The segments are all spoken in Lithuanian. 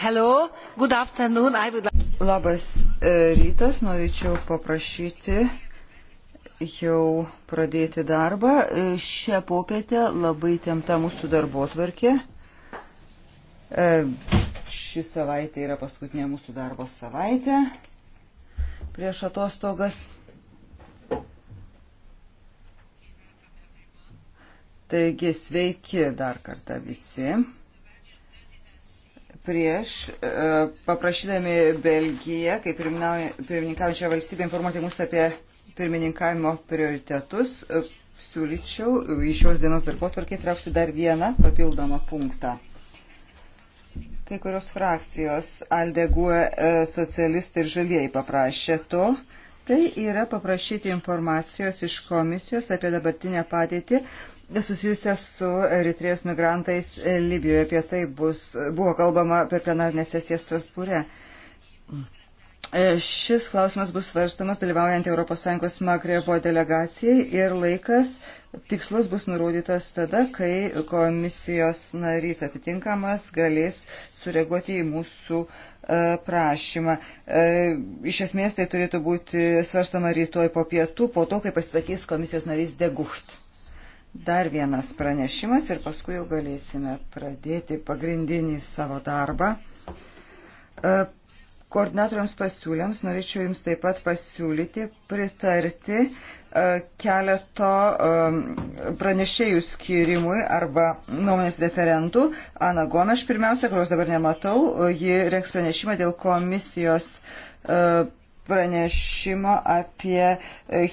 Hello, good afternoon. I would like... Labas e, rytas, norėčiau paprašyti jau pradėti darbą. E, šią popietę labai temta mūsų darbo tvarkė. E, ši savaitė yra paskutinė mūsų darbo savaitė prieš atostogas. Taigi sveiki dar kartą visi prieš, e, paprašydami Belgiją, kaip pirmininkaujančią valstybę, informuoti mus apie pirmininkavimo prioritetus, e, siūlyčiau į šios dienos darbo tvarkį traukti dar vieną papildomą punktą. Kai kurios frakcijos Aldegue e, socialistai ir žalieji paprašė to. Tai yra paprašyti informacijos iš komisijos apie dabartinę padėtį susijusios su Eritrėjos migrantais Libijoje. Apie tai bus, buvo kalbama per plenarinę sesiją Strasbūre. E, šis klausimas bus svarstamas dalyvaujant ES Magrebo delegacijai ir laikas tikslas bus nurodytas tada, kai komisijos narys atitinkamas galės sureaguoti į mūsų e, prašymą. E, iš esmės tai turėtų būti svarstama rytoj po pietų, po to, kai pasisakys komisijos narys Degucht dar vienas pranešimas ir paskui jau galėsime pradėti pagrindinį savo darbą. E, koordinatoriams pasiūliams norėčiau Jums taip pat pasiūlyti pritarti e, keleto e, pranešėjų skirimui arba nuomonės referentų. Ana Gomeš pirmiausia, kurios dabar nematau, ji renks pranešimą dėl komisijos pranešimo apie e,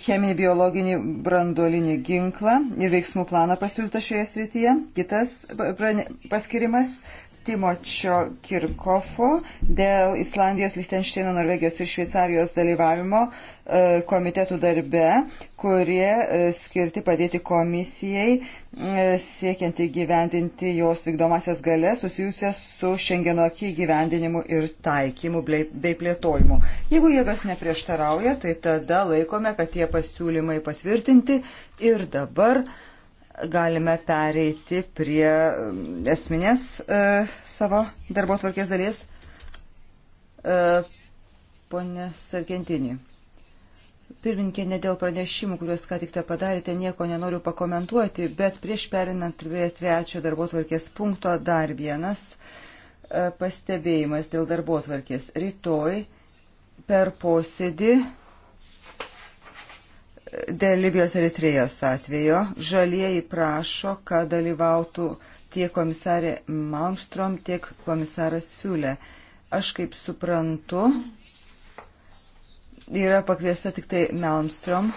cheminį biologinį branduolinį ginklą ir veiksmų planą pasiūlytą šioje srityje. Kitas e, paskirimas Timočio Kirkofo dėl Islandijos, Lichtenšteino, Norvegijos ir Šveicarijos dalyvavimo e, komitetų darbe, kurie e, skirti padėti komisijai e, siekiant įgyvendinti jos vykdomasias galės susijusias su Šengeno akį įgyvendinimu ir taikymu bei plėtojimu. Jeigu jėgas neprieštarauja, tai tada laikome, kad tie pasiūlymai patvirtinti ir dabar galime pereiti prie um, esminės e, savo darbo tvarkės dalies. E, Pone Sargentinį. Pirminkė, ne dėl pranešimų, kuriuos ką tik te padarėte, nieko nenoriu pakomentuoti, bet prieš perinant prie trečio darbo tvarkės punkto dar vienas e, pastebėjimas dėl darbo tvarkės. Rytoj per posėdį Dėl Libijos Eritrėjos atvejo žalieji prašo, kad dalyvautų tiek komisarė Malmstrom, tiek komisaras Fiulė. Aš kaip suprantu, yra pakviesta tik tai Malmstrom.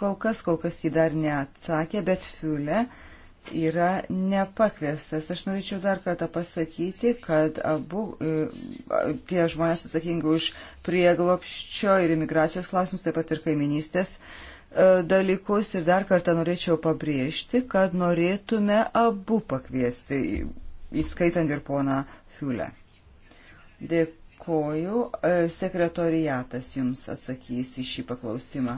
Kol kas, kol kas jį dar neatsakė, bet Fiulė yra nepakviestas. Aš norėčiau dar kartą pasakyti, kad abu e, tie žmonės atsakingi už prieglopščio ir imigracijos klausimus, taip pat ir kaiminystės E, dalykus ir dar kartą norėčiau pabrėžti, kad norėtume abu pakviesti, įskaitant ir poną Fiulę. Dėkoju. E, sekretoriatas jums atsakys į šį paklausimą.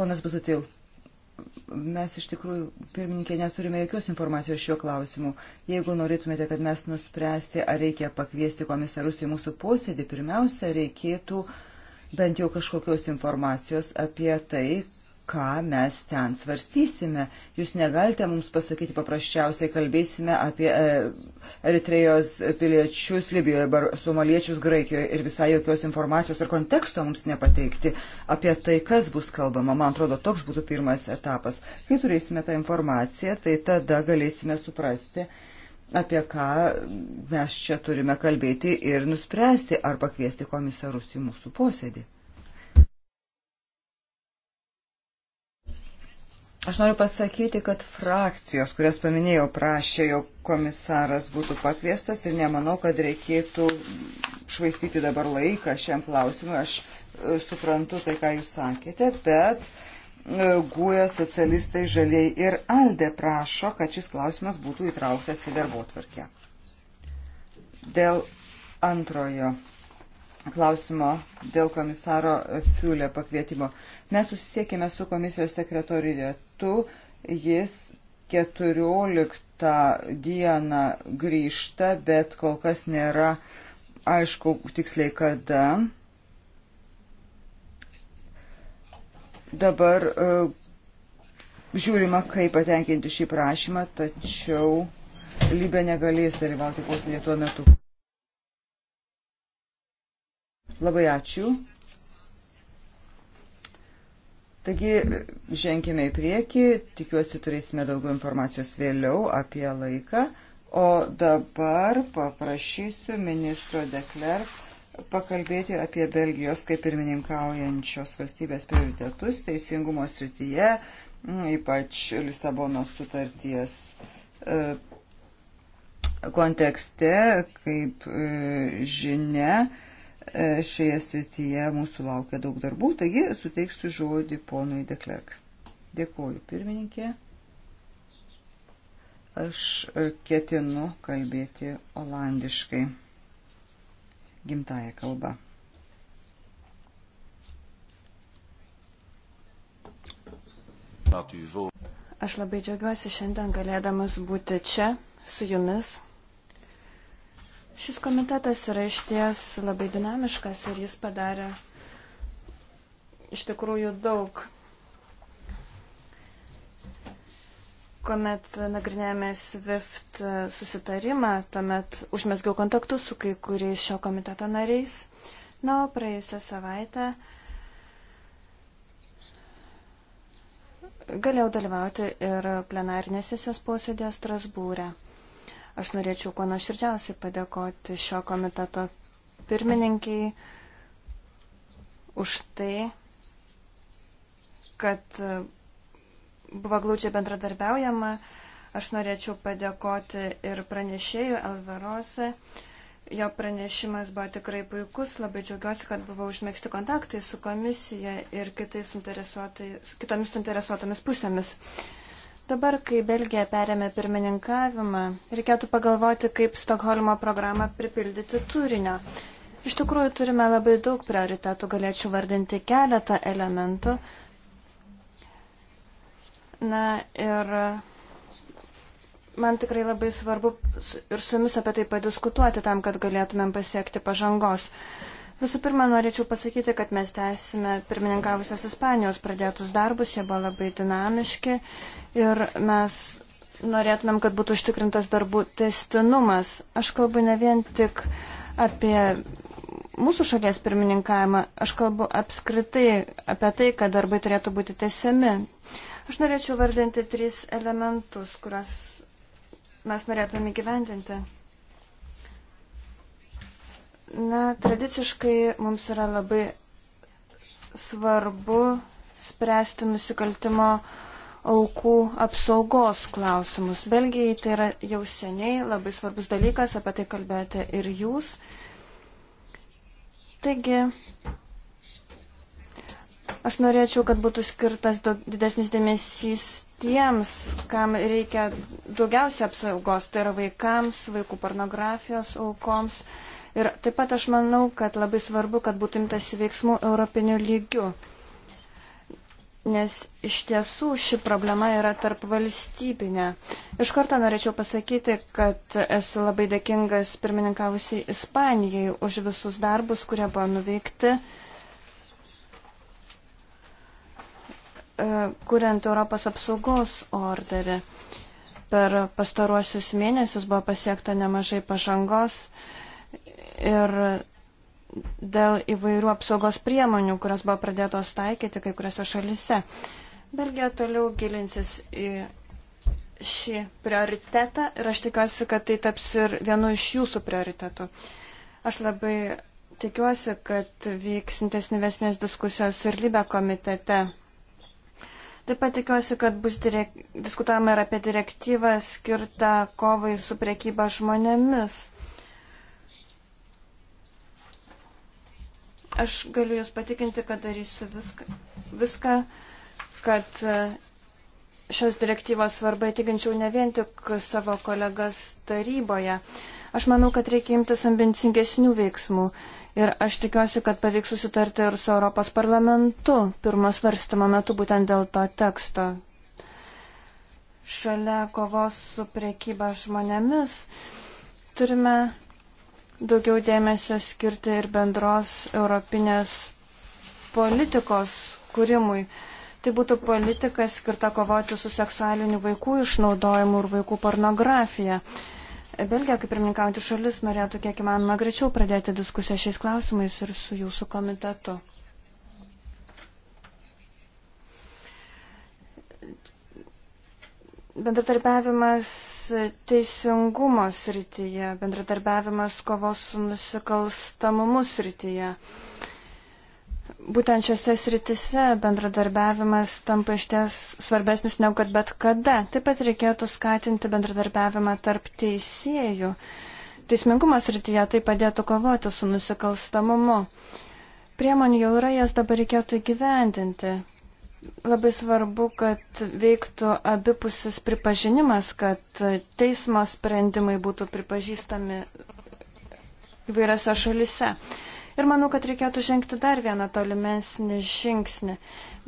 Ponas Busutil, mes iš tikrųjų, pirmininkė, neturime jokios informacijos šiuo klausimu. Jeigu norėtumėte, kad mes nuspręsti, ar reikia pakviesti komisarus į mūsų posėdį, pirmiausia, reikėtų uh, bent jau kažkokios informacijos apie tai, ką mes ten svarstysime. Jūs negalite mums pasakyti, paprasčiausiai kalbėsime apie e, Eritrejos piliečius Libijoje, bar, somaliečius Graikijoje ir visai jokios informacijos ir konteksto mums nepateikti apie tai, kas bus kalbama. Man atrodo, toks būtų pirmas etapas. Kai turėsime tą informaciją, tai tada galėsime suprasti, apie ką mes čia turime kalbėti ir nuspręsti ar pakviesti komisarus į mūsų posėdį. Aš noriu pasakyti, kad frakcijos, kurias paminėjau, prašė, jog komisaras būtų pakviestas ir nemanau, kad reikėtų švaistyti dabar laiką šiam klausimui. Aš e, suprantu tai, ką jūs sakėte, bet GUE socialistai žaliai ir ALDE prašo, kad šis klausimas būtų įtrauktas į darbo tvarkę. Dėl antrojo klausimo, dėl komisaro Fiulė pakvietimo. Mes susisiekime su komisijos sekretorietu, jis 14 dieną grįžta, bet kol kas nėra aišku tiksliai kada Dabar e, žiūrima, kaip patenkinti šį prašymą, tačiau Libė negalės dalyvauti posėdėje tuo metu. Labai ačiū. Taigi, ženkime į priekį, tikiuosi turėsime daugiau informacijos vėliau apie laiką. O dabar paprašysiu ministro Deklerk pakalbėti apie Belgijos kaip pirmininkaujančios valstybės prioritetus teisingumo srityje, nu, ypač Lisabonos sutarties e, kontekste, kaip e, žinia, e, šioje srityje mūsų laukia daug darbų, taigi suteiksiu žodį ponui Deklerk. Dėkuoju, pirmininkė. Aš ketinu kalbėti olandiškai gimtają kalbą. Aš labai džiaugiuosi šiandien galėdamas būti čia su jumis. Šis komitetas yra išties labai dinamiškas ir jis padarė iš tikrųjų daug Komet nagrinėjame SWIFT susitarimą, tuomet užmesgiau kontaktus su kai kuriais šio komiteto nariais. Na, o praėjusią savaitę galėjau dalyvauti ir plenarinės sesijos posėdėje Strasbūrė. Aš norėčiau kuo nuoširdžiausiai padėkoti šio komiteto pirmininkiai už tai, kad buvo glaučiai bendradarbiaujama. Aš norėčiau padėkoti ir pranešėjų Alvarose. Jo pranešimas buvo tikrai puikus. Labai džiaugiuosi, kad buvo užmėgsti kontaktai su komisija ir kitais su kitomis suinteresuotomis pusėmis. Dabar, kai Belgija perėmė pirmininkavimą, reikėtų pagalvoti, kaip Stokholmo programą pripildyti turinio. Iš tikrųjų, turime labai daug prioritetų, galėčiau vardinti keletą elementų Na ir man tikrai labai svarbu ir su jumis apie tai padiskutuoti tam, kad galėtumėm pasiekti pažangos. Visų pirma, norėčiau pasakyti, kad mes tęsime pirmininkavusios Ispanijos pradėtus darbus, jie buvo labai dinamiški ir mes norėtumėm, kad būtų užtikrintas darbų testinumas. Aš kalbu ne vien tik apie mūsų šalies pirmininkavimą, aš kalbu apskritai apie tai, kad darbai turėtų būti tesiami. Uh, Aš norėčiau vardinti tris elementus, kuriuos mes norėtume įgyvendinti. Na, tradiciškai mums yra labai svarbu spręsti nusikaltimo aukų apsaugos klausimus. Belgijai tai yra jau seniai labai svarbus dalykas, apie tai kalbėjote ir jūs. Taigi, Aš norėčiau, kad būtų skirtas daug, didesnis dėmesys tiems, kam reikia daugiausia apsaugos, tai yra vaikams, vaikų pornografijos aukoms. Ir taip pat aš manau, kad labai svarbu, kad būtų imtasi veiksmų europinių lygių. Nes iš tiesų ši problema yra tarp valstybinė. Iš karto norėčiau pasakyti, kad esu labai dėkingas pirmininkavusiai Ispanijai už visus darbus, kurie buvo nuveikti. Uh, E, kuriant Europos apsaugos orderį. Per pastaruosius mėnesius buvo pasiekta nemažai pažangos ir dėl įvairių apsaugos priemonių, kurios buvo pradėtos taikyti kai kuriuose šalise. Belgija toliau gilinsis į šį prioritetą ir aš tikiuosi, kad tai taps ir vienu iš jūsų prioritetų. Aš labai tikiuosi, kad vyks intensyvesnės diskusijos ir lybe komitete Taip pat tikiuosi, kad bus direk... diskutuojama ir apie direktyvą skirtą kovai su priekyba žmonėmis. Aš galiu Jūs patikinti, kad darysiu viską, viską kad e, šios direktyvos svarbą įtikinčiau ne vien tik savo kolegas taryboje. Aš manau, kad reikia imtis ambicingesnių veiksmų. Ir aš tikiuosi, kad pavyks susitarti ir su Europos parlamentu pirmo svarstymo metu būtent dėl to teksto. Šalia kovos su priekyba žmonėmis turime daugiau dėmesio skirti ir bendros europinės politikos kūrimui. Tai būtų politika skirta kovoti su seksualiniu vaikų išnaudojimu ir vaikų pornografija. Belgija, kaip pirmininkaujantį šalis, norėtų kiek įmanoma greičiau pradėti diskusiją šiais klausimais ir su jūsų komitetu. Bendradarbiavimas teisingumo srityje, bendradarbiavimas kovos su nusikalstamumu srityje. Uh, būtent šiuose sritise bendradarbiavimas tampa išties svarbesnis negu kad bet kada. Taip pat reikėtų skatinti bendradarbiavimą tarp teisėjų. Teismingumas srityje tai padėtų kovoti su nusikalstamumu. Priemonių jau yra, jas dabar reikėtų įgyvendinti. Labai svarbu, kad veiktų abipusis pripažinimas, kad teismo sprendimai būtų pripažįstami įvairiose šalise. Ir manau, kad reikėtų žengti dar vieną tolimesnį žingsnį.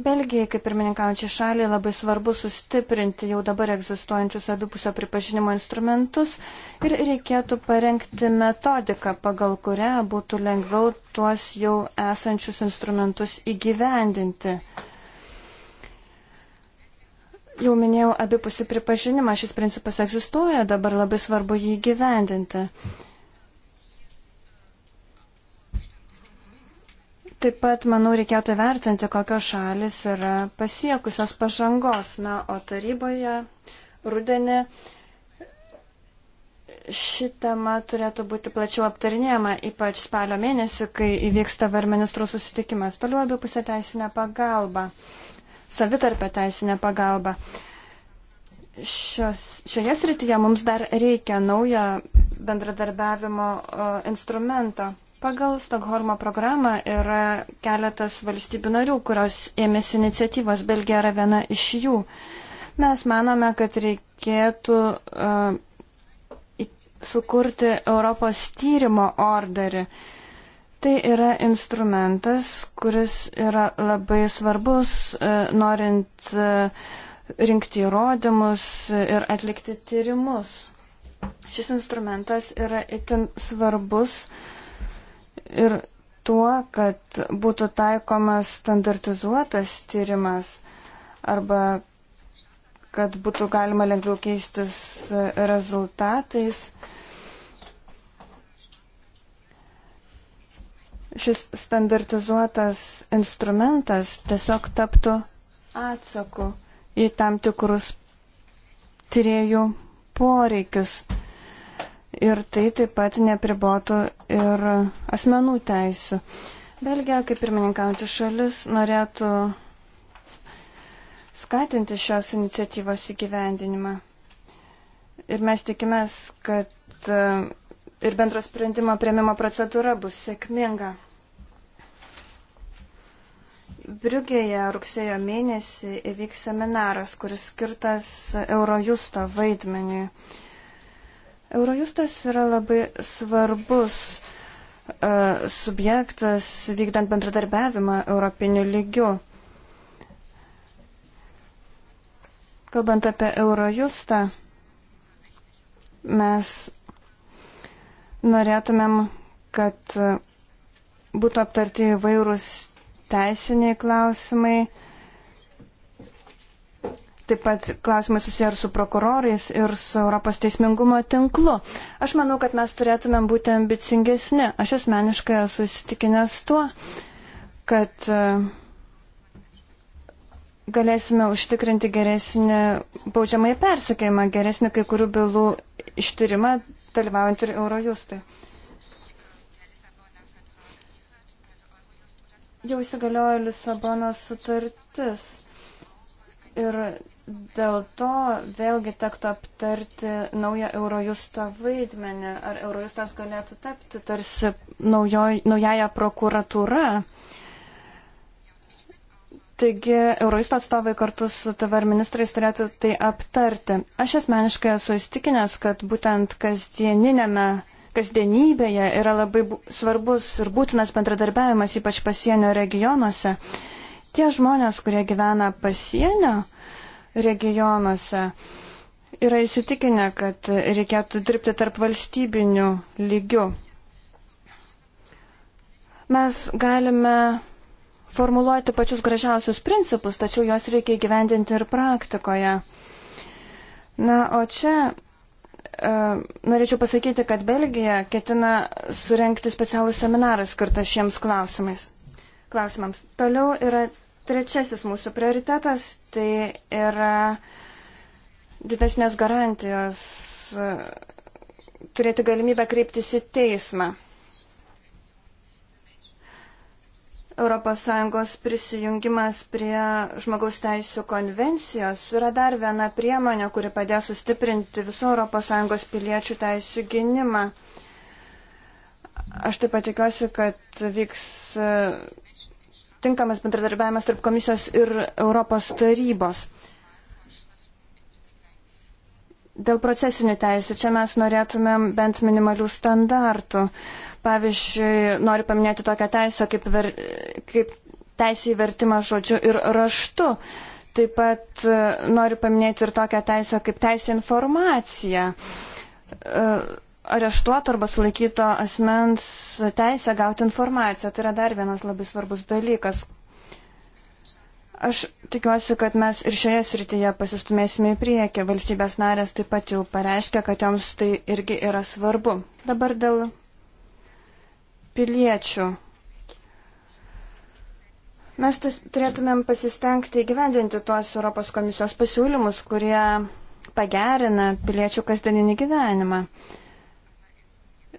Belgijai, kaip pirmininkaujančiai šaliai, labai svarbu sustiprinti jau dabar egzistuojančius abipusio pripažinimo instrumentus ir reikėtų parengti metodiką, pagal kurią būtų lengviau tuos jau esančius instrumentus įgyvendinti. Jau minėjau abipusį pripažinimą, šis principas egzistuoja, dabar labai svarbu jį gyvendinti. Taip pat, manau, reikėtų vertinti, kokios šalis yra pasiekusios pažangos. Na, o taryboje rudenį ši tema turėtų būti plačiau aptarinėjama, ypač spalio mėnesį, kai įvyksta var ministrų susitikimas. Toliau abipusė teisinė pagalba, savitarpė teisinė pagalba. Šios, šioje srityje mums dar reikia naujo bendradarbiavimo o, instrumento. Pagal Stokholmo programą yra keletas valstybių narių, kurios ėmėsi iniciatyvos, Belgija yra viena iš jų. Mes manome, kad reikėtų uh, sukurti Europos tyrimo orderį. Tai yra instrumentas, kuris yra labai svarbus, uh, norint uh, rinkti įrodymus ir atlikti tyrimus. Šis instrumentas yra itin svarbus uh, ir tuo, kad būtų taikomas standartizuotas tyrimas arba kad būtų galima lengviau keistis rezultatais. Šis standartizuotas instrumentas tiesiog taptų atsaku į tam tikrus tyriejų poreikius ir tai taip pat nepribotų ir asmenų teisų. Belgija, kaip pirmininkauti šalis, norėtų skatinti šios iniciatyvos įgyvendinimą. Ir mes tikimės, kad e, ir bendro sprendimo prieimimo procedūra bus sėkminga. Briugėje rugsėjo mėnesį įvyks seminaras, kuris skirtas Eurojusto vaidmeniui. Eurojustas yra labai svarbus e, subjektas vykdant bendradarbiavimą europiniu lygiu. Kalbant apie Eurojustą, mes norėtumėm, kad būtų aptarti įvairūs teisiniai klausimai, Taip pat klausimai susiję ir su prokurorais, ir su Europos teismingumo tinklu. Aš manau, kad mes turėtumėm būti ambicingesni. Aš asmeniškai esu įsitikinęs tuo, kad e, galėsime užtikrinti geresnį baudžiamąjį persikėjimą, geresnį kai kurių bylų ištyrimą, dalyvaujant ir Eurojustui. Jau įsigaliojo Lisabono sutartis. Ir Dėl to vėlgi tektų aptarti naują Eurojusto vaidmenį. Ar Eurojustas galėtų tapti tarsi naujoj, naujaja prokuratūra? Taigi Eurojusto atstovai kartu su TV ir ministrais turėtų tai aptarti. Aš asmeniškai esu įstikinęs, kad būtent kasdieninėme, kasdienybėje yra labai svarbus ir būtinas bendradarbiavimas, ypač pasienio regionuose. Tie žmonės, kurie gyvena pasienio, uh, regionuose yra įsitikinę, kad reikėtų dirbti tarp valstybinių lygių. Mes galime formuluoti pačius gražiausius principus, tačiau juos reikia įgyvendinti ir praktikoje. Na, o čia e, norėčiau pasakyti, kad Belgija ketina surenkti specialų seminarą skirtą šiems klausimais. klausimams. Toliau yra Trečiasis mūsų prioritetas tai yra didesnės garantijos turėti galimybę kreiptis į teismą. ES prisijungimas prie žmogaus teisų konvencijos yra dar viena priemonė, kuri padės sustiprinti visų ES piliečių teisų gynimą. Aš taip pat tikiuosi, kad vyks tinkamas bendradarbiavimas tarp komisijos ir Europos tarybos. Dėl procesinių teisų čia mes norėtumėm bent minimalių standartų. Pavyzdžiui, noriu paminėti tokią teisę kaip, ver, kaip teisė į vertimą žodžiu ir raštu. Taip pat e, noriu paminėti ir tokią teisę kaip teisė informacija. Uh, e, areštuoto arba sulaikyto asmens teisę gauti informaciją. Tai yra dar vienas labai svarbus dalykas. Aš tikiuosi, kad mes ir šioje srityje pasistumėsime į priekį. Valstybės narės taip pat jau pareiškia, kad joms tai irgi yra svarbu. Dabar dėl piliečių. Mes turėtumėm pasistengti įgyvendinti tuos Europos komisijos pasiūlymus, kurie pagerina piliečių kasdieninį gyvenimą. Uh,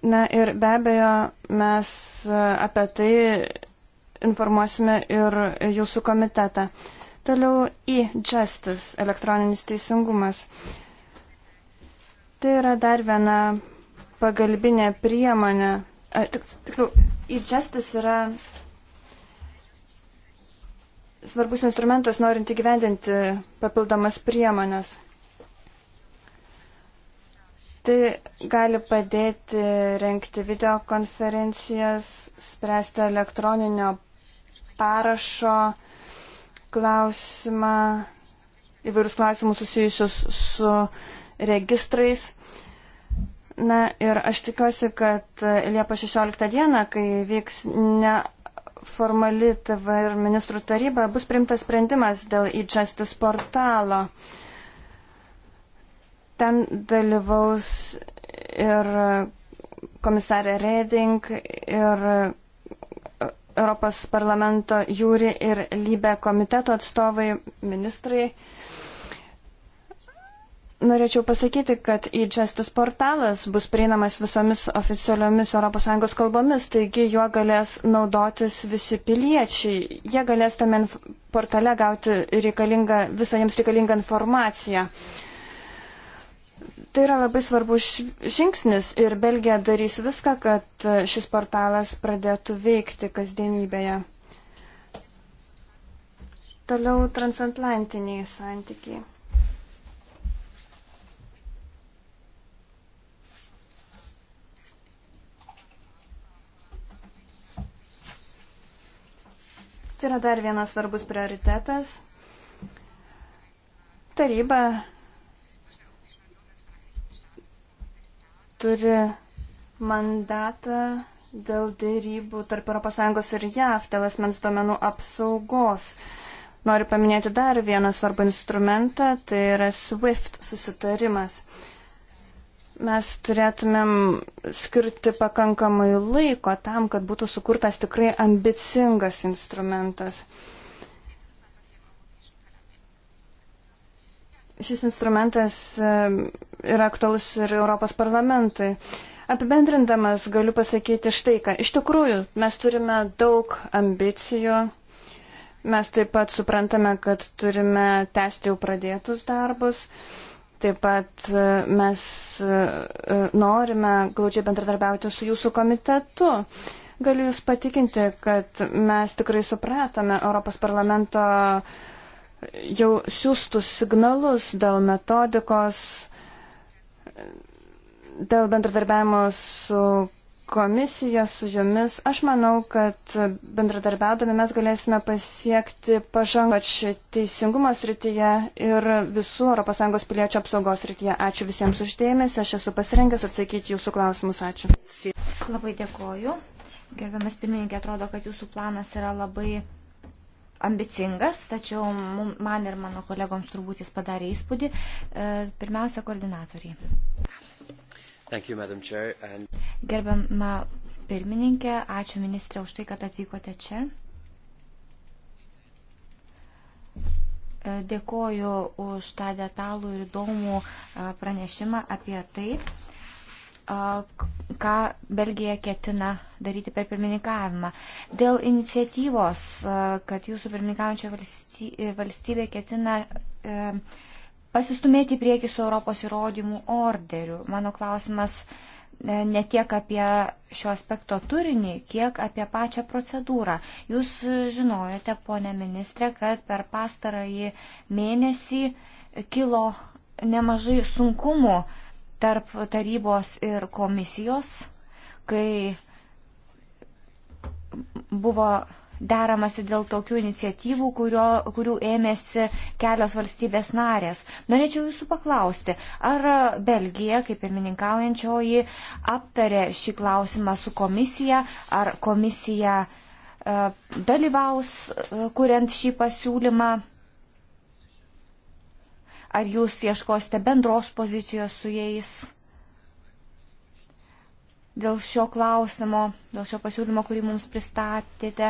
Na ir be abejo, mes e, apie tai informuosime ir jūsų komitetą. Toliau e-justice, elektroninis teisingumas. Tai yra dar viena pagalbinė priemonė. E, tiksliau, e-justice yra svarbus instrumentas norint įgyvendinti papildomas priemonės. Tai gali padėti renkti videokonferencijas, spręsti elektroninio parašo klausimą, įvairius klausimus susijusius su registrais. Na ir aš tikiuosi, kad Liepa 16 dieną, kai vyks neformali TV ir ministrų taryba, bus primtas sprendimas dėl e-justice portalo. Uh, Ten dalyvaus ir komisarė Reding, ir Europos parlamento jūri ir lybė komiteto atstovai, ministrai. Norėčiau pasakyti, kad į Justice portalas bus prieinamas visomis oficialiomis ES kalbomis, taigi juo galės naudotis visi piliečiai. Jie galės tame portale gauti visą jiems reikalingą informaciją. Uh, Tai yra labai svarbus žingsnis ir Belgija darys viską, kad e, šis portalas pradėtų veikti kasdienybėje. Toliau transatlantiniai santykiai. Tai yra dar vienas svarbus prioritetas. Taryba turi mandatą dėl dėrybų tarp ES ir JAV dėl asmens duomenų apsaugos. Noriu paminėti dar vieną svarbų instrumentą, tai yra SWIFT susitarimas. Mes turėtumėm skirti pakankamai laiko tam, kad būtų sukurtas tikrai ambicingas instrumentas. Šis instrumentas e, yra aktualus ir Europos parlamentui. Apibendrindamas galiu pasakyti štai ką. Iš tikrųjų, mes turime daug ambicijų. Mes taip pat suprantame, kad turime tęsti jau pradėtus darbus. Taip pat e, mes e, norime glaudžiai bendradarbiauti su jūsų komitetu. Galiu Jūs patikinti, kad mes tikrai supratome Europos parlamento uh, jau siūstų signalus dėl metodikos, dėl bendradarbiavimo su komisija, su jumis. Aš manau, kad bendradarbiaudami mes galėsime pasiekti pažangos teisingumo srityje ir visų ES piliečių apsaugos srityje. Ačiū visiems uždėmesi, aš esu pasirengęs atsakyti jūsų klausimus. Ačiū. Labai dėkoju. Gerbiamas pirmininkė, atrodo, kad jūsų planas yra labai ambicingas, tačiau man ir mano kolegoms turbūt jis padarė įspūdį. E, pirmiausia, koordinatoriai. Thank you, Madam Chair. And... Gerbiama pirmininkė, ačiū ministrė už tai, kad atvykote čia. E, dėkoju už tą detalų ir įdomų e, pranešimą apie tai, ką Belgija ketina daryti per pirmininkavimą. Dėl iniciatyvos, kad jūsų pirmininkaujančia valstybė ketina e, pasistumėti į priekį su Europos įrodymų orderiu. Mano klausimas e, ne tiek apie šio aspekto turinį, kiek apie pačią procedūrą. Jūs žinojote, ponė ministrė, kad per pastarąjį mėnesį kilo nemažai sunkumų uh, tarp tarybos ir komisijos, kai buvo deramasi dėl tokių iniciatyvų, kurio, kurių ėmėsi kelios valstybės narės. Norėčiau jūsų paklausti, ar Belgija, kaip pirmininkaujančioji, aptarė šį klausimą su komisija, ar komisija e, dalyvaus, e, kuriant šį pasiūlymą Ar jūs ieškosite bendros pozicijos su jais dėl šio klausimo, dėl šio pasiūlymo, kurį mums pristatėte?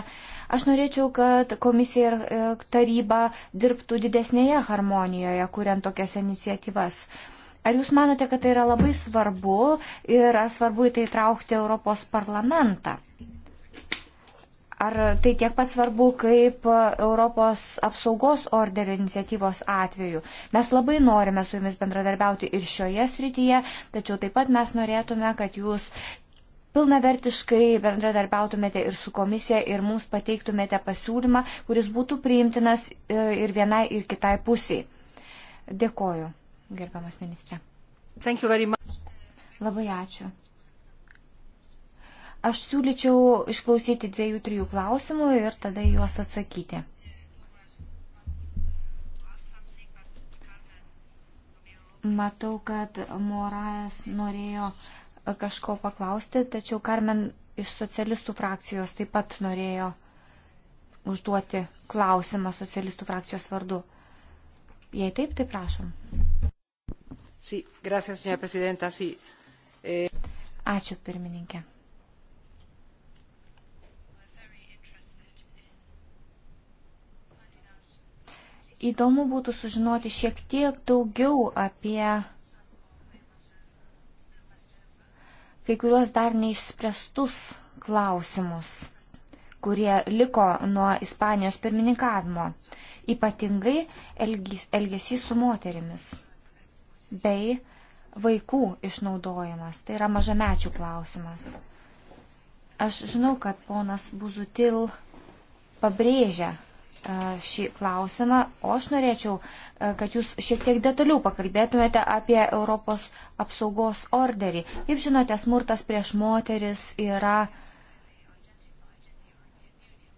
Aš norėčiau, kad komisija ir e, taryba dirbtų didesnėje harmonijoje, kuriant tokias iniciatyvas. Ar jūs manote, kad tai yra labai svarbu ir ar svarbu į tai traukti Europos parlamentą? Ar tai tiek pat svarbu kaip Europos apsaugos orderio iniciatyvos atveju? Mes labai norime su jumis bendradarbiauti ir šioje srityje, tačiau taip pat mes norėtume, kad jūs pilnavertiškai bendradarbiautumėte ir su komisija ir mums pateiktumėte pasiūlymą, kuris būtų priimtinas e, ir vienai ir kitai pusiai. Dėkoju, gerbiamas ministrė. Labai ačiū. Aš siūlyčiau išklausyti dviejų, trijų klausimų ir tada juos atsakyti. Matau, kad Morajas norėjo kažko paklausti, tačiau Karmen iš socialistų frakcijos taip pat norėjo užduoti klausimą socialistų frakcijos vardu. Jei taip, tai prašom. Sí, gracias, señora presidenta. Sí. Eh... Ačiū, pirmininkė. Įdomu būtų sužinoti šiek tiek daugiau apie kai kuriuos dar neišspręstus klausimus, kurie liko nuo Ispanijos pirmininkavimo, ypatingai elgesys su moterimis bei vaikų išnaudojimas. Tai yra mažamečių klausimas. Aš žinau, kad ponas Buzutil pabrėžia šį klausimą, o aš norėčiau, kad jūs šiek tiek detaliau pakalbėtumėte apie Europos apsaugos orderį. Kaip žinote, smurtas prieš moteris yra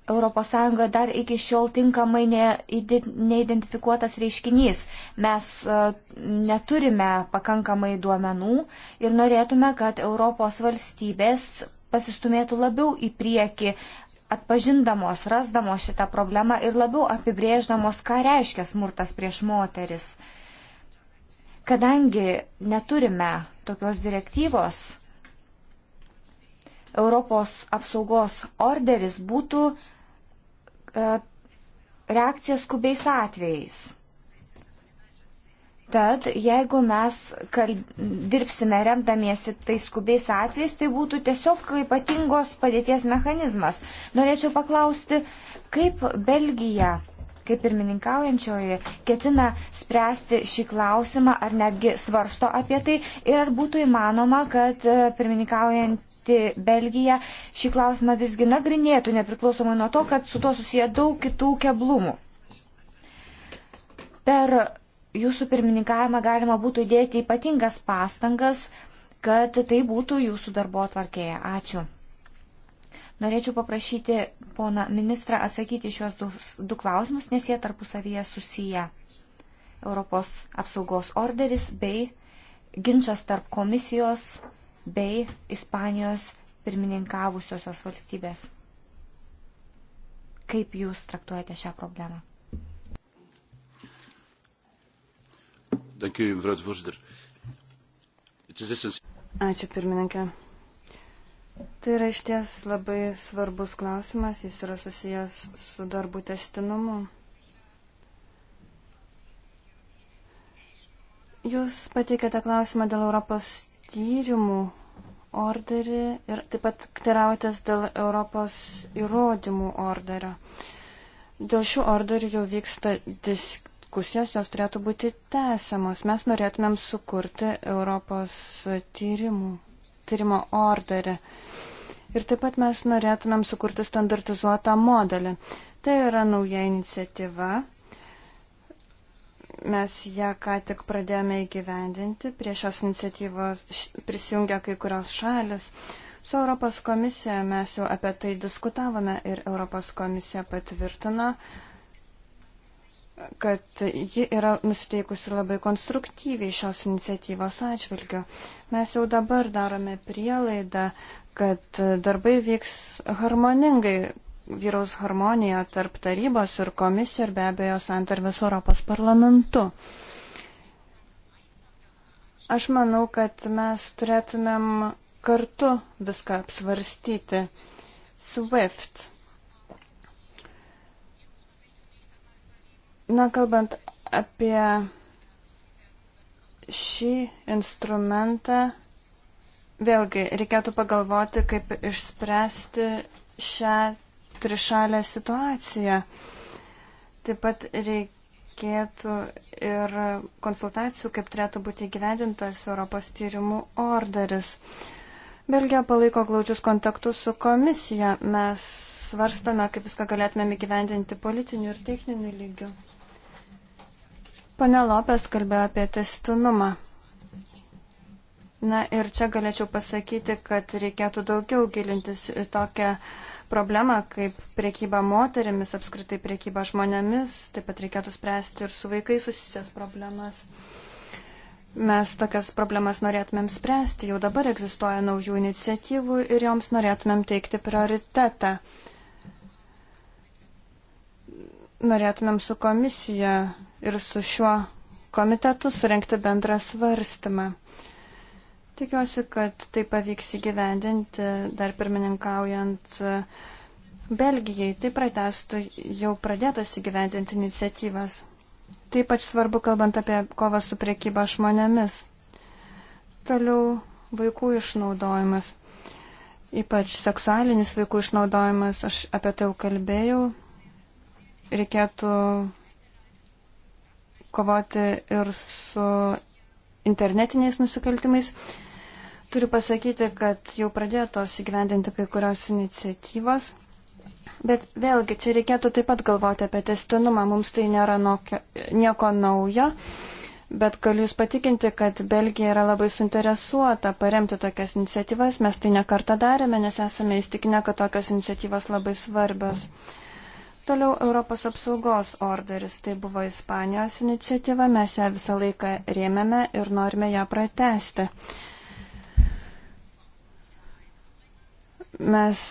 ES dar iki šiol tinkamai neidentifikuotas reiškinys. Mes neturime pakankamai duomenų ir norėtume, kad Europos valstybės pasistumėtų labiau į priekį atpažindamos, rasdamos šitą problemą ir labiau apibrėždamos, ką reiškia smurtas prieš moteris. Kadangi neturime tokios direktyvos, Europos apsaugos orderis būtų e, reakcija skubiais atvejais. Tad jeigu mes kalb... dirbsime remdamiesi tai skubiais atvejais, tai būtų tiesiog ypatingos padėties mechanizmas. Norėčiau paklausti, kaip Belgija, kaip pirmininkaujančioji, ketina spręsti šį klausimą ar netgi svarsto apie tai ir ar būtų įmanoma, kad e, pirmininkaujant pati Belgija šį klausimą visgi nagrinėtų, nepriklausomai nuo to, kad su to susiję daug kitų keblumų. Per jūsų pirmininkavimą galima būtų įdėti ypatingas pastangas, kad tai būtų jūsų darbo atvarkėje. Ačiū. Norėčiau paprašyti poną ministrą atsakyti šios du, du klausimus, nes jie tarpusavyje susiję. Europos apsaugos orderis bei ginčas tarp komisijos bei Ispanijos pirmininkavusiosios valstybės. Kaip jūs traktuojate šią problemą? Ačiū pirmininkė. Tai yra iš ties labai svarbus klausimas, jis yra susijęs su darbų testinumu. Jūs pateikėte klausimą dėl Europos tyrimų orderį ir taip pat teirautės dėl Europos įrodymų orderio. Dėl šių orderių jau vyksta dis diskusijos, jos turėtų būti tęsiamos. Mes norėtumėm sukurti Europos tyrimų, tyrimo orderį. Ir taip pat mes norėtumėm sukurti standartizuotą modelį. Tai yra nauja iniciatyva. Mes ją ką tik pradėjome įgyvendinti. Prie šios iniciatyvos prisijungia kai kurios šalis. Su Europos komisija mes jau apie tai diskutavome ir Europos komisija patvirtino kad ji yra nusiteikusi labai konstruktyviai šios iniciatyvos atžvilgiu. Mes jau dabar darome prielaidą, kad darbai vyks harmoningai, vyraus harmonija tarp tarybos ir komisijos ir be abejo santarvis Europos parlamentu. Aš manau, kad mes turėtumėm kartu viską apsvarstyti. SWIFT Na, kalbant apie šį instrumentą, vėlgi reikėtų pagalvoti, kaip išspręsti šią trišalę situaciją. Taip pat reikėtų ir konsultacijų, kaip turėtų būti įgyvendintas Europos tyrimų orderis. Belgija palaiko glaudžius kontaktus su komisija. Mes svarstame, kaip viską galėtumėm įgyvendinti politiniu ir techniniu lygiu. Pane Lopes kalbėjo apie testinumą. Na ir čia galėčiau pasakyti, kad reikėtų daugiau gilintis į tokią problemą kaip priekyba moterimis, apskritai priekyba žmonėmis, taip pat reikėtų spręsti ir su vaikais susijusias problemas. Mes tokias problemas norėtumėm spręsti, jau dabar egzistuoja naujų iniciatyvų ir joms norėtumėm teikti prioritetą norėtumėm su komisija ir su šiuo komitetu surenkti bendrą svarstymą. Tikiuosi, kad tai pavyks įgyvendinti dar pirmininkaujant e, Belgijai, tai pratestų jau pradėtas įgyvendinti iniciatyvas. Taip pat svarbu, kalbant apie kovą su priekyba žmonėmis. Toliau vaikų išnaudojimas, ypač seksualinis vaikų išnaudojimas, aš apie tai jau kalbėjau, reikėtų kovoti ir su internetiniais nusikaltimais. Turiu pasakyti, kad jau pradėtos įgyvendinti kai kurios iniciatyvos, bet vėlgi čia reikėtų taip pat galvoti apie testinumą. Mums tai nėra nokio, nieko naujo, bet galiu Jūs patikinti, kad Belgija yra labai suinteresuota paremti tokias iniciatyvas. Mes tai nekartą darėme, nes esame įstikinę, kad tokias iniciatyvas labai svarbios. Mm. Toliau Europos apsaugos orderis, tai buvo Ispanijos iniciatyva, mes ją visą laiką rėmėme ir norime ją pratesti. Mes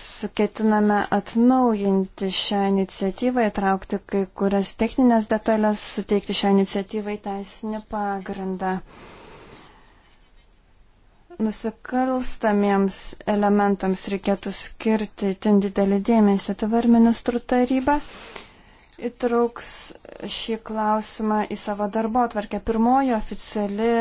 ketiname atnaujinti šią iniciatyvą, įtraukti kai kurias techninės detalės, suteikti šią iniciatyvą į teisinį pagrindą nusikalstamiems elementams reikėtų skirti tin didelį dėmesį. Tai dabar ministrų taryba įtrauks šį klausimą į savo darbo atvarkę. Pirmoji oficiali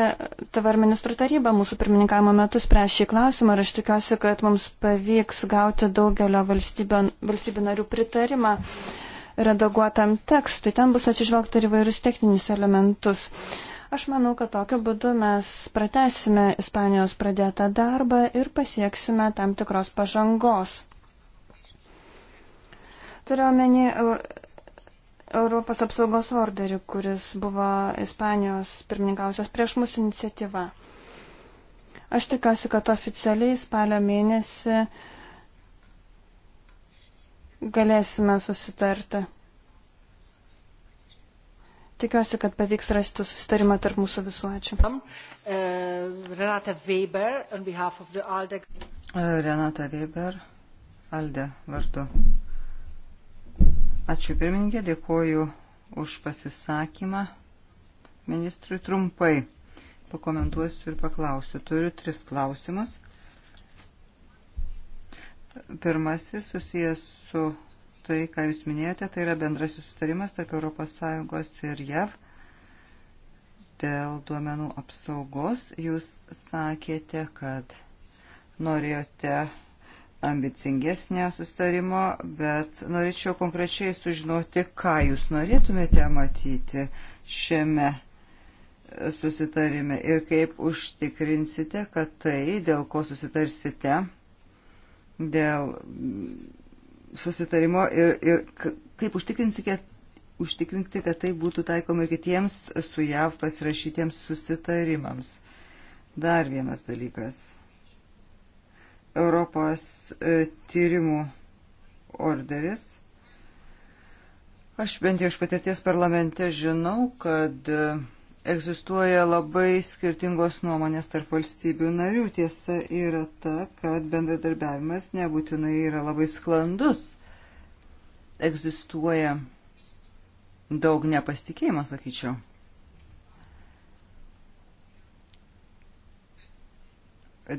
TVR ministrų taryba mūsų pirmininkavimo metu spręs šį klausimą ir aš tikiuosi, kad mums pavyks gauti daugelio valstybių, valstybių narių pritarimą redaguotam tekstui. Ten bus atsižvelgta ir įvairius techninius elementus. Uh, Aš manau, kad tokiu būdu mes pratesime Ispanijos pradėtą darbą ir pasieksime tam tikros pažangos. Turiu omeny Europos apsaugos orderį, kuris buvo Ispanijos pirmininkausios prieš mūsų iniciatyva. Aš tikiuosi, kad oficialiai spalio mėnesį galėsime susitarti. Tikiuosi, kad pavyks rasti susitarimą tarp mūsų visų. Ačiū. Um, uh, Renata Weber, ALDE. Uh, Renata Weber, Alde vardu. Ačiū pirmininkė, dėkoju už pasisakymą. Ministrui trumpai pakomentuosiu ir paklausiu. Turiu tris klausimus. Pirmasis susijęs su tai, ką Jūs minėjote, tai yra bendrasis sustarimas tarp ES ir JAV dėl duomenų apsaugos. Jūs sakėte, kad norėjote ambicingesnė sustarimo, bet norėčiau konkrečiai sužinoti, ką jūs norėtumėte matyti šiame susitarime ir kaip užtikrinsite, kad tai, dėl ko susitarsite, dėl susitarimo ir, ir kaip užtikrinsite, užtikrinsite, kad tai būtų taikoma ir kitiems su JAV pasirašytiems susitarimams. Dar vienas dalykas. Europos e, tyrimų orderis. Aš bent jau iš patirties parlamente žinau, kad e, egzistuoja labai skirtingos nuomonės tarp valstybių narių. Tiesa yra ta, kad bendradarbiavimas nebūtinai yra labai sklandus. Egzistuoja daug nepasitikėjimo, sakyčiau.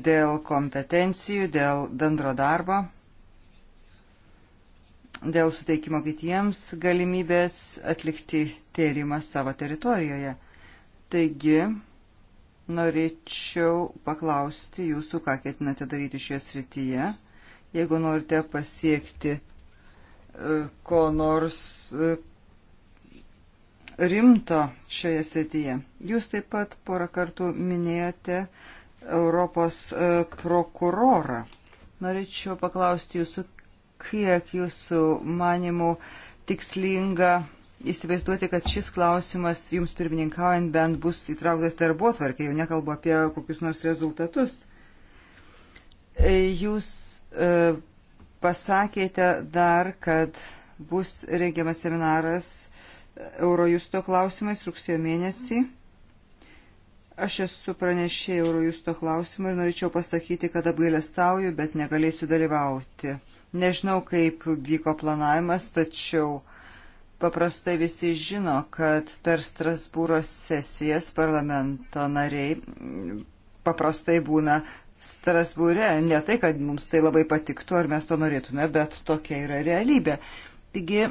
Dėl kompetencijų, dėl bendro darbo, dėl suteikimo kitiems galimybės atlikti tyrimą savo teritorijoje – Taigi, norėčiau paklausti jūsų, ką ketinate daryti šioje srityje, jeigu norite pasiekti e, ko nors e, rimto šioje srityje. Jūs taip pat porą kartų minėjote Europos e, prokurorą. Norėčiau paklausti jūsų, kiek jūsų manimų tikslinga įsivaizduoti, kad šis klausimas jums pirmininkaujant bent bus įtrauktas darbo tvarkė, jau nekalbu apie kokius nors rezultatus. E, jūs e, pasakėte dar, kad bus rengiamas seminaras Eurojusto klausimais rugsėjo mėnesį. Aš esu pranešė Eurojusto klausimą ir norėčiau pasakyti, kad apgailestauju, bet negalėsiu dalyvauti. Nežinau, kaip vyko planavimas, tačiau uh, Paprastai visi žino, kad per Strasbūro sesijas parlamento nariai paprastai būna Strasbūre. Ne tai, kad mums tai labai patiktų, ar mes to norėtume, bet tokia yra realybė. Taigi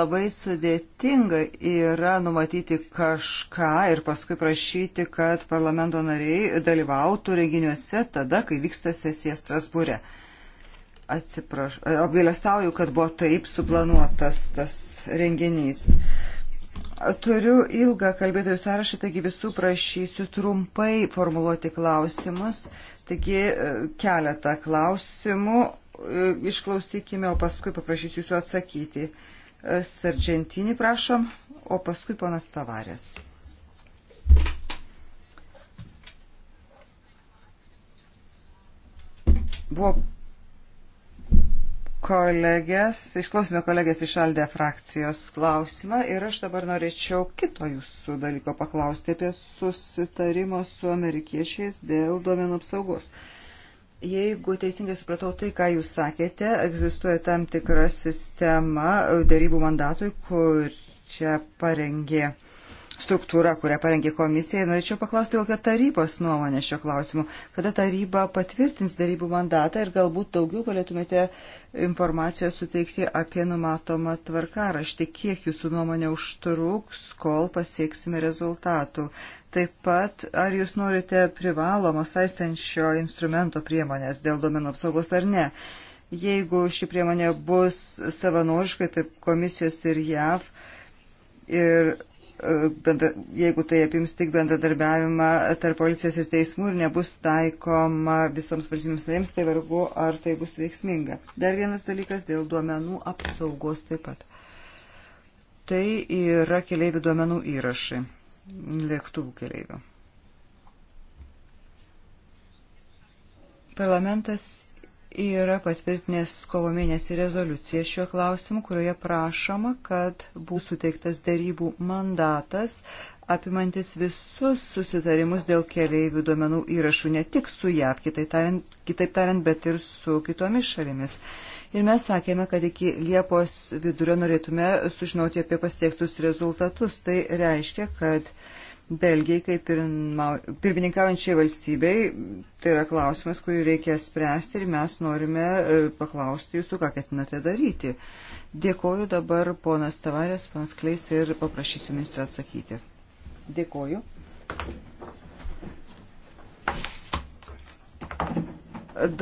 labai sudėtinga yra numatyti kažką ir paskui prašyti, kad parlamento nariai dalyvautų renginiuose tada, kai vyksta sesija Strasbūre atsiprašau, e, apgailestauju, kad buvo taip suplanuotas tas renginys. Turiu ilgą kalbėtojų sąrašą, taigi visų prašysiu trumpai formuluoti klausimus. Taigi e, keletą klausimų e, išklausykime, o paskui paprašysiu jūsų atsakyti. Sargentinį prašom, o paskui ponas Tavarės. Buvo kolegės, išklausime kolegės iš Aldė frakcijos klausimą ir aš dabar norėčiau kito jūsų dalyko paklausti apie susitarimo su amerikiečiais dėl duomenų apsaugos. Jeigu teisingai supratau tai, ką jūs sakėte, egzistuoja tam tikra sistema darybų mandatui, kurią parengė struktūra, kurią parengė komisija. Norėčiau paklausti, kokia tarybos nuomonė šio klausimu, kada taryba patvirtins darybų mandatą ir galbūt daugiau galėtumėte informacijos suteikti apie numatomą tvarkaraštį, kiek jūsų nuomonė užtruks, kol pasieksime rezultatų. Taip pat, ar jūs norite privalomo saistančio instrumento priemonės dėl domenų apsaugos ar ne? Jeigu ši priemonė bus savanoriškai, taip komisijos ir JAV, ir jeigu tai apims tik bendradarbiavimą tarp policijos ir teismų ir nebus taikoma visoms valstybėms narėms, tai vargu, ar tai bus veiksminga. Dar vienas dalykas dėl duomenų apsaugos taip pat. Tai yra keliaivių duomenų įrašai lėktuvų keliaivių. Parlamentas yra patvirtinęs kovo mėnesį rezoliuciją šiuo klausimu, kurioje prašoma, kad būtų suteiktas darybų mandatas apimantis visus susitarimus dėl keliaivių duomenų įrašų, ne tik su JAV, kitaip tariant, kitaip tariant, bet ir su kitomis šalimis. Ir mes sakėme, kad iki Liepos vidurio norėtume sužinoti apie pasiektus rezultatus. Tai reiškia, kad uh, Belgijai kaip pirmininkaujančiai valstybei, tai yra klausimas, kurį reikia spręsti ir mes norime e, paklausti jūsų, ką ketinate daryti. Dėkoju dabar ponas Tavarės, ponas Kleis ir paprašysiu ministrą atsakyti. Dėkoju.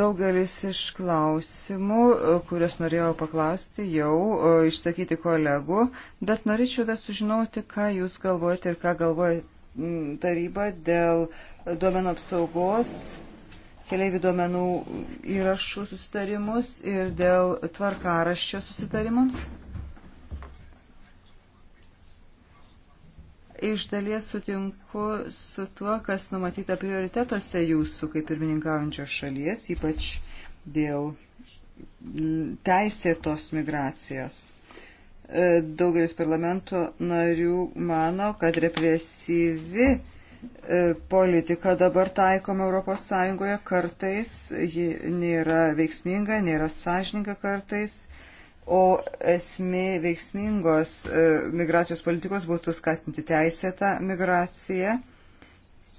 Daugelis iš klausimų, e, kuriuos norėjau paklausti, jau e, išsakyti kolegų, bet norėčiau dar sužinoti, ką jūs galvojate ir ką galvojate Mm, taryba dėl duomenų apsaugos, keliaivių duomenų įrašų susitarimus ir dėl tvarkaraščio susitarimams. Iš dalies sutinku su tuo, kas numatyta prioritetuose jūsų kaip pirmininkaujančios šalies, ypač dėl teisėtos migracijos. E, daugelis parlamento narių mano, kad represyvi e, politika dabar taikoma ES kartais, ji nėra veiksminga, nėra sąžininga kartais, o esmė veiksmingos e, migracijos politikos būtų skatinti teisėtą migraciją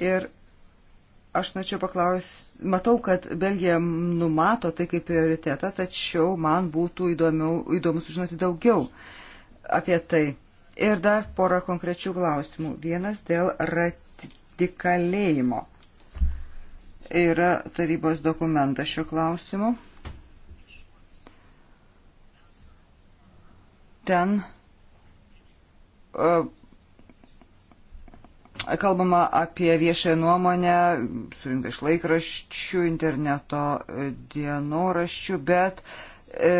ir Aš norėčiau paklausti, matau, kad Belgija numato tai kaip prioritetą, tačiau man būtų įdomiau, įdomu sužinoti daugiau apie tai. Ir dar pora konkrečių klausimų. Vienas dėl radikalėjimo. Yra tarybos dokumentas šiuo klausimu. Ten uh, Kalbama apie viešąją nuomonę, surinka iš laikraščių, interneto e, dienoraščių, bet e,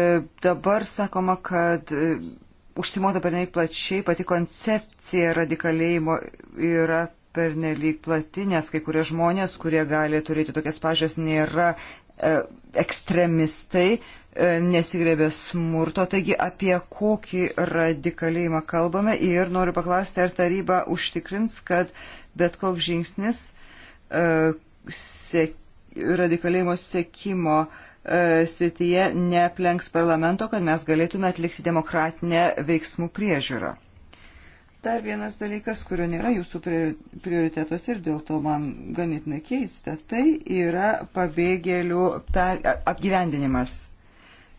dabar sakoma, kad e, užsimota pernelyg plačiai, pati koncepcija radikalėjimo yra pernelyg plati, nes kai kurie žmonės, kurie gali turėti tokias pažias, nėra e, ekstremistai. E, E, nesigrėbė smurto. Taigi apie kokį radikalėjimą kalbame ir noriu paklausti, ar taryba užtikrins, kad bet koks žingsnis e, sek, radikalėjimo sekimo e, srityje neplenks parlamento, kad mes galėtume atlikti demokratinę veiksmų priežiūrą. Dar vienas dalykas, kurio nėra jūsų prioritetuose ir dėl to man ganėtinai keista, tai yra pabėgėlių per, apgyvendinimas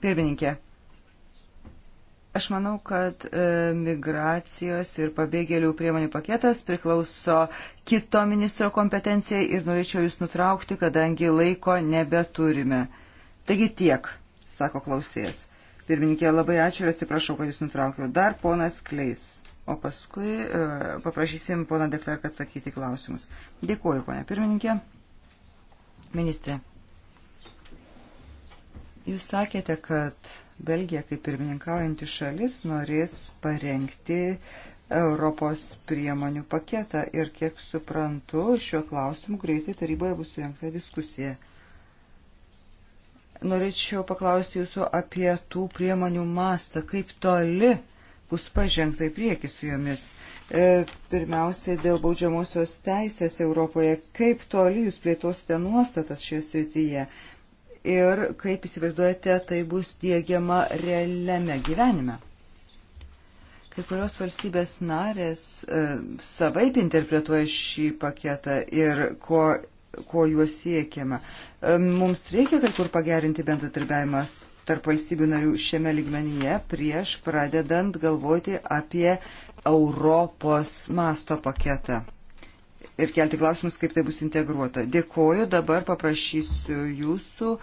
Pirmininkė, aš manau, kad e, migracijos ir pabėgėlių priemonių paketas priklauso kito ministro kompetencijai ir norėčiau jūs nutraukti, kadangi laiko nebeturime. Taigi tiek, sako klausėjas. Pirmininkė, labai ačiū ir atsiprašau, kad jūs nutraukiau. Dar ponas Kleis. O paskui e, paprašysim poną Deklerką atsakyti klausimus. Dėkuoju, ponė pirmininkė. Ministrė. Jūs sakėte, kad Belgija kaip pirmininkaujanti šalis norės parengti Europos priemonių paketą ir kiek suprantu, šiuo klausimu greitai taryboje bus surinkta diskusija. Norėčiau paklausti jūsų apie tų priemonių mastą, kaip toli bus pažengta į priekį su jomis. E, pirmiausiai dėl baudžiamosios teisės Europoje, kaip toli jūs plėtosite nuostatas šioje srityje. E, ir kaip įsivaizduojate, tai bus dėgiama realiame gyvenime. Kai kurios valstybės narės e, savaip interpretuoja šį paketą ir ko, ko juos siekiama. E, mums reikia kai kur pagerinti bendradarbiavimą tarp valstybių narių šiame ligmenyje prieš pradedant galvoti apie Europos masto paketą ir kelti klausimus, kaip tai bus integruota. Dėkoju, dabar paprašysiu jūsų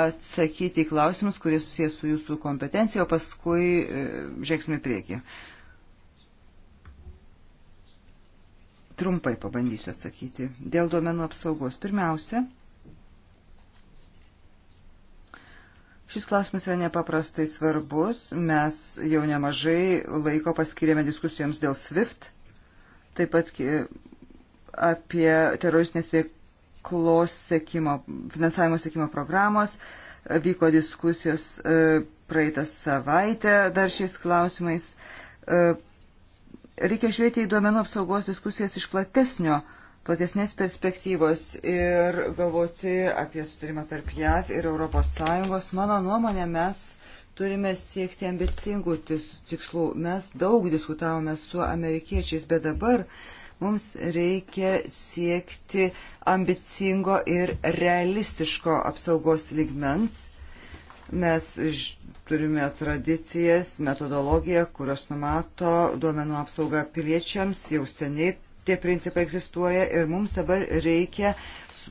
atsakyti į klausimus, kurie susijęs su jūsų kompetencija, o paskui e, žieksime priekį. Trumpai pabandysiu atsakyti. Dėl duomenų apsaugos. Pirmiausia, Šis klausimas yra nepaprastai svarbus. Mes jau nemažai laiko paskiriame diskusijoms dėl SWIFT. Taip pat e, apie teroristinės veiklos sekimo, finansavimo sekimo programos. Vyko diskusijos e, praeitą savaitę dar šiais klausimais. E, reikia žiūrėti į duomenų apsaugos diskusijas iš platesnio, platesnės perspektyvos ir galvoti apie sutarimą tarp JAV ir ES. Mano nuomonė, mes turime siekti ambicingų tikslų. Mes daug diskutavome su amerikiečiais, bet dabar uh, Mums reikia siekti ambicingo ir realistiško apsaugos lygmens. Mes turime tradicijas, metodologiją, kurios numato duomenų apsaugą piliečiams, jau seniai tie principai egzistuoja ir mums dabar reikia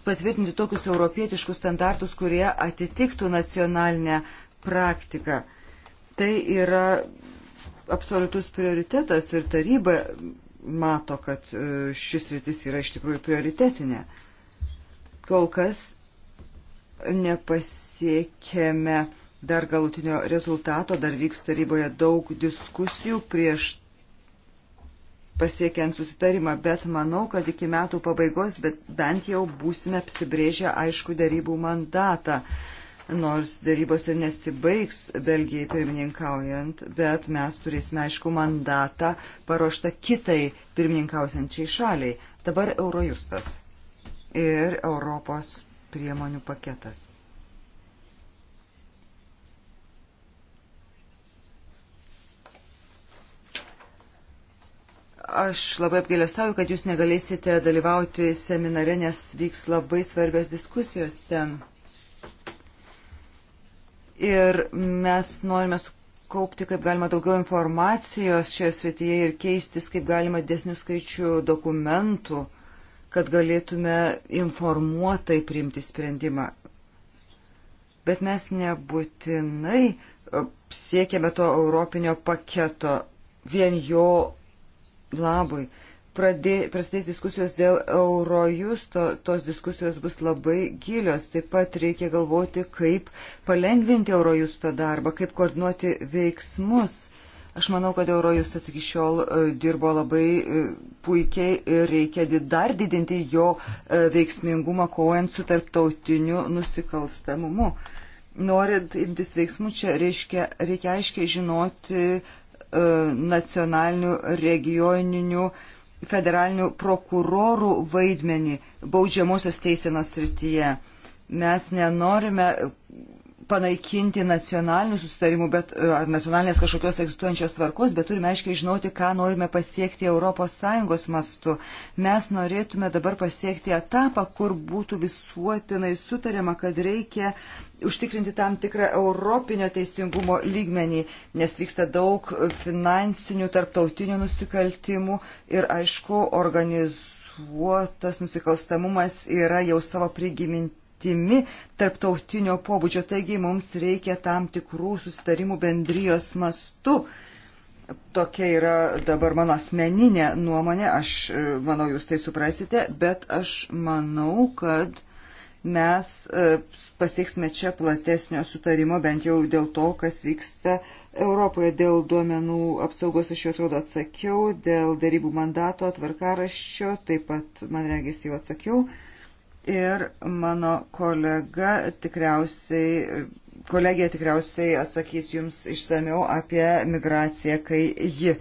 patvirtinti tokius europietiškus standartus, kurie atitiktų nacionalinę praktiką. Tai yra absoliutus prioritetas ir taryba mato, kad e, šis rytis yra iš tikrųjų prioritetinė. Kol kas nepasiekėme dar galutinio rezultato, dar vyks taryboje daug diskusijų prieš pasiekiant susitarimą, bet manau, kad iki metų pabaigos bent jau būsime apsibrėžę aišku darybų mandatą. Uh, nors darybos ir nesibaigs Belgijai pirmininkaujant, bet mes turėsime aišku mandatą paruoštą kitai pirmininkausiančiai šaliai. Dabar Eurojustas ir Europos priemonių paketas. Aš labai apgailestauju, kad jūs negalėsite dalyvauti seminare, nes vyks labai svarbios diskusijos ten. Ir mes norime kaupti kaip galima daugiau informacijos šioje srityje ir keistis kaip galima desnių skaičių dokumentų, kad galėtume informuotai priimti sprendimą. Bet mes nebūtinai e, siekiame to europinio paketo vien jo labui pradė, prasidės diskusijos dėl Eurojusto, tos diskusijos bus labai gilios. Taip pat reikia galvoti, kaip palengvinti Eurojusto darbą, kaip koordinuoti veiksmus. Aš manau, kad Eurojustas iki šiol e, dirbo labai e, puikiai ir reikia dar didinti jo e, veiksmingumą, kovojant su tarptautiniu nusikalstamumu. Norint imtis veiksmų, čia reiškia, reikia aiškiai žinoti nacionalinių, regioninių uh, federalinių prokurorų vaidmenį baudžiamosios teisėnos srityje. Mes nenorime panaikinti nacionalinių susitarimų, bet e, ar nacionalinės kažkokios egzistuojančios tvarkos, bet turime aiškiai žinoti, ką norime pasiekti ES mastu. Mes norėtume dabar pasiekti etapą, kur būtų visuotinai sutariama, kad reikia užtikrinti tam tikrą europinio teisingumo lygmenį, nes vyksta daug finansinių, tarptautinių nusikaltimų ir, aišku, organizuotas nusikalstamumas yra jau savo prigimintimi tarptautinio pobūdžio, taigi mums reikia tam tikrų susitarimų bendrijos mastu. Tokia yra dabar mano asmeninė nuomonė, aš manau, jūs tai suprasite, bet aš manau, kad mes e, pasieksime čia platesnio sutarimo, bent jau dėl to, kas vyksta Europoje. Dėl duomenų apsaugos aš jau atrodo atsakiau, dėl darybų mandato tvarkaraščio taip pat, man regis, jau atsakiau. Ir mano kolega tikriausiai, kolegija tikriausiai atsakys jums išsameu apie migraciją, kai ji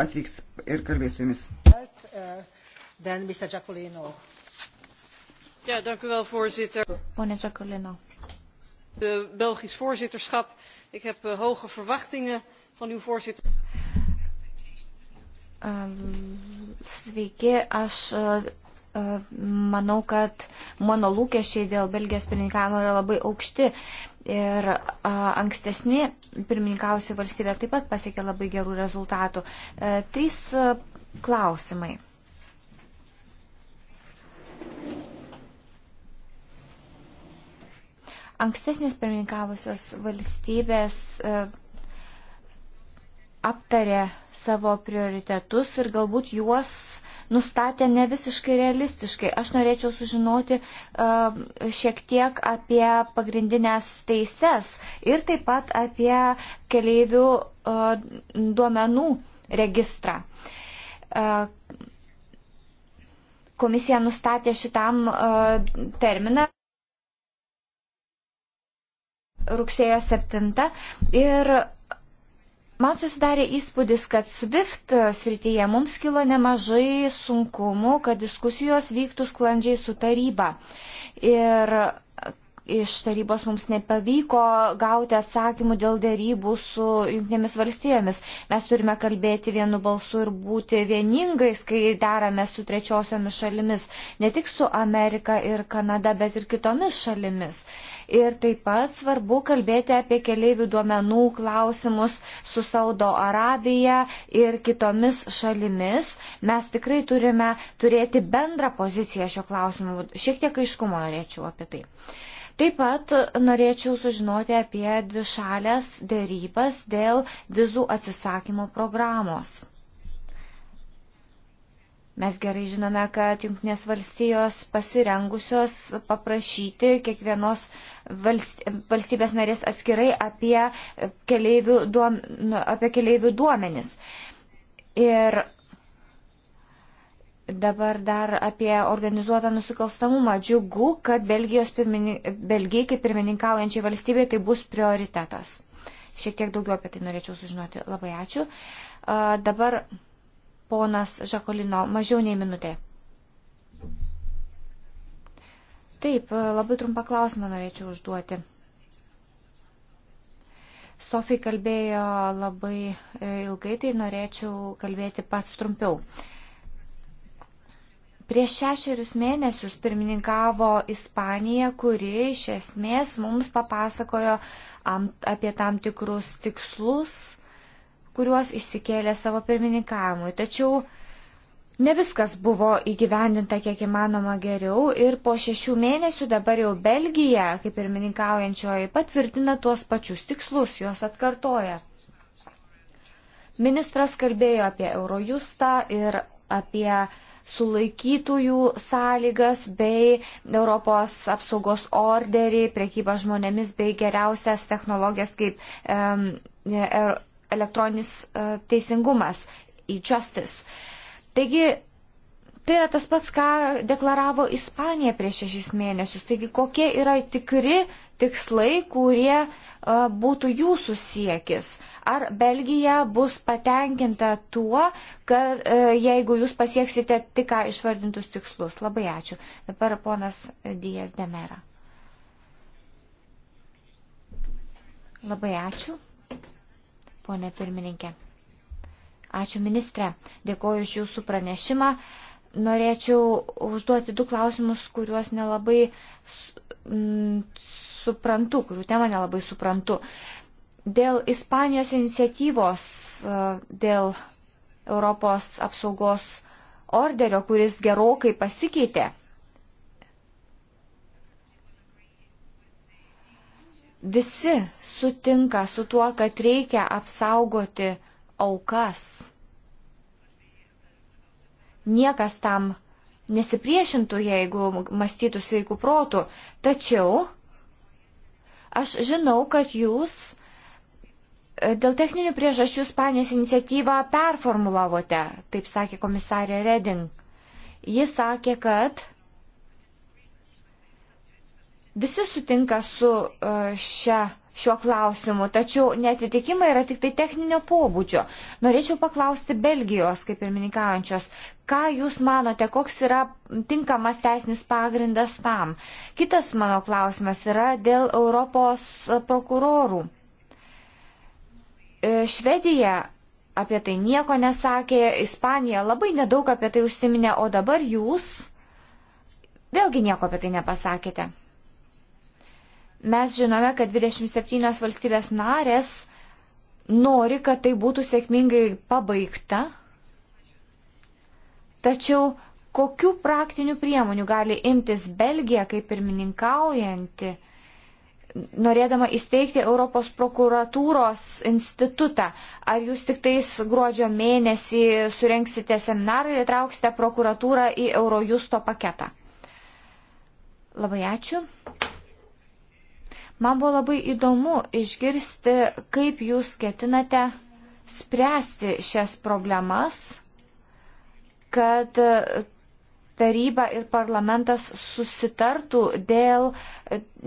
atvyks ir kalbės su jumis. But, uh, Ja, dank u wel, voorzitter. Pone Giacolino. De Belgisch voorzitterschap. Ik heb uh, hoge verwachtingen van uw voorzitter. Um, sveiki, aš uh, manau, kad mano lūkesčiai dėl Belgijos pirmininkavimo yra labai aukšti. Ir a, ankstesni pirmininkausių valstybė taip pat pasiekė labai gerų rezultatų. E, trys a, e, klausimai. Ankstesnės pirmininkavusios valstybės e, aptarė savo prioritetus ir galbūt juos nustatė ne visiškai realistiškai. Aš norėčiau sužinoti uh, šiek tiek apie pagrindinės teises ir taip pat apie keleivių uh, duomenų registrą. Uh, komisija nustatė šitam uh, terminą rugsėjo 7 ir man susidarė įspūdis, kad SWIFT srityje mums kilo nemažai sunkumų, kad diskusijos vyktų sklandžiai su taryba. Ir iš tarybos mums nepavyko gauti atsakymų dėl dėrybų su jungtinėmis valstijomis. Mes turime kalbėti vienu balsu ir būti vieningais, kai darame su trečiosiomis šalimis, ne tik su Amerika ir Kanada, bet ir kitomis šalimis. Ir taip pat svarbu kalbėti apie keliaivių duomenų klausimus su Saudo Arabija ir kitomis šalimis. Mes tikrai turime turėti bendrą poziciją šio klausimu. Šiek tiek aiškumo norėčiau apie tai. Taip pat norėčiau sužinoti apie dvišalės dėrybas dėl vizų atsisakymo programos. Mes gerai žinome, kad Junktinės valstijos pasirengusios paprašyti kiekvienos valstybės narės atskirai apie keleivių, duom, nu, apie keleivių duomenis. Ir Dabar dar apie organizuotą nusikalstamumą. Džiugu, kad Belgijos pirmini... Belgijai kaip pirmininkaujančiai valstybei tai bus prioritetas. Šiek tiek daugiau apie tai norėčiau sužinoti. Labai ačiū. Dabar ponas Žakolino, mažiau nei minutė. Taip, labai trumpą klausimą norėčiau užduoti. Sofija kalbėjo labai e, ilgai, tai norėčiau kalbėti pats trumpiau. Uh, Prieš šešerius mėnesius pirmininkavo Ispanija, kuri iš esmės mums papasakojo apie tam tikrus tikslus, kuriuos išsikėlė savo pirmininkavimui. Tačiau ne viskas buvo įgyvendinta kiek įmanoma geriau ir po šešių mėnesių dabar jau Belgija, kaip pirmininkaujančioji, patvirtina tuos pačius tikslus, juos atkartoja. Ministras kalbėjo apie Eurojustą ir apie sulaikytųjų sąlygas bei Europos apsaugos orderį, priekybą žmonėmis bei geriausias technologijas kaip um, elektroninis uh, teisingumas, e-justice. Taigi, tai yra tas pats, ką deklaravo Ispanija prieš šešis mėnesius. Taigi, kokie yra tikri tikslai, kurie uh, būtų jūsų siekis? Ar Belgija bus patenkinta tuo, kad e, jeigu jūs pasieksite tik ką išvardintus tikslus? Labai ačiū. Dabar ponas Dijas Demera. Labai ačiū, ponė pirmininkė. Ačiū ministrė. Dėkoju iš jūsų pranešimą. Norėčiau užduoti du klausimus, kuriuos nelabai suprantu, kurių temą nelabai suprantu. Dėl Ispanijos iniciatyvos, e, dėl Europos apsaugos orderio, kuris gerokai pasikeitė. Visi sutinka su tuo, kad reikia apsaugoti aukas. Niekas tam nesipriešintų, jeigu mąstytų sveikų protų, tačiau Aš žinau, kad jūs e, dėl techninių priežasčių Spanijos iniciatyvą performulavote, taip sakė komisarė Reding. Jis sakė, kad visi sutinka su e, šia šiuo klausimu, tačiau netitikimai yra tik tai techninio pobūdžio. Norėčiau paklausti Belgijos, kaip ir mininkaujančios, ką Jūs manote, koks yra tinkamas teisinis pagrindas tam? Kitas mano klausimas yra dėl Europos prokurorų. E, Švedija apie tai nieko nesakė, Ispanija labai nedaug apie tai užsiminė, o dabar Jūs vėlgi nieko apie tai nepasakėte. Mes žinome, kad 27 valstybės narės nori, kad tai būtų sėkmingai pabaigta. Tačiau kokių praktinių priemonių gali imtis Belgija kaip pirmininkaujanti, norėdama įsteigti Europos prokuratūros institutą? Ar jūs tik tais gruodžio mėnesį surenksite seminarą ir įtrauksite prokuratūrą į Eurojusto paketą? Labai ačiū. Man buvo labai įdomu išgirsti, kaip jūs ketinate spręsti šias problemas, kad taryba ir parlamentas susitartų dėl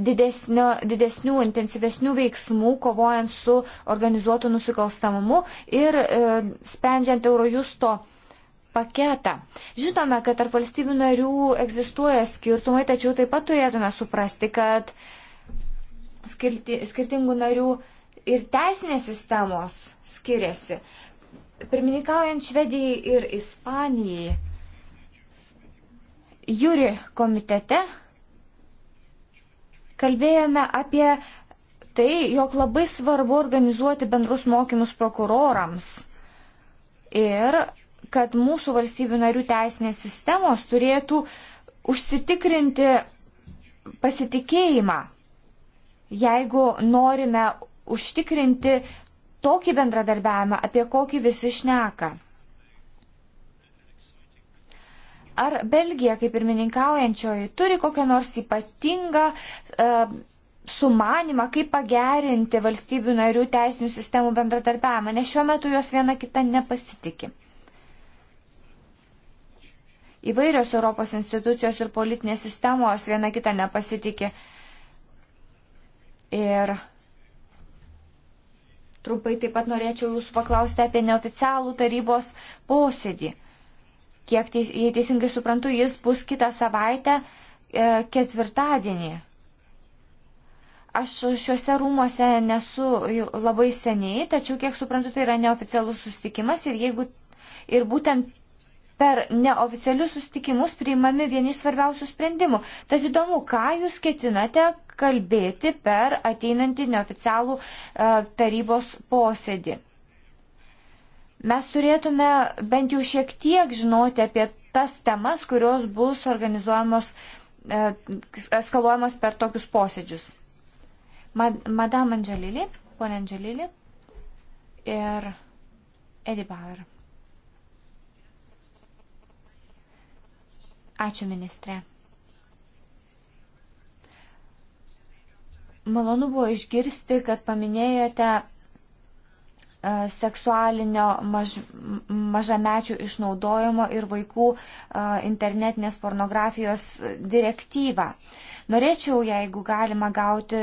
didesnio, didesnių, intensyvesnių veiksmų, kovojant su organizuotu nusikalstamumu ir e, sprendžiant Eurojusto paketą. Žinome, kad tarp valstybių narių egzistuoja skirtumai, tačiau taip pat turėtume suprasti, kad e, skirti, skirtingų narių ir teisinės sistemos skiriasi. Pirmininkaujant Švedijai ir Ispanijai, Jūri komitete kalbėjome apie tai, jog labai svarbu organizuoti bendrus mokymus prokurorams ir kad mūsų valstybių narių teisinės sistemos turėtų užsitikrinti pasitikėjimą jeigu norime užtikrinti tokį bendradarbiavimą, apie kokį visi šneka. Ar Belgija, kaip pirmininkaujančioji, turi kokią nors ypatingą e, sumanimą, kaip pagerinti valstybių narių teisinių sistemų bendradarbiavimą, nes šiuo metu jos viena kita nepasitikė. Įvairios Europos institucijos ir politinės sistemos viena kita nepasitikė. E, Ir trumpai taip pat norėčiau jūsų paklausti apie neoficialų tarybos posėdį. Kiek, teis, jei teisingai suprantu, jis bus kitą savaitę e, ketvirtadienį. Aš šiuose rūmuose nesu labai seniai, tačiau, kiek suprantu, tai yra neoficialus susitikimas ir, jeigu, ir būtent per neoficialius susitikimus priimami vieni svarbiausių sprendimų. Tad įdomu, ką jūs ketinate kalbėti per ateinantį neoficialų e, tarybos posėdį. Mes turėtume bent jau šiek tiek žinoti apie tas temas, kurios bus organizuojamos, e, eskaluojamos per tokius posėdžius. Madame Angelili, ponė Angelili ir Edi Bauer. Ačiū ministrė. Malonu buvo išgirsti, kad paminėjote e, seksualinio maž, mažamečių išnaudojimo ir vaikų e, internetinės pornografijos direktyvą. Norėčiau, jeigu galima, gauti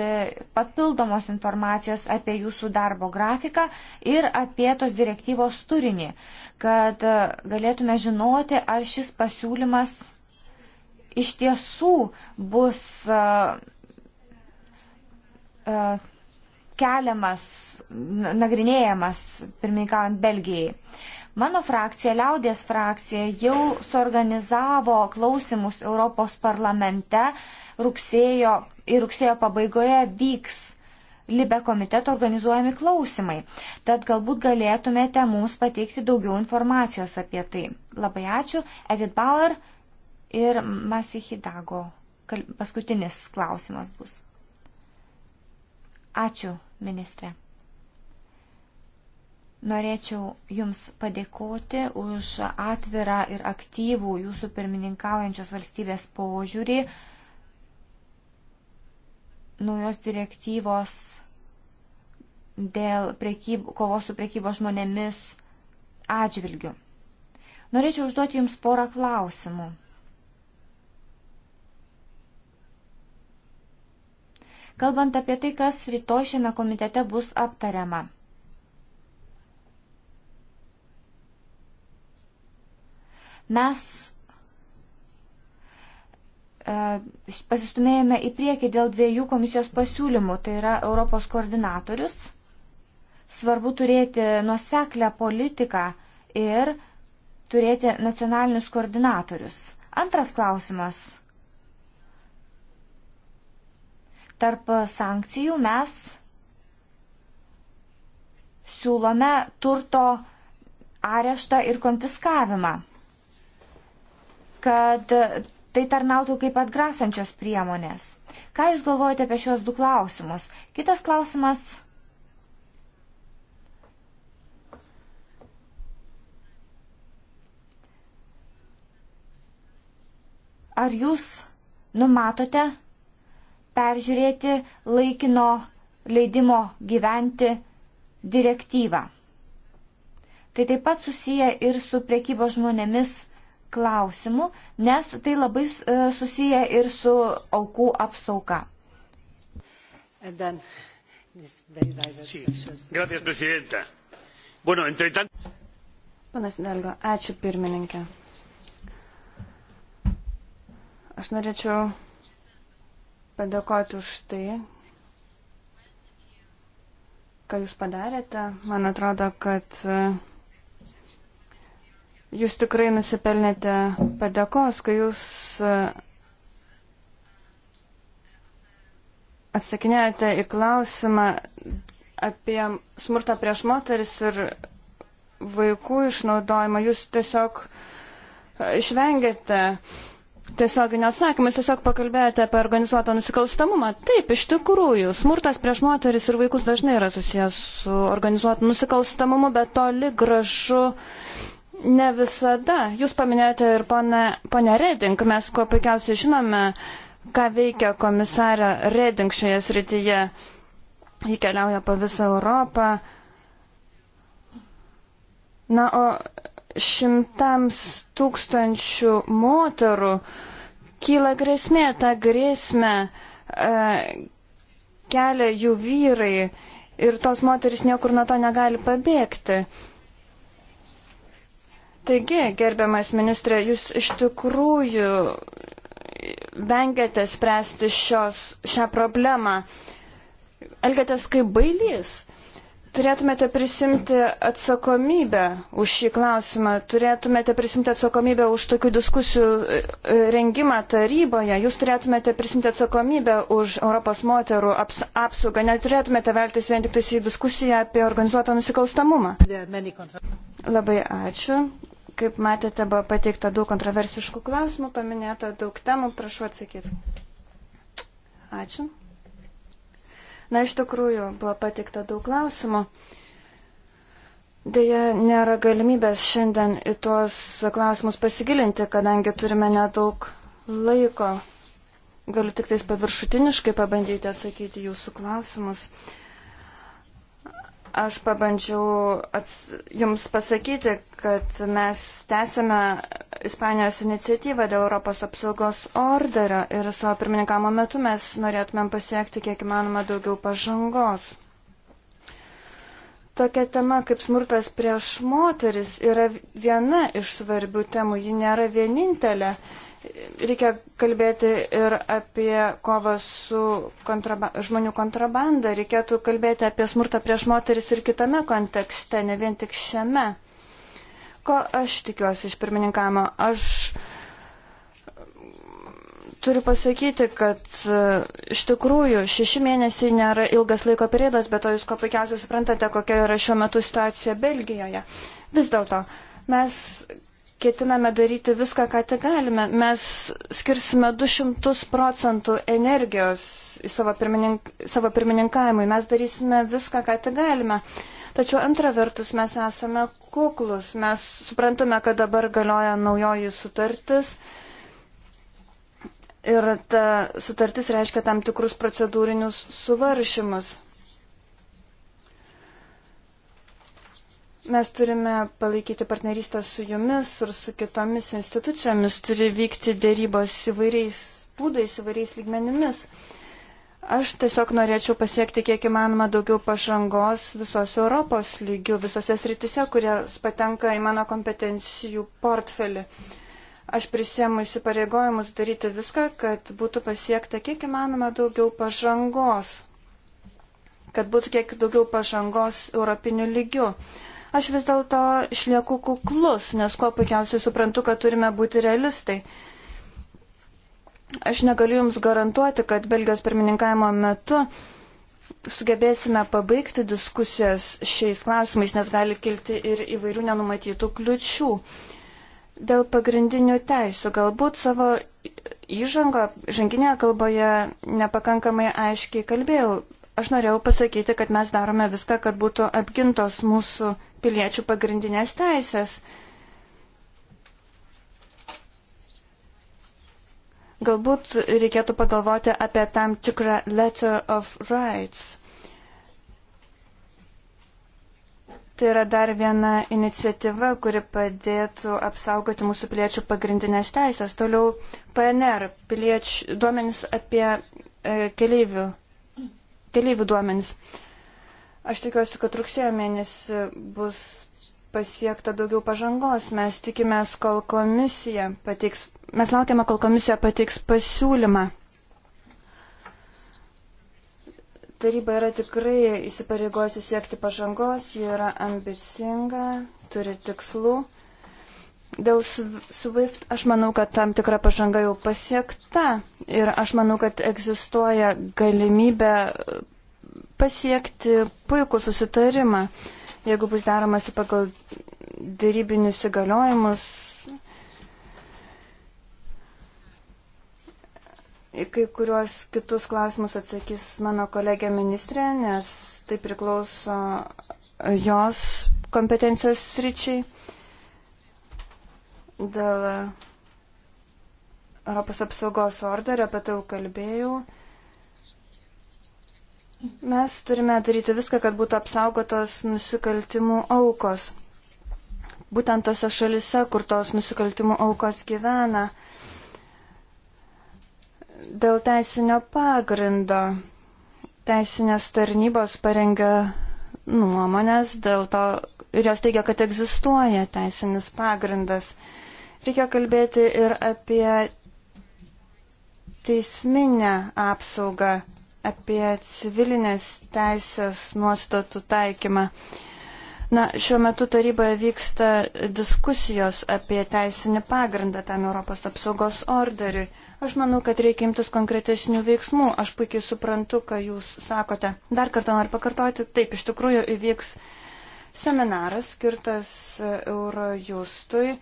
papildomos informacijos apie jūsų darbo grafiką ir apie tos direktyvos turinį, kad e, galėtume žinoti, ar šis pasiūlymas iš tiesų bus E, keliamas, nagrinėjamas, pirmininkavant Belgijai. Mano frakcija, liaudės frakcija, jau suorganizavo klausimus Europos parlamente rugsėjo ir rugsėjo pabaigoje vyks Libe komiteto organizuojami klausimai. Tad galbūt galėtumėte mums pateikti daugiau informacijos apie tai. Labai ačiū. Edith Bauer ir Masihidago. Paskutinis klausimas bus. Ačiū, ministrė. Norėčiau Jums padėkoti už atvirą ir aktyvų Jūsų pirmininkaujančios valstybės požiūrį naujos direktyvos dėl prekyb, kovos su prekybos žmonėmis atžvilgių. Norėčiau užduoti Jums porą klausimų. kalbant apie tai, kas rytoj šiame komitete bus aptariama. Mes e, pasistumėjome į priekį dėl dviejų komisijos pasiūlymų, tai yra Europos koordinatorius. Svarbu turėti nuoseklę politiką ir turėti nacionalinius koordinatorius. Antras klausimas Tarp sankcijų mes siūlome turto areštą ir konfiskavimą, kad tai tarnautų kaip atgrasančios priemonės. Ką Jūs galvojate apie šios du klausimus? Kitas klausimas. Ar Jūs numatote peržiūrėti laikino leidimo gyventi direktyvą. Tai taip pat susiję ir su priekybos žmonėmis klausimu, nes tai labai e, susiję ir su aukų apsauga. Panas Delgo, ačiū pirmininkė. Aš norėčiau padėkoti už tai, ką jūs padarėte. Man atrodo, kad e, jūs tikrai nusipelnėte padėkos, kai jūs e, atsakinėjote į klausimą apie smurtą prieš moteris ir vaikų išnaudojimą. Jūs tiesiog e, išvengėte uh, tiesioginio atsakymo, jūs tiesiog pakalbėjote apie organizuotą nusikalstamumą. Taip, iš tikrųjų, smurtas prieš moteris ir vaikus dažnai yra susijęs su organizuotu nusikalstamumu, bet toli gražu ne visada. Jūs paminėjote ir ponę Reding, mes kuo puikiausiai žinome, ką veikia komisarė Reding šioje srityje. Ji keliauja po visą Europą. Na, o šimtams tūkstančių moterų kyla grėsmė, tą grėsmę e, kelia jų vyrai ir tos moteris niekur nuo to negali pabėgti. Taigi, gerbiamas ministrė, jūs iš tikrųjų vengiate spręsti šios, šią problemą. Elgiatės kaip bailys turėtumėte prisimti atsakomybę už šį klausimą, turėtumėte prisimti atsakomybę už tokių diskusijų e, e, rengimą taryboje, jūs turėtumėte prisimti atsakomybę už Europos moterų aps apsaugą, neturėtumėte veltis vien tik į diskusiją apie organizuotą nusikalstamumą. Labai ačiū. Kaip matėte, buvo pateikta daug kontroversiškų klausimų, paminėta daug temų, prašau atsakyti. Ačiū. Na, iš tikrųjų, buvo patikta daug klausimų. Deja, nėra galimybės šiandien į tuos klausimus pasigilinti, kadangi turime nedaug laiko. Galiu tik tais paviršutiniškai pabandyti atsakyti jūsų klausimus. Uh, Aš pabandžiau ats... jums pasakyti, kad mes tęsėme Ispanijos iniciatyvą dėl Europos apsaugos orderio ir savo pirmininkamo metu mes norėtumėm pasiekti kiek įmanoma daugiau pažangos. Tokia tema kaip smurtas prieš moteris yra viena iš svarbių temų, ji nėra vienintelė. Uh, Reikia kalbėti ir apie kovą su kontraba žmonių kontrabanda. Reikėtų kalbėti apie smurtą prieš moteris ir kitame kontekste, ne vien tik šiame. Ko aš tikiuosi iš pirmininkamo? Aš turiu pasakyti, kad e, iš tikrųjų šeši mėnesiai nėra ilgas laiko periodas, bet to jūs ko puikiausiai suprantate, kokia yra šiuo metu situacija Belgijoje. Vis dėlto mes ketiname daryti viską, ką tik galime. Mes skirsime 200 procentų energijos savo, pirminink, savo pirmininkavimui. Mes darysime viską, ką tik galime. Tačiau antra vertus mes esame kuklus. Mes suprantame, kad dabar galioja naujoji sutartis. Ir ta sutartis reiškia tam tikrus procedūrinius suvaršymus. Mes turime palaikyti partnerystę su jumis ir su kitomis institucijomis, turi vykti dėrybos įvairiais būdais, įvairiais lygmenimis. Aš tiesiog norėčiau pasiekti kiek įmanoma daugiau pažangos visos Europos lygių, visose sritise, kurie patenka į mano kompetencijų portfelį. Aš prisėmu įsipareigojimus daryti viską, kad būtų pasiekta kiek įmanoma daugiau pažangos, kad būtų kiek daugiau pažangos europinių lygių. Aš vis dėlto išlieku kuklus, nes kuo puikiausiai suprantu, kad turime būti realistai. Aš negaliu Jums garantuoti, kad Belgijos pirmininkavimo metu sugebėsime pabaigti diskusijas šiais klausimais, nes gali kilti ir įvairių nenumatytų kliučių. Dėl pagrindinių teisų galbūt savo įžango, žanginėje kalboje nepakankamai aiškiai kalbėjau. Aš norėjau pasakyti, kad mes darome viską, kad būtų apgintos mūsų piliečių pagrindinės teisės. Galbūt reikėtų pagalvoti apie tam tikrą letter of rights. Tai yra dar viena iniciatyva, kuri padėtų apsaugoti mūsų piliečių pagrindinės teisės. Toliau PNR, piliečių duomenys apie e, keleivių, keleivių duomenys. E, Aš tikiuosi, kad rugsėjo mėnesį bus pasiekta daugiau pažangos. Mes tikimės, kol komisija pateiks, mes laukiame, kol komisija pateiks pasiūlymą. Taryba yra tikrai įsipareigojusi siekti pažangos, ji yra ambicinga, turi tikslų. Dėl SWIFT aš manau, kad tam tikra pažanga jau pasiekta ir aš manau, kad egzistuoja galimybė pasiekti puikų susitarimą, jeigu bus daromasi pagal dėrybinius įgaliojimus. Į kai kuriuos kitus klausimus atsakys mano kolegė ministrė, nes tai priklauso jos kompetencijos sričiai dėl Europos apsaugos orderio, apie tai jau kalbėjau. Mes turime daryti viską, kad būtų apsaugotos nusikaltimų aukos. Būtent tose šalise, kur tos nusikaltimų aukos gyvena, dėl teisinio pagrindo teisinės tarnybos parengia nuomonės, dėl to ir jos teigia, kad egzistuoja teisinis pagrindas. Reikia kalbėti ir apie teisminę apsaugą apie civilinės teisės nuostatų taikymą. Na, šiuo metu taryboje vyksta diskusijos apie teisinį pagrindą tam Europos apsaugos orderiui. Aš manau, kad reikia imtis konkretesnių veiksmų. Aš puikiai suprantu, ką jūs sakote. Dar kartą noriu pakartoti, taip, iš tikrųjų įvyks seminaras skirtas Eurojustui.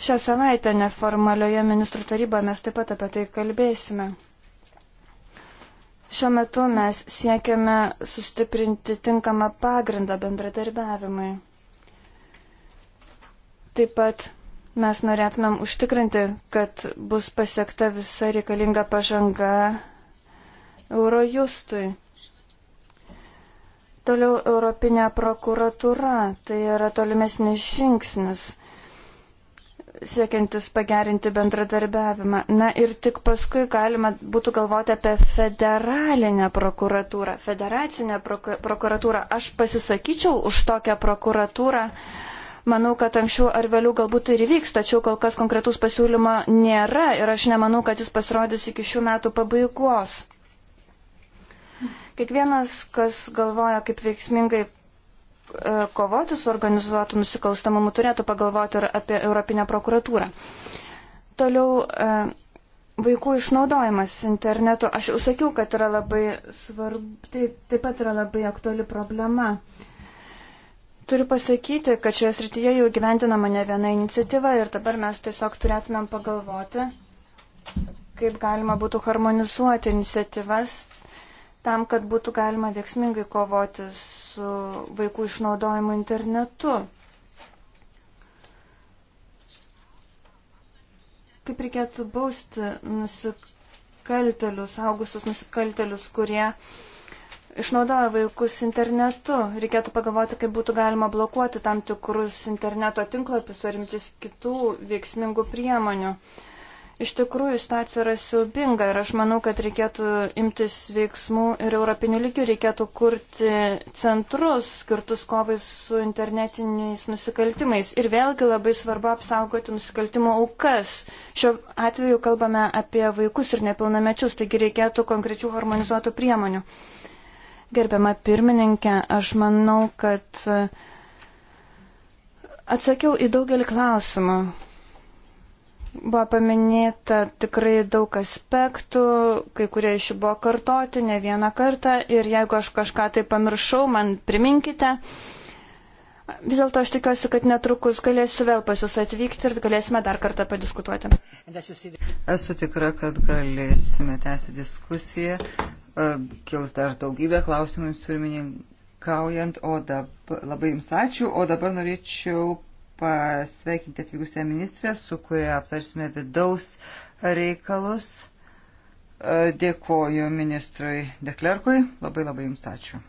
Šią savaitę neformalioje ministrų taryboje mes taip pat apie tai kalbėsime. Šiuo metu mes siekiame sustiprinti tinkamą pagrindą bendradarbiavimui. Taip pat mes norėtumėm užtikrinti, kad bus pasiekta visa reikalinga pažanga Eurojustui. Toliau Europinė prokuratūra tai yra tolimesnis žingsnis siekiantis pagerinti bendradarbiavimą. Na ir tik paskui galima būtų galvoti apie federalinę prokuratūrą, federacinę proku prokuratūrą. Aš pasisakyčiau už tokią prokuratūrą. Manau, kad anksčiau ar vėliau galbūt ir įvyks, tačiau kol kas konkretus pasiūlymo nėra ir aš nemanau, kad jis pasirodys iki šių metų pabaigos. Kiekvienas, kas galvoja, kaip veiksmingai E, kovoti su organizuotu nusikalstamumu, turėtų pagalvoti ir apie Europinę prokuratūrą. Toliau e, vaikų išnaudojimas internetu. Aš jau sakiau, kad yra labai svarbu, tai taip pat yra labai aktuali problema. Turiu pasakyti, kad šioje srityje jau gyventinama ne viena iniciatyva ir dabar mes tiesiog turėtumėm pagalvoti, kaip galima būtų harmonizuoti iniciatyvas tam, kad būtų galima veiksmingai kovoti su su vaikų išnaudojimu internetu. Kaip reikėtų bausti nusikaltelius, augusius nusikaltelius, kurie išnaudoja vaikus internetu. Reikėtų pagalvoti, kaip būtų galima blokuoti tam tikrus interneto tinklapius ar imtis kitų veiksmingų priemonių. Uh, Iš tikrųjų, situacija yra siaubinga ir aš manau, kad reikėtų imtis veiksmų ir europinių lygių reikėtų kurti centrus skirtus kovai su internetiniais nusikaltimais. Ir vėlgi labai svarbu apsaugoti nusikaltimo aukas. Šiuo atveju kalbame apie vaikus ir nepilnamečius, taigi reikėtų konkrečių harmonizuotų priemonių. Gerbiama pirmininkė, aš manau, kad atsakiau į daugelį klausimų. Buvo paminėta tikrai daug aspektų, kai kurie iš jų buvo kartoti ne vieną kartą ir jeigu aš kažką tai pamiršau, man priminkite. Vis dėlto aš tikiuosi, kad netrukus galėsiu vėl pas jūs atvykti ir galėsime dar kartą padiskutuoti. Esu tikra, kad galėsime tęsti diskusiją. E, kils dar daugybė klausimų jums pirmininkaujant, o dabar labai jums ačiū, o dabar norėčiau pasveikinti atvykusią ministrę, su kuria aptarsime vidaus reikalus. Dėkoju ministrui Deklerkui. Labai labai jums ačiū.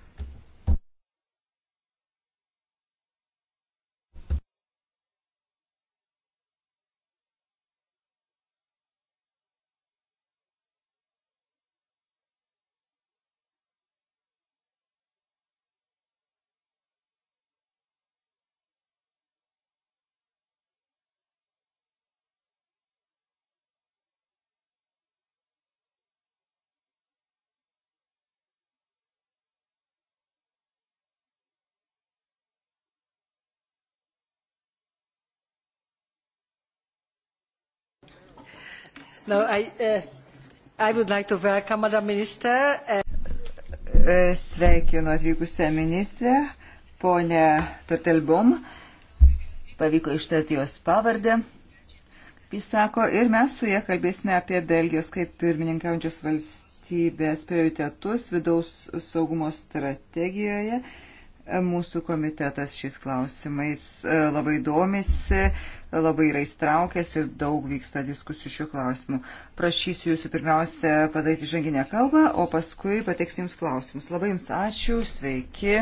No, I, uh, I would like to welcome Madam Minister. Uh, e, sveikinu atvykusią ministrę, ponę Tortelbom. Pavyko ištarti jos pavardę. Jis sako, ir mes su ją kalbėsime apie Belgijos kaip pirmininkaujančios valstybės prioritetus vidaus saugumo strategijoje. Mūsų komitetas šiais klausimais e, labai domisi labai yra įstraukęs ir daug vyksta diskusijų šiuo klausimu. Prašysiu jūsų pirmiausia padaryti žanginę kalbą, o paskui pateiksiu jums klausimus. Labai jums ačiū, sveiki.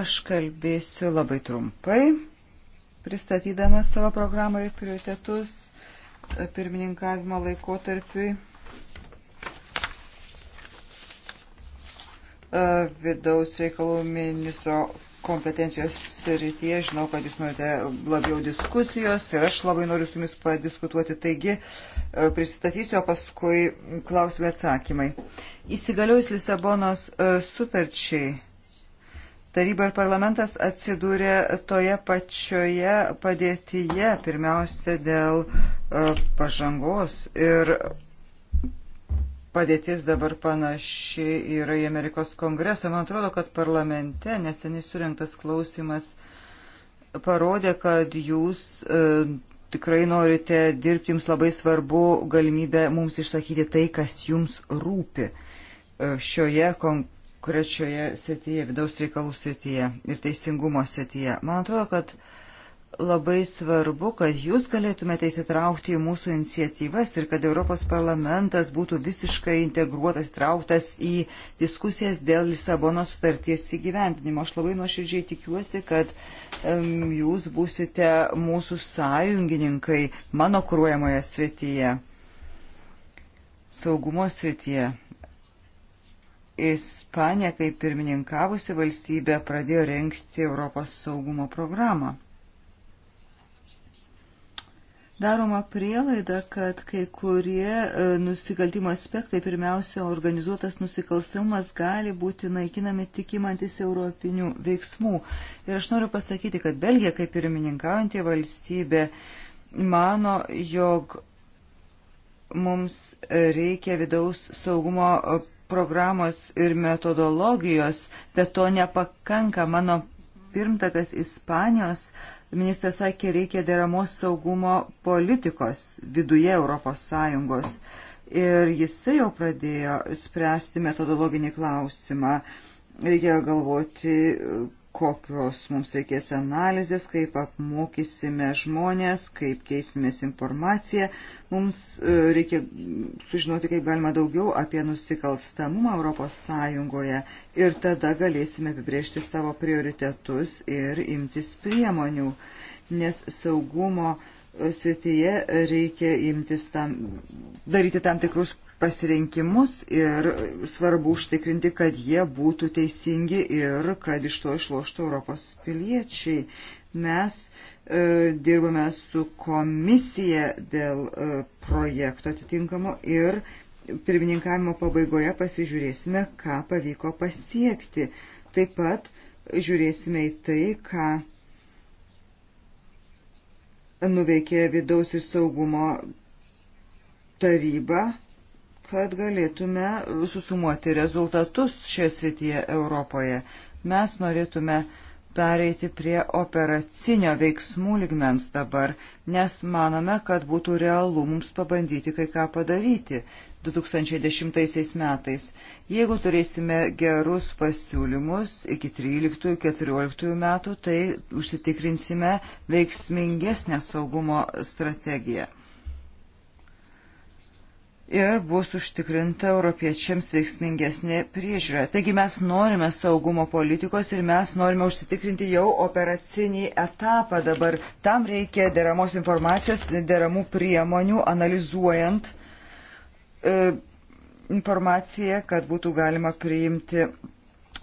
Aš kalbėsiu labai trumpai, pristatydamas savo programą ir prioritetus pirmininkavimo laikotarpiui. vidaus reikalų ministro kompetencijos srityje. Žinau, kad jūs norite labiau diskusijos ir aš labai noriu su jumis padiskutuoti. Taigi, e, prisistatysiu, o paskui klausimai atsakymai. Įsigaliojus Lisabonos e, sutarčiai. Taryba ir parlamentas atsidūrė toje pačioje padėtyje, pirmiausia dėl e, pažangos ir padėtis dabar panaši yra į Amerikos kongresą. Man atrodo, kad parlamente neseniai surinktas klausimas parodė, kad jūs e, tikrai norite dirbti, jums labai svarbu galimybė mums išsakyti tai, kas jums rūpi e, šioje konkrečioje srityje, vidaus reikalų srityje ir teisingumo srityje. Man atrodo, kad labai svarbu, kad jūs galėtumėte įsitraukti į mūsų iniciatyvas ir kad Europos parlamentas būtų visiškai integruotas, įtrauktas į diskusijas dėl Lisabono sutarties įgyvendinimo. Aš labai nuoširdžiai tikiuosi, kad um, jūs būsite mūsų sąjungininkai mano kruojamoje srityje, saugumo srityje. Ispanija, kaip pirmininkavusi valstybė, pradėjo renkti Europos saugumo programą. Daroma prielaida, kad kai kurie e, nusikaltimo aspektai, pirmiausia, organizuotas nusikalstamas, gali būti naikinami tik imantis europinių veiksmų. Ir aš noriu pasakyti, kad Belgija, kaip pirmininkaujantė valstybė, mano, jog mums reikia vidaus saugumo programos ir metodologijos, bet to nepakanka. Mano pirmtakas Ispanijos Ministras sakė, reikia deramos saugumo politikos viduje ES. Ir jisai jau pradėjo spręsti metodologinį klausimą. Reikia galvoti, kokios mums reikės analizės, kaip apmokysime žmonės, kaip keisimės informaciją. Mums e, reikia sužinoti, kaip galima daugiau apie nusikalstamumą Europos Sąjungoje ir tada galėsime apibriežti savo prioritetus ir imtis priemonių, nes saugumo e, srityje reikia imtis tam, daryti tam tikrus pasirinkimus ir svarbu užtikrinti, kad jie būtų teisingi ir kad iš to išloštų Europos piliečiai. Mes E, dirbame su komisija dėl e, projekto atitinkamo ir pirmininkavimo pabaigoje pasižiūrėsime, ką pavyko pasiekti. Taip pat žiūrėsime į tai, ką nuveikė vidaus ir saugumo taryba, kad galėtume susumuoti rezultatus šioje srityje Europoje. Mes norėtume uh, pereiti prie operacinio veiksmų ligmens dabar, nes manome, kad būtų realu mums pabandyti kai ką padaryti 2010 metais. Jeigu turėsime gerus pasiūlymus iki 13-14 metų, tai užsitikrinsime veiksmingesnę saugumo strategiją ir bus užtikrinta europiečiams veiksmingesnė priežiūra. Taigi mes norime saugumo politikos ir mes norime užsitikrinti jau operacinį etapą dabar. Tam reikia deramos informacijos, deramų priemonių, analizuojant e, informaciją, kad būtų galima priimti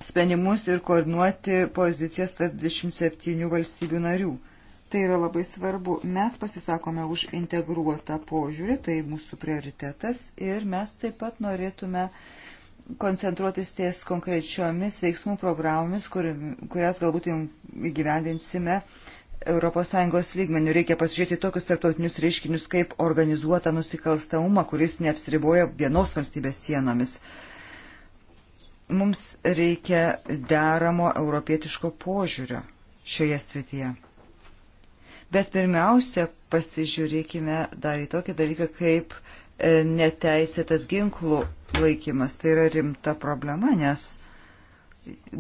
sprendimus ir koordinuoti pozicijas tarp 27 valstybių narių. Tai yra labai svarbu. Mes pasisakome už integruotą požiūrį, tai mūsų prioritetas ir mes taip pat norėtume koncentruotis ties konkrečiomis veiksmų programomis, kur, kurias galbūt įgyvendinsime ES lygmenių. Reikia pasižiūrėti tokius tarptautinius reiškinius kaip organizuota nusikalstamumą, kuris neapsiriboja vienos valstybės sienomis. Mums reikia deramo europietiško požiūrio šioje srityje. Bet pirmiausia, pasižiūrėkime dar į tokį dalyką kaip e, neteisėtas ginklų laikymas. Tai yra rimta problema, nes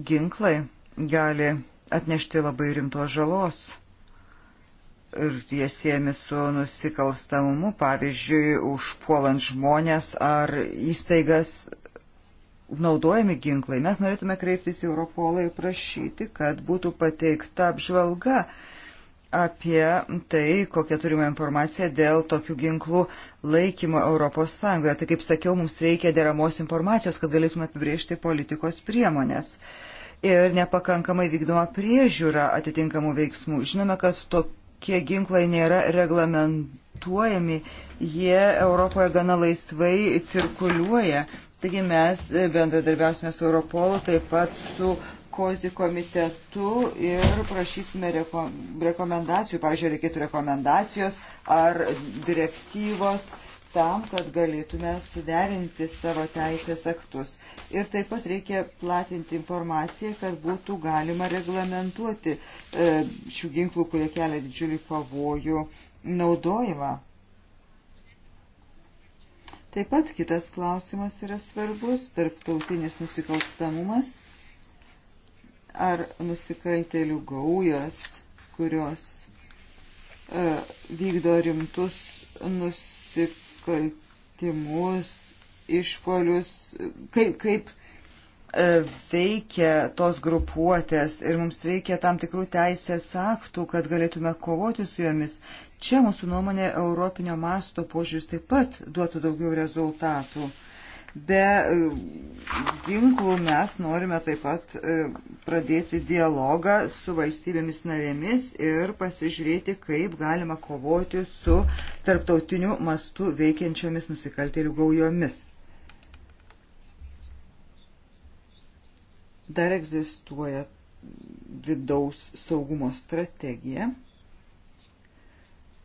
ginklai gali atnešti labai rimtos žalos. Ir jie siejami su nusikalstamumu, pavyzdžiui, užpuolant žmonės ar įstaigas naudojami ginklai. Mes norėtume kreiptis į Europolą ir prašyti, kad būtų pateikta apžvalga apie tai, kokią turime informaciją dėl tokių ginklų laikymo ES. Tai kaip sakiau, mums reikia deramos informacijos, kad galėtume apibriežti politikos priemonės. Ir nepakankamai vykdoma priežiūra atitinkamų veiksmų. Žinome, kad tokie ginklai nėra reglamentuojami, jie Europoje gana laisvai cirkuliuoja. Taigi mes bendradarbiausime su Europolu, taip pat su kozi komitetu ir prašysime reko, rekomendacijų, pavyzdžiui, reikėtų rekomendacijos ar direktyvos tam, kad galėtume suderinti savo teisės aktus. Ir taip pat reikia platinti informaciją, kad būtų galima reglamentuoti e, šių ginklų, kurie kelia didžiulį pavojų, naudojimą. Taip pat kitas klausimas yra svarbus - tarptautinis nusikalstamumas ar nusikaltelių gaujos, kurios e, vykdo rimtus nusikaltimus, išpolius, kaip, kaip e, veikia tos grupuotės ir mums reikia tam tikrų teisės aktų, kad galėtume kovoti su jomis. Čia mūsų nuomonė Europinio masto požiūris taip pat duotų daugiau rezultatų. Be e, ginklų mes norime taip pat e, pradėti dialogą su valstybėmis narėmis ir pasižiūrėti, kaip galima kovoti su tarptautiniu mastu veikiančiomis nusikaltėlių gaujomis. Dar egzistuoja vidaus saugumo strategija.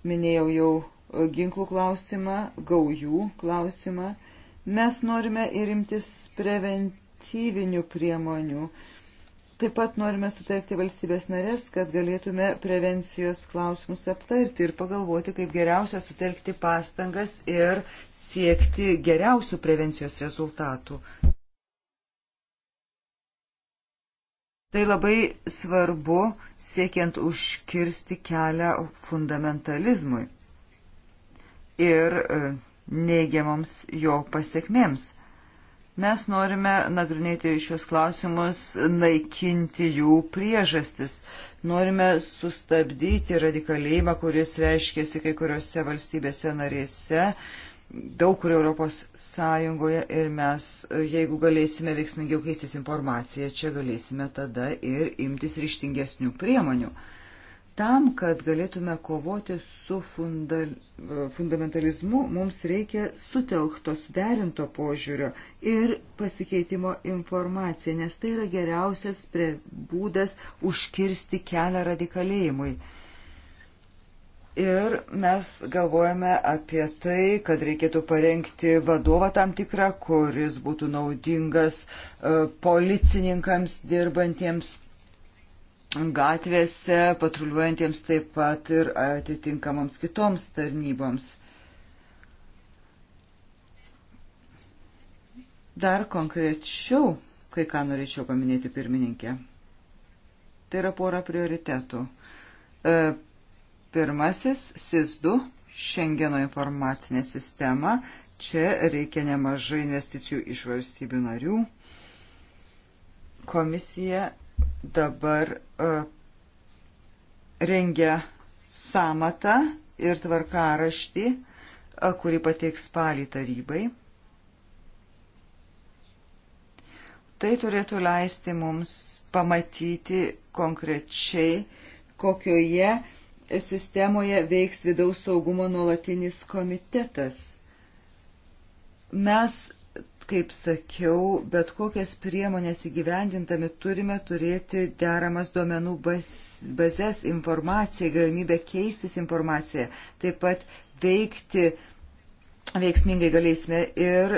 Minėjau jau e, ginklų klausimą, gaujų klausimą Mes norime ir imtis preventyvinių priemonių. Taip pat norime sutelkti valstybės narės, kad galėtume prevencijos klausimus aptarti ir pagalvoti, kaip geriausia sutelkti pastangas ir siekti geriausių prevencijos rezultatų. Tai labai svarbu siekiant užkirsti kelią fundamentalizmui ir e, neigiamoms jo pasiekmėms. Mes norime nagrinėti šios klausimus, naikinti jų priežastis. Norime sustabdyti radikalėjimą, kuris reiškėsi kai kuriuose valstybėse narėse, daug kur Europos Sąjungoje ir mes, jeigu galėsime veiksmingiau keistis informaciją, čia galėsime tada ir imtis ryštingesnių priemonių. Tam, kad galėtume kovoti su funda, fundamentalizmu, mums reikia sutelkto, suderinto požiūrio ir pasikeitimo informaciją, nes tai yra geriausias būdas užkirsti kelią radikalėjimui. Ir mes galvojame apie tai, kad reikėtų parengti vadovą tam tikrą, kuris būtų naudingas e, policininkams dirbantiems gatvėse, patruliuojantiems taip pat ir atitinkamoms kitoms tarnyboms. Dar konkrečiau, kai ką norėčiau paminėti pirmininkė. Tai yra pora prioritetų. E, pirmasis - SIS2, Šengeno informacinė sistema. Čia reikia nemažai investicijų iš valstybių narių. Komisija dabar e, rengia samatą ir tvarkaraštį, e, kurį pateiks spalį tarybai. Tai turėtų leisti mums pamatyti konkrečiai, kokioje sistemoje veiks vidaus saugumo nuolatinis komitetas. Mes kaip sakiau, bet kokias priemonės įgyvendintami turime turėti deramas duomenų bazės informaciją, galimybę keistis informaciją, taip pat veikti veiksmingai galėsime ir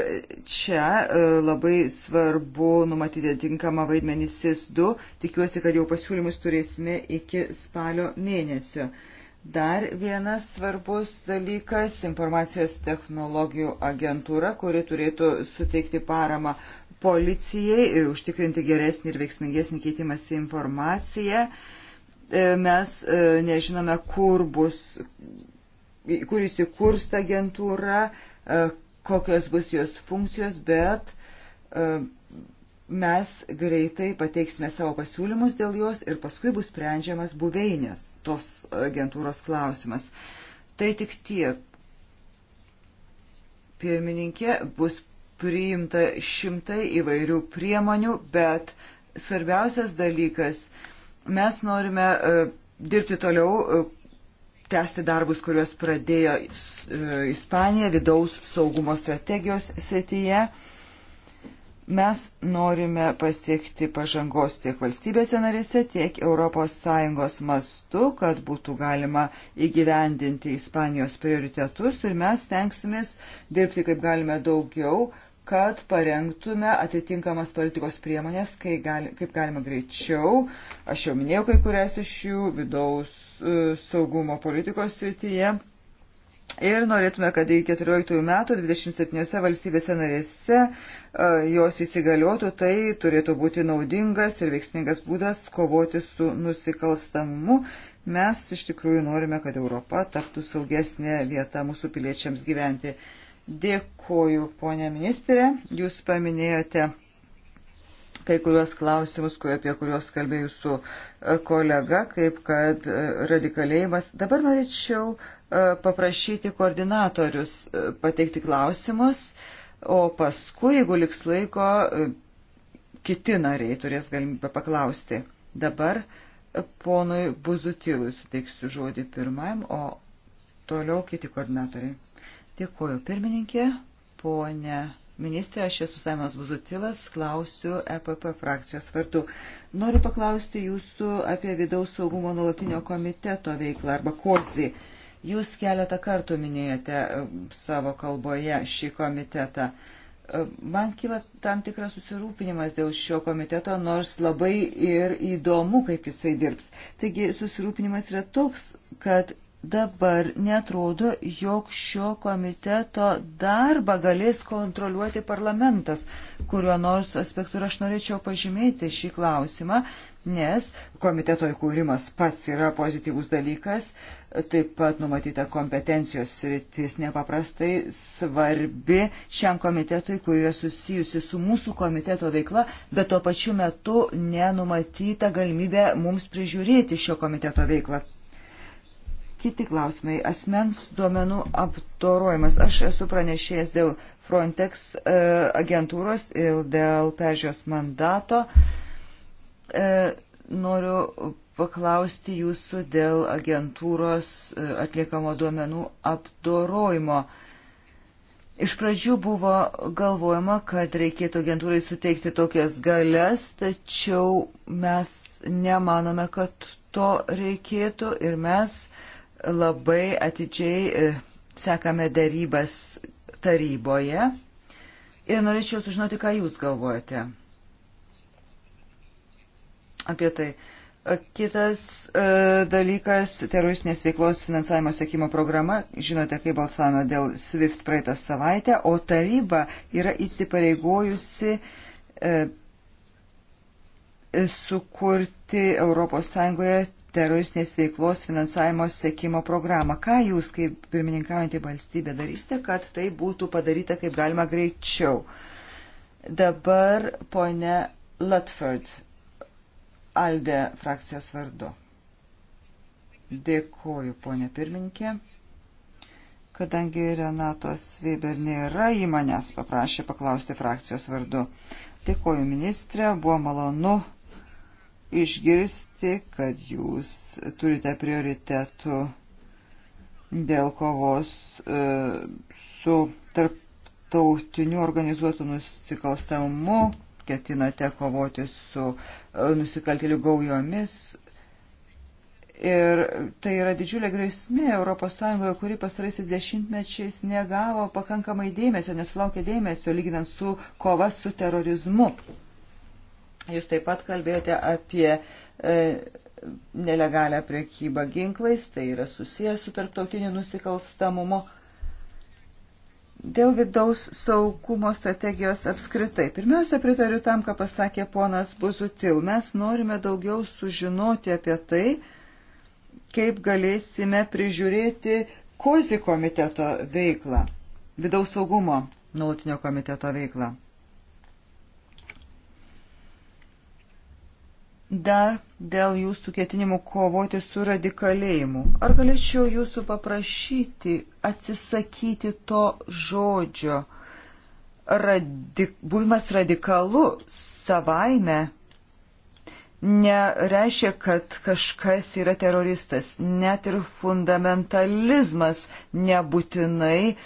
čia e, labai svarbu numatyti tinkamą vaidmenį SIS2. Tikiuosi, kad jau pasiūlymus turėsime iki spalio mėnesio. Dar vienas svarbus dalykas - informacijos technologijų agentūra, kuri turėtų suteikti paramą policijai ir užtikrinti geresnį ir veiksmingesnį keitimąsi informaciją. E, mes e, nežinome, kur bus, kur įsikurs ta agentūra, e, kokios bus jos funkcijos, bet Mes greitai pateiksime savo pasiūlymus dėl jos ir paskui bus sprendžiamas buveinės tos agentūros klausimas. Tai tik tiek. Pirmininkė bus priimta šimtai įvairių priemonių, bet svarbiausias dalykas, mes norime e, dirbti toliau, e, tęsti darbus, kuriuos pradėjo e, Ispanija vidaus saugumo strategijos srityje. Mes norime pasiekti pažangos tiek valstybėse narėse, tiek ES mastu, kad būtų galima įgyvendinti Ispanijos prioritetus ir mes tenksimės dirbti kaip galime daugiau, kad parengtume atitinkamas politikos priemonės, kai gali, kaip galima greičiau. Aš jau minėjau kai kurias iš jų vidaus e, saugumo politikos srityje, Ir norėtume, kad iki 14 metų 27 valstybėse narėse e, jos įsigaliotų, tai turėtų būti naudingas ir veiksmingas būdas kovoti su nusikalstamumu. Mes iš tikrųjų norime, kad Europa taptų saugesnė vieta mūsų piliečiams gyventi. Dėkoju, ponė ministrė, jūs paminėjote kai kuriuos klausimus, apie kuriuos kalbėjau su e, kolega, kaip kad e, radikalėjimas. Dabar norėčiau e, paprašyti koordinatorius pateikti klausimus, o paskui, jeigu liks laiko, kiti nariai turės galimybę paklausti. Dabar ponui Buzutilui suteiksiu žodį pirmajam, o toliau kiti koordinatoriai. Dėkuoju pirmininkė, ponė Ministrė, aš esu Samas Buzutilas, klausiu EPP frakcijos vardu. Noriu paklausti jūsų apie vidaus saugumo nulatinio komiteto veiklą arba korsį. Jūs keletą kartų minėjote e, savo kalboje šį komitetą. E, man kyla tam tikras susirūpinimas dėl šio komiteto, nors labai ir įdomu, kaip jisai dirbs. Taigi susirūpinimas yra toks, kad dabar netrodo, jog šio komiteto darbą galės kontroliuoti parlamentas. Kuriuo nors aspektu aš norėčiau pažymėti šį klausimą, nes komiteto įkūrimas pats yra pozityvus dalykas, taip pat numatyta kompetencijos sritis nepaprastai svarbi šiam komitetui, kuri yra susijusi su mūsų komiteto veikla, bet tuo pačiu metu nenumatyta galimybė mums prižiūrėti šio komiteto veiklą. Kiti klausimai. Asmens duomenų aptorojimas. Aš esu pranešėjęs dėl Frontex e, agentūros ir dėl peržios mandato. E, noriu paklausti jūsų dėl agentūros e, atliekamo duomenų aptorojimo. Iš pradžių buvo galvojama, kad reikėtų agentūrai suteikti tokias galias, tačiau mes nemanome, kad to reikėtų ir mes labai atidžiai e, sekame darybas taryboje ir norėčiau sužinoti, ką Jūs galvojate apie tai. E, kitas e, dalykas - teroristinės veiklos finansavimo sėkimo programa. Žinote, kaip balsavome dėl SWIFT praeitą savaitę, o taryba yra įsipareigojusi e, sukurti ES teroristinės veiklos finansavimo sekimo programą. Ką jūs, kaip pirmininkaujantį valstybę, darysite, kad tai būtų padaryta kaip galima greičiau? Dabar ponia Lutford, Alde frakcijos vardu. Dėkuoju, ponia pirmininkė. Kadangi Renatos Weber nėra, ji manęs paprašė paklausti frakcijos vardu. Dėkuoju, ministrė, buvo malonu išgirsti, kad jūs turite prioritetų dėl kovos e, su tarptautiniu organizuotu nusikalstamu, ketinate kovoti su e, nusikaltėlių gaujomis. Ir tai yra didžiulė grėsmė ES, kuri pastaraisiais dešimtmečiais negavo pakankamai dėmesio, nesulaukė dėmesio lyginant su kova su terorizmu. Jūs taip pat kalbėjote apie e, nelegalią priekybą ginklais, tai yra susijęs su tarptautiniu nusikalstamumu. Dėl vidaus saugumo strategijos apskritai. Pirmiausia, pritariu tam, ką pasakė ponas Buzutil. Mes norime daugiau sužinoti apie tai, kaip galėsime prižiūrėti Kozi komiteto veiklą, vidaus saugumo nuolatinio komiteto veiklą. Dar dėl jūsų ketinimų kovoti su radikalėjimu. Ar galėčiau jūsų paprašyti atsisakyti to žodžio? Radik, buvimas radikalu savaime nereiškia, kad kažkas yra teroristas. Net ir fundamentalizmas nebūtinai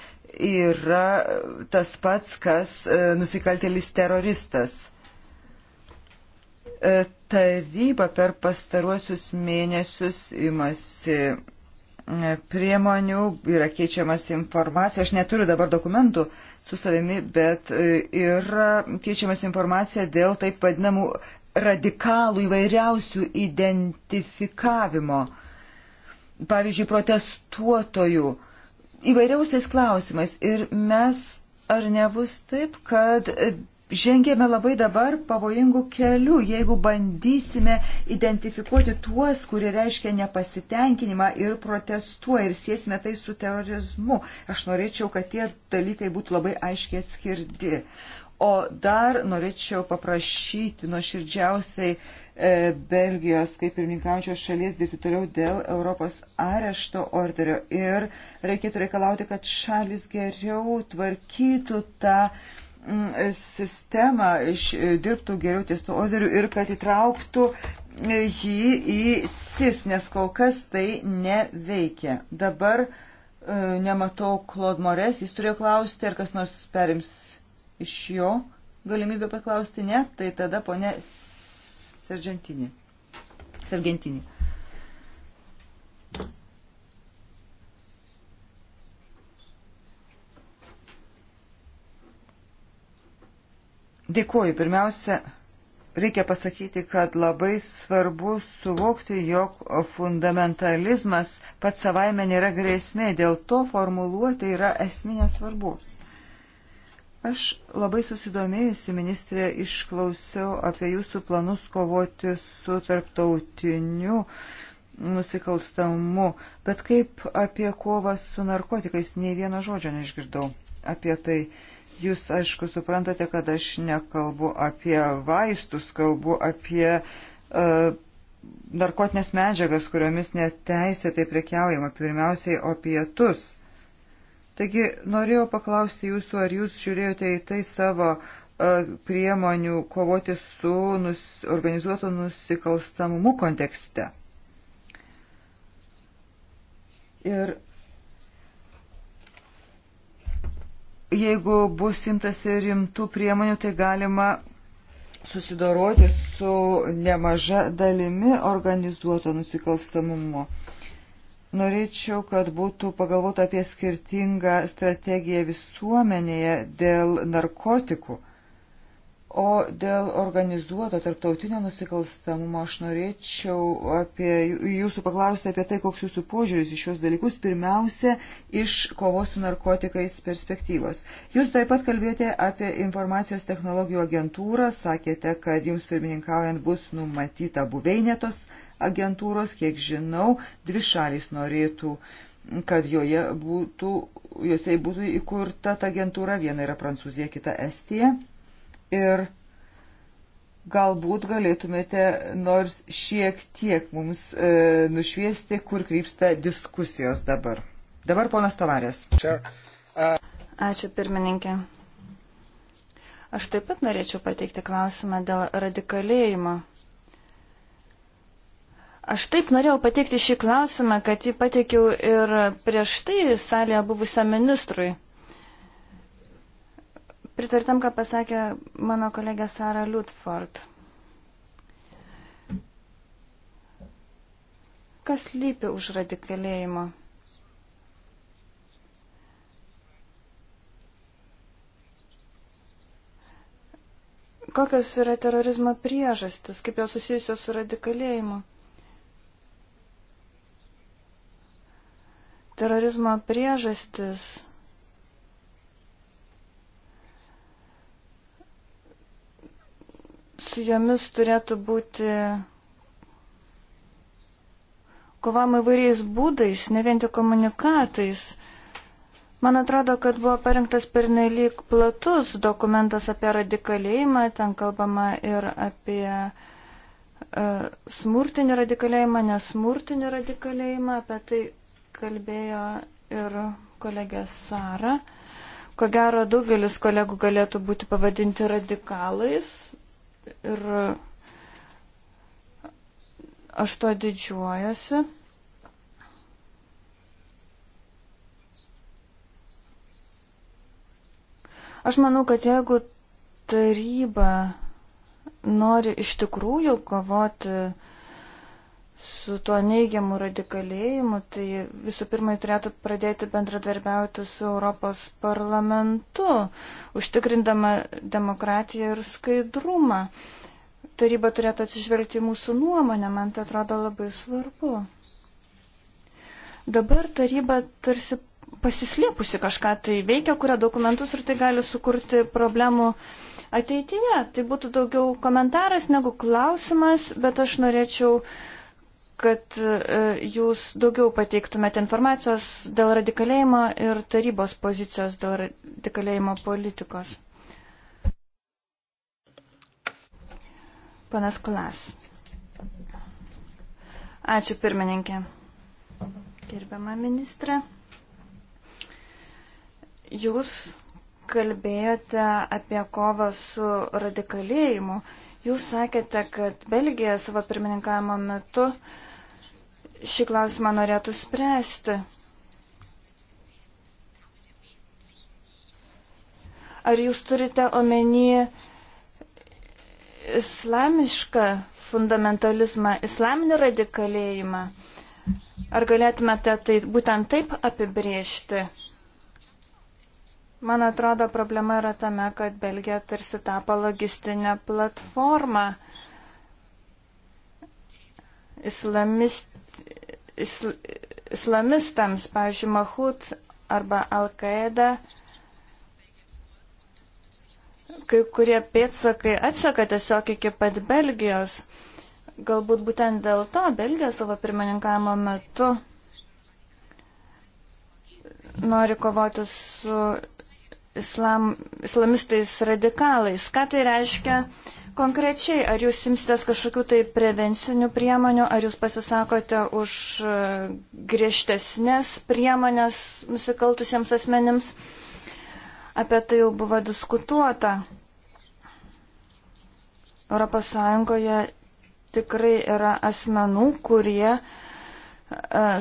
yra tas pats, kas e, nusikaltėlis teroristas. E, taryba per pastaruosius mėnesius imasi e, priemonių, yra keičiamas informacija. Aš neturiu dabar dokumentų su savimi, bet e, yra keičiamas informacija dėl taip vadinamų radikalų įvairiausių identifikavimo. Pavyzdžiui, protestuotojų įvairiausiais klausimais. Ir mes, ar nebus taip, kad žengėme labai dabar pavojingų kelių, jeigu bandysime identifikuoti tuos, kurie reiškia nepasitenkinimą ir protestuoja ir siesime tai su terorizmu. Aš norėčiau, kad tie dalykai būtų labai aiškiai atskirti. O dar norėčiau paprašyti nuoširdžiausiai e, Belgijos, kaip pirmininkaujančios šalies, dirbti toliau dėl Europos arešto orderio ir reikėtų reikalauti, kad šalis geriau tvarkytų tą e, Mm, sistemą e, dirbtų geriau ties tuo orderiu ir kad įtrauktų e, jį į SIS, nes kol kas tai neveikia. Dabar e, nematau Klod Mores, jis turėjo klausti, ar kas nors perims iš jo galimybę paklausti, ne, tai tada ponė Sergentinė. Sergentinė. Dėkuoju. Pirmiausia, reikia pasakyti, kad labai svarbu suvokti, jog fundamentalizmas pats savaime nėra grėsmė, dėl to formuluoti yra esminės svarbus. Aš labai susidomėjusi, ministrė, išklausiau apie jūsų planus kovoti su tarptautiniu nusikalstamu, bet kaip apie kovą su narkotikais nei vieno žodžio neišgirdau apie tai. Jūs, aišku, suprantate, kad aš nekalbu apie vaistus, kalbu apie uh, narkotinės medžiagas, kuriomis neteisėtai prekiaujama, pirmiausiai opietus. Taigi, norėjau paklausti jūsų, ar jūs žiūrėjote į tai savo uh, priemonių kovoti su nus, organizuotu nusikalstamumu kontekste. Ir Jeigu bus imtasi rimtų priemonių, tai galima susidoroti su nemaža dalimi organizuoto nusikalstamumo. Norėčiau, kad būtų pagalvota apie skirtingą strategiją visuomenėje dėl narkotikų. O dėl organizuoto tarptautinio nusikalstamumo aš norėčiau apie jūsų paklausti apie tai, koks jūsų požiūris į šios dalykus, pirmiausia, iš kovos su narkotikais perspektyvos. Jūs taip pat kalbėjote apie informacijos technologijų agentūrą, sakėte, kad jums pirmininkaujant bus numatyta buveinėtos agentūros, kiek žinau, dvi šalys norėtų kad joje būtų, jose būtų įkurta ta agentūra, viena yra Prancūzija, kita Estija ir galbūt galėtumėte nors šiek tiek mums e, nušviesti, kur krypsta diskusijos dabar. Dabar ponas Tavarės. Ačiū pirmininkė. Aš taip pat norėčiau pateikti klausimą dėl radikalėjimo. Aš taip norėjau pateikti šį klausimą, kad jį pateikiau ir prieš tai salėje buvusiam ministrui. Pritartam, ką pasakė mano kolegė Sara Lutford. Kas lypi už radikalėjimo? Kokios yra terorizmo priežastis, kaip jos susijusios su radikalėjimu? Terorizmo priežastis su jomis turėtų būti kovama įvairiais būdais, ne vien tik komunikatais. Man atrodo, kad buvo parinktas pernelyg platus dokumentas apie radikalėjimą, ten kalbama ir apie uh, smurtinį radikalėjimą, nesmurtinį radikalėjimą, apie tai kalbėjo ir kolegė Sara. Ko gero, daugelis kolegų galėtų būti pavadinti radikalais, ir aš to didžiuojasi. Aš manau, kad jeigu taryba nori iš tikrųjų kovoti uh, su tuo neigiamu radikalėjimu, tai visų pirma turėtų pradėti bendradarbiauti su Europos parlamentu, užtikrindama demokratiją ir skaidrumą. Taryba turėtų atsižvelgti mūsų nuomonę, man tai atrodo labai svarbu. Dabar taryba tarsi pasislėpusi kažką tai veikia, kuria dokumentus ir tai gali sukurti problemų ateityje. Tai būtų daugiau komentaras negu klausimas, bet aš norėčiau uh, kad e, jūs daugiau pateiktumėte informacijos dėl radikalėjimo ir tarybos pozicijos dėl radikalėjimo politikos. Panas Klas. Ačiū pirmininkė. Gerbiama ministrė. Jūs kalbėjote apie kovą su radikalėjimu. Jūs sakėte, kad Belgija savo pirmininkavimo metu uh, šį klausimą norėtų spręsti. Ar jūs turite omeny islamišką fundamentalizmą, islaminį radikalėjimą? Ar galėtumėte tai būtent taip apibriežti? Man atrodo, problema yra tame, kad Belgija tarsi tapo logistinę platformą islamist, islamistams, pavyzdžiui, Mahut arba Al-Qaeda, kai kurie pėtsakai atseka tiesiog iki pat Belgijos. Galbūt būtent dėl to Belgija savo pirmininkavimo metu nori kovoti su islam, islamistais radikalais. Ką tai reiškia? Mm Konkrečiai, ar jūs simsitės kažkokių tai prevencinių priemonių, ar jūs pasisakote už e, griežtesnės priemonės nusikaltusiems asmenims? Apie tai jau buvo diskutuota. ES tikrai yra asmenų, kurie e,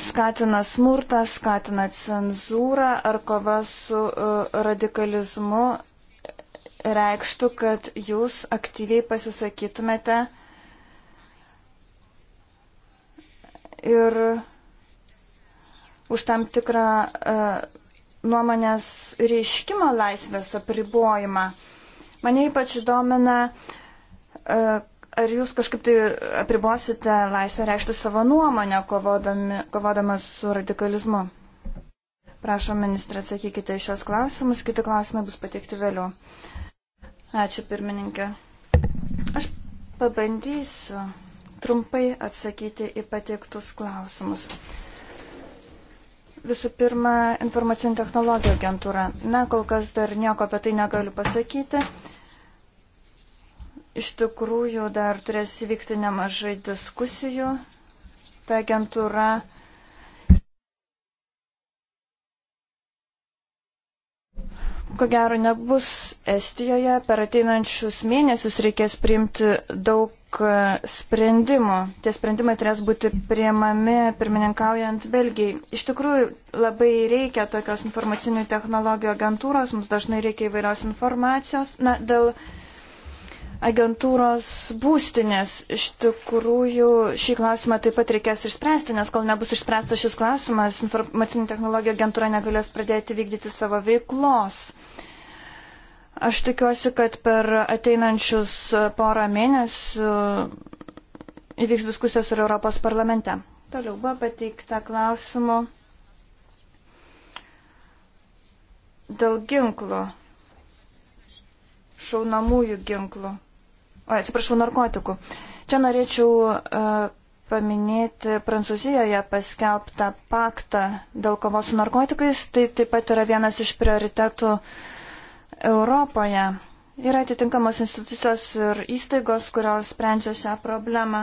skatina smurtą, skatina cenzūrą ar kova su e, radikalizmu reikštų, kad jūs aktyviai pasisakytumėte ir už tam tikrą e, nuomonės reiškimo laisvės apribojimą. Mane ypač domina, e, ar jūs kažkaip tai apribosite laisvę reikšti savo nuomonę, kovodami, kovodamas su radikalizmu. Prašom, ministrė, atsakykite iš šios klausimus, kiti klausimai bus pateikti vėliau. Ačiū pirmininkė. Aš pabandysiu trumpai atsakyti į pateiktus klausimus. Visų pirma, informacinių technologijų agentūra. Na, kol kas dar nieko apie tai negaliu pasakyti. Iš tikrųjų, dar turės įvykti nemažai diskusijų. Ta agentūra ko gero nebus Estijoje. Per ateinančius mėnesius reikės priimti daug e, sprendimų. Tie sprendimai turės būti priemami pirmininkaujant Belgijai. Iš tikrųjų, labai reikia tokios informacinių technologijų agentūros, mums dažnai reikia įvairios informacijos. Na, dėl agentūros būstinės, iš tikrųjų, šį klausimą taip pat reikės išspręsti, nes kol nebus išspręstas šis klausimas, informacinių technologijų agentūra negalės pradėti vykdyti savo veiklos. Aš tikiuosi, kad per ateinančius e, porą mėnesių e, įvyks diskusijos ir Europos parlamente. Toliau buvo pateikta klausimų dėl ginklų, šaunamųjų ginklų, o atsiprašau, narkotikų. Čia norėčiau uh, paminėti Prancūzijoje paskelbtą paktą dėl kovos su narkotikais, tai taip pat yra vienas iš prioritetų uh, Europoje. Yra atitinkamos institucijos ir įstaigos, kurios sprendžia šią problemą.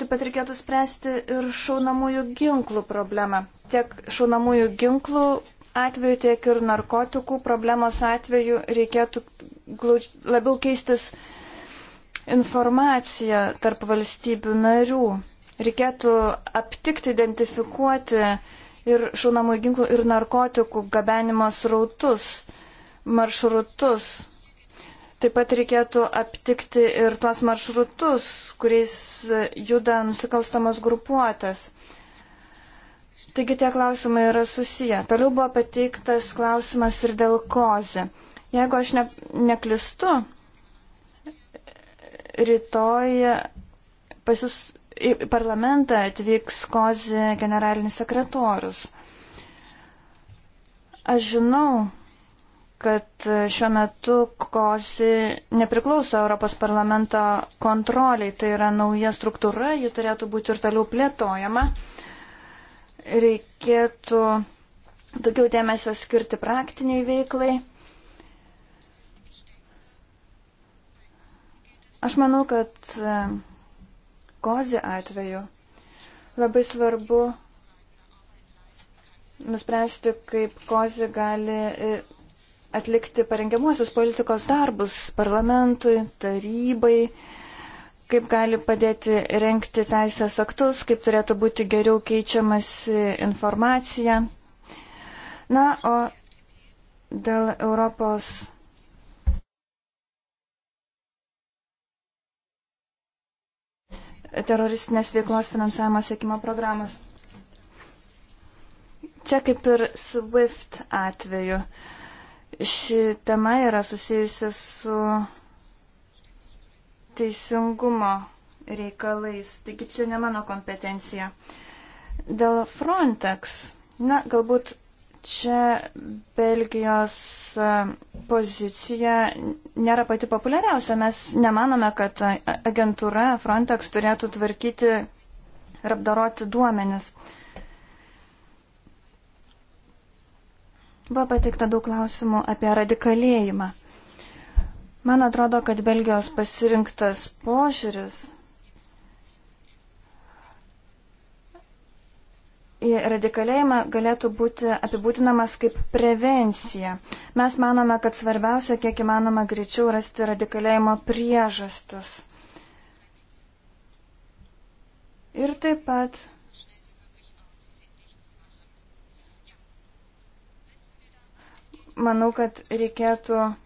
Taip pat reikėtų spręsti ir šaunamųjų ginklų problemą. Tiek šaunamųjų ginklų atveju, tiek ir narkotikų problemos atveju reikėtų labiau keistis uh, informaciją tarp valstybių narių. Reikėtų aptikti, identifikuoti ir šaunamųjų ginklų ir narkotikų gabenimo srautus, maršrutus. Taip pat reikėtų aptikti ir tuos maršrutus, kuriais juda nusikalstamas grupuotės. Taigi tie klausimai yra susiję. Toliau buvo pateiktas klausimas ir dėl kozi. Jeigu aš ne, neklistu, Rytoj pas jūs į parlamentą atvyks Kozi generalinis sekretorius. Aš žinau, kad šiuo metu Kozi nepriklauso Europos parlamento kontroliai, tai yra nauja struktūra, ji turėtų būti ir toliau plėtojama. Reikėtų daugiau dėmesio skirti praktiniai veiklai. Aš manau, kad kozi e, atveju labai svarbu nuspręsti, kaip kozi gali e, atlikti parengiamuosius politikos darbus parlamentui, tarybai, kaip gali padėti renkti teisės aktus, kaip turėtų būti geriau keičiamas informacija. Na, o dėl Europos teroristinės veiklos finansavimo sėkimo programas. Čia kaip ir SWIFT atveju. Ši tema yra susijusi su teisingumo reikalais, taigi čia ne mano kompetencija. Dėl Frontex, na, galbūt Čia Belgijos e, pozicija nėra pati populiariausia. Mes nemanome, kad agentūra Frontex turėtų tvarkyti ir apdaroti duomenis. Buvo pateikta daug klausimų apie radikalėjimą. Man atrodo, kad Belgijos pasirinktas požiūris radikalėjimą galėtų būti apibūdinamas kaip prevencija. Mes manome, kad svarbiausia, kiek įmanoma greičiau rasti radikalėjimo priežastis. Ir taip pat. Manau, kad reikėtų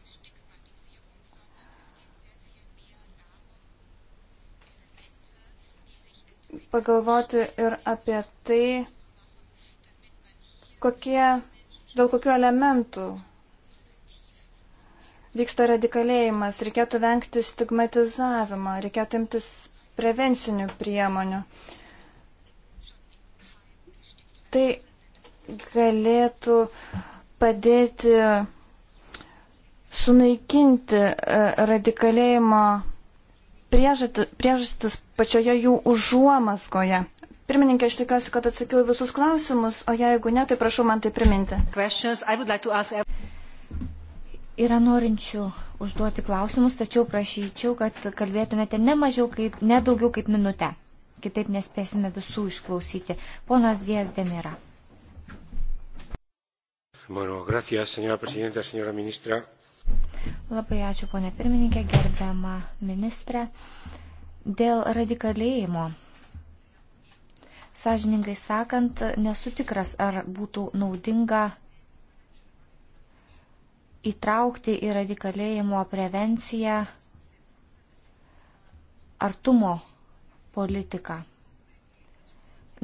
pagalvoti ir apie tai, kokie, dėl kokių elementų vyksta radikalėjimas, reikėtų vengti stigmatizavimą, reikėtų imtis prevencinių priemonių. Tai galėtų padėti sunaikinti e, radikalėjimo priežastis pačioje jų užuomaskoje. Pirmininkė, aš tikiuosi, kad atsakiau visus klausimus, o jeigu ne, tai prašau man tai priminti. Yra norinčių užduoti klausimus, tačiau prašyčiau, kad kalbėtumėte ne mažiau kaip, ne daugiau kaip minutę. Kitaip nespėsime visų išklausyti. Ponas Dijas Demira. Bueno, gracias, señora presidenta, señora ministra. Labai ačiū, ponė pirmininkė, gerbiama ministrė. Dėl radikalėjimo Sažiningai sakant, nesu tikras, ar būtų naudinga įtraukti į radikalėjimo prevenciją artumo politiką.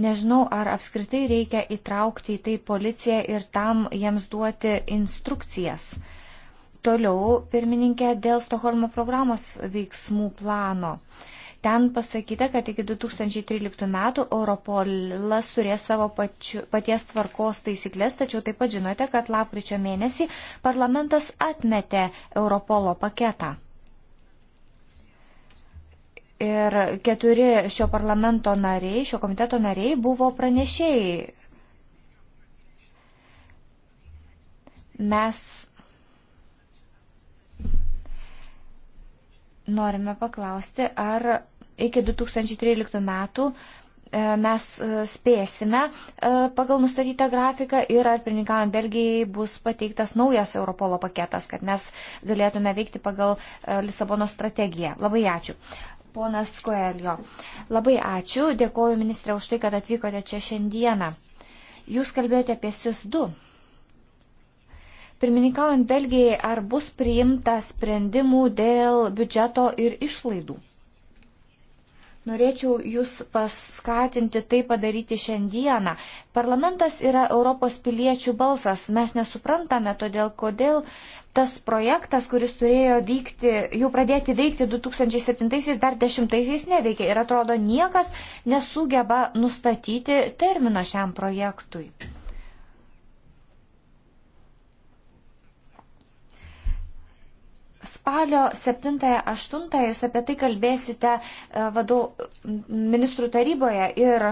Nežinau, ar apskritai reikia įtraukti į tai policiją ir tam jiems duoti instrukcijas. Toliau, pirmininkė, dėl Stokholmo programos veiksmų plano. Uh, Ten pasakyta, kad iki 2013 metų Europolas turės savo pačiu, paties tvarkos taisyklės, tačiau taip pat žinote, kad lapkričio mėnesį parlamentas atmetė Europolo paketą. Ir keturi šio parlamento nariai, šio komiteto nariai buvo pranešėjai. Mes norime paklausti, ar iki 2013 metų e, mes e, spėsime e, pagal nustatytą grafiką ir ar pirmininkavant Belgijai bus pateiktas naujas Europolo paketas, kad mes galėtume veikti pagal Lisabono strategiją. Labai ačiū. Ponas Koelio, labai ačiū, dėkoju ministrė už tai, kad atvykote čia šiandieną. Jūs kalbėjote apie SIS 2 Pirmininkaujant Belgijai, ar bus priimta sprendimų dėl biudžeto ir išlaidų? Norėčiau Jūs paskatinti tai padaryti šiandieną. Parlamentas yra Europos piliečių balsas. Mes nesuprantame todėl, kodėl tas projektas, kuris turėjo vykti, jau pradėti veikti 2007-aisiais, dar 10-aisiais neveikia. Ir atrodo, niekas nesugeba nustatyti termino šiam projektui. Spalio 7-8 jūs apie tai kalbėsite e, vadau, ministrų taryboje ir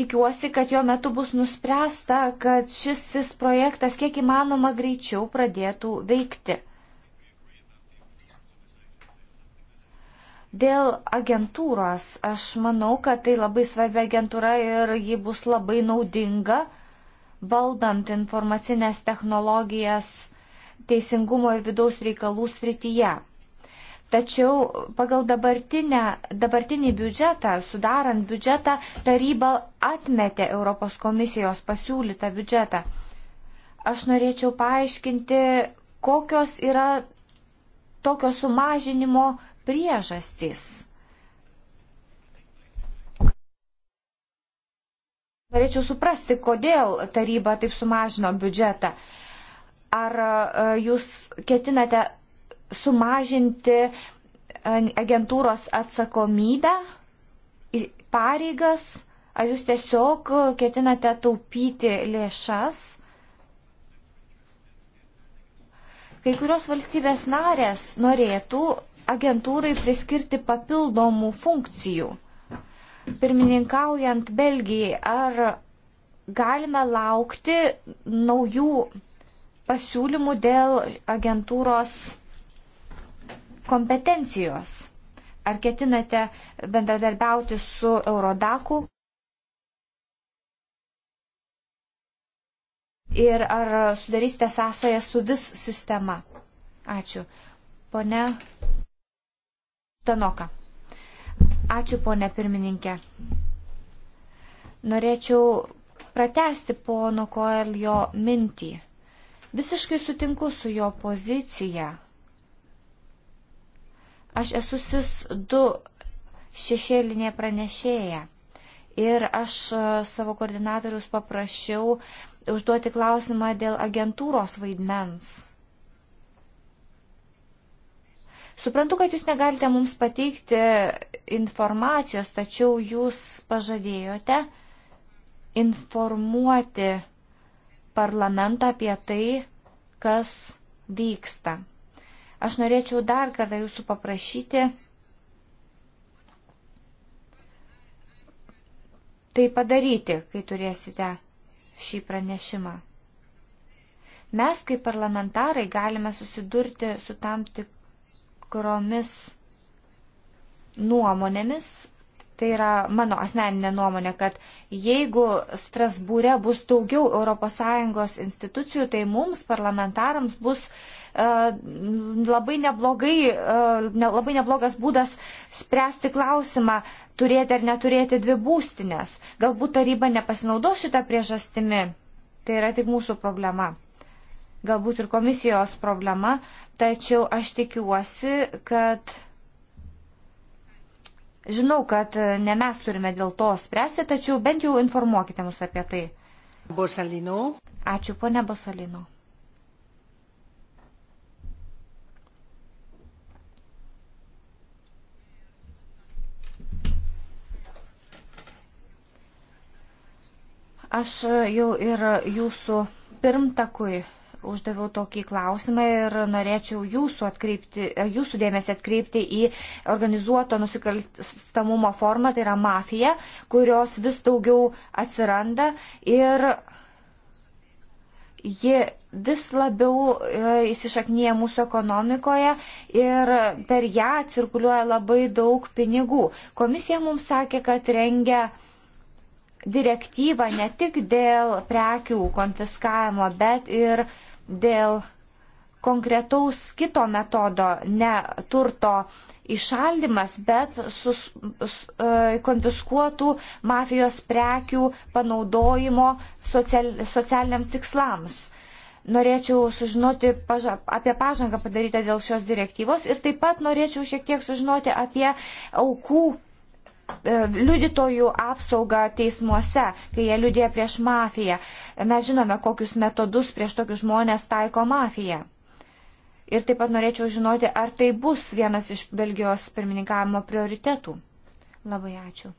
tikiuosi, kad jo metu bus nuspręsta, kad šis, šis projektas kiek įmanoma greičiau pradėtų veikti. Dėl agentūros, aš manau, kad tai labai svarbi agentūra ir ji bus labai naudinga valdant informacinės technologijas teisingumo ir vidaus reikalų srityje. Tačiau pagal dabartinį biudžetą, sudarant biudžetą, taryba atmetė Europos komisijos pasiūlytą biudžetą. Aš norėčiau paaiškinti, kokios yra tokio sumažinimo priežastys. Norėčiau suprasti, kodėl taryba taip sumažino biudžetą. Ar e, jūs ketinate sumažinti e, agentūros atsakomybę, pareigas, ar jūs tiesiog ketinate taupyti lėšas? Kai kurios valstybės narės norėtų agentūrai priskirti papildomų funkcijų. Pirmininkaujant Belgijai, ar galime laukti naujų pasiūlymų dėl agentūros kompetencijos? Ar ketinate bendradarbiauti su Eurodaku? Ir ar sudarysite sąsąją su vis sistema? Ačiū. Pone Tanoka. Ačiū, ponė pirmininkė. Norėčiau pratesti pono Koelio mintį. Visiškai sutinku su jo pozicija. Aš esu sis du šešėlinė pranešėja. Ir aš e, savo koordinatorius paprašiau užduoti klausimą dėl agentūros vaidmens. Suprantu, kad jūs negalite mums pateikti informacijos, tačiau jūs pažadėjote informuoti parlamentą apie tai, kas vyksta. Aš norėčiau dar kartą jūsų paprašyti tai padaryti, kai turėsite šį pranešimą. Mes kaip parlamentarai galime susidurti su tam tik tikromis nuomonėmis. Tai yra mano asmeninė nuomonė, kad jeigu Strasbūre bus daugiau ES institucijų, tai mums, parlamentarams, bus uh, labai, neblogai, uh, ne, labai neblogas būdas spręsti klausimą, turėti ar neturėti dvi būstinės. Galbūt taryba nepasinaudos šitą priežastimi. Tai yra tik mūsų problema galbūt ir komisijos problema, tačiau aš tikiuosi, kad žinau, kad ne mes turime dėl to spręsti, tačiau bent jau informuokite mus apie tai. Bosalino. Ačiū, ponė Bosalino. aš jau ir jūsų pirmtakui uždaviau tokį klausimą ir norėčiau jūsų, atkreipti, e, jūsų dėmesį atkreipti į organizuoto nusikalstamumo formą, tai yra mafija, kurios vis daugiau atsiranda ir ji vis labiau e, įsišaknyja mūsų ekonomikoje ir per ją cirkuliuoja labai daug pinigų. Komisija mums sakė, kad rengia direktyvą ne tik dėl prekių konfiskavimo, bet ir dėl konkretaus kito metodo, ne turto išaldimas, bet sus, sus, e, konfiskuotų mafijos prekių panaudojimo social, socialiniams tikslams. Norėčiau sužinoti paža, apie pažangą padarytą dėl šios direktyvos ir taip pat norėčiau šiek tiek sužinoti apie aukų E, liudytojų apsaugą teismuose, kai jie liudė prieš mafiją. Mes žinome, kokius metodus prieš tokius žmonės taiko mafija. Ir taip pat norėčiau žinoti, ar tai bus vienas iš Belgijos pirmininkavimo prioritetų. Labai ačiū.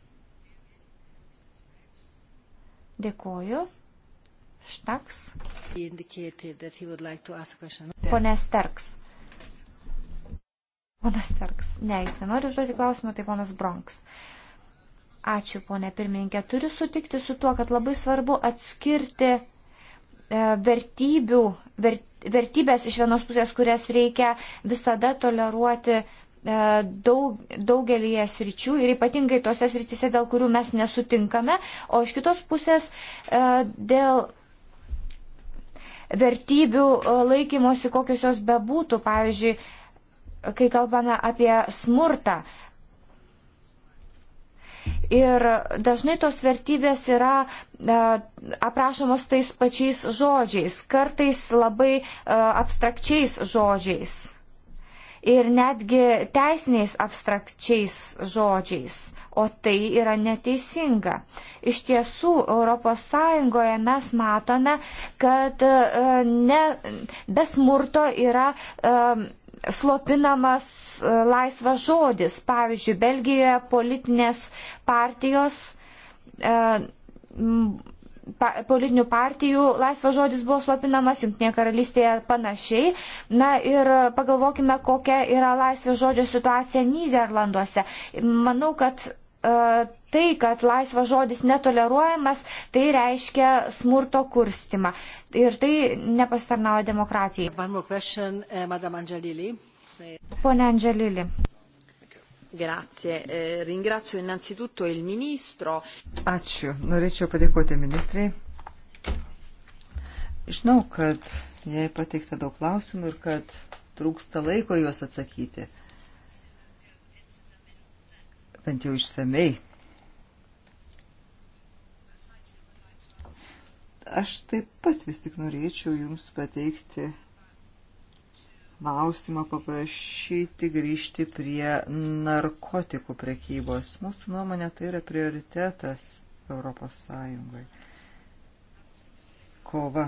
Dėkuoju. Štaks. Pone Sterks. Ponas Sterks. Ne, jis nenori užduoti klausimą, tai ponas Bronks. Uh, Ačiū, ponė pirmininkė. Turiu sutikti su tuo, kad labai svarbu atskirti e, vertybių, vert, vertybės iš vienos pusės, kurias reikia visada toleruoti e, daug, daugelį sričių ir ypatingai tose srityse, dėl kurių mes nesutinkame, o iš kitos pusės e, dėl vertybių laikymosi, kokios jos bebūtų, pavyzdžiui, kai kalbame apie smurtą. Ir dažnai tos vertybės yra e, aprašomos tais pačiais žodžiais, kartais labai e, abstrakčiais žodžiais ir netgi teisiniais abstrakčiais žodžiais, o tai yra neteisinga. Iš tiesų, ES mes matome, kad e, ne, be smurto yra. E, slopinamas e, laisvas žodis. Pavyzdžiui, Belgijoje politinės partijos, e, pa, politinių partijų laisvas žodis buvo slopinamas, Junktinėje karalystėje panašiai. Na ir pagalvokime, kokia yra laisvas žodžio situacija Niderlanduose. Manau, kad e, tai, kad laisvas žodis netoleruojamas, tai reiškia smurto kurstimą. Ir tai nepastarnauja demokratijai. Eh, Pone Angelili. Grazie. Eh, ringrazio innanzitutto il ministro. Ačiū. Norėčiau padėkoti ministrai. Žinau, kad jai pateikta daug klausimų ir kad trūksta laiko juos atsakyti. Bent jau išsamei. Aš taip pat vis tik norėčiau Jums pateikti klausimą, paprašyti grįžti prie narkotikų prekybos. Mūsų nuomonė tai yra prioritetas Europos Sąjungai. Kova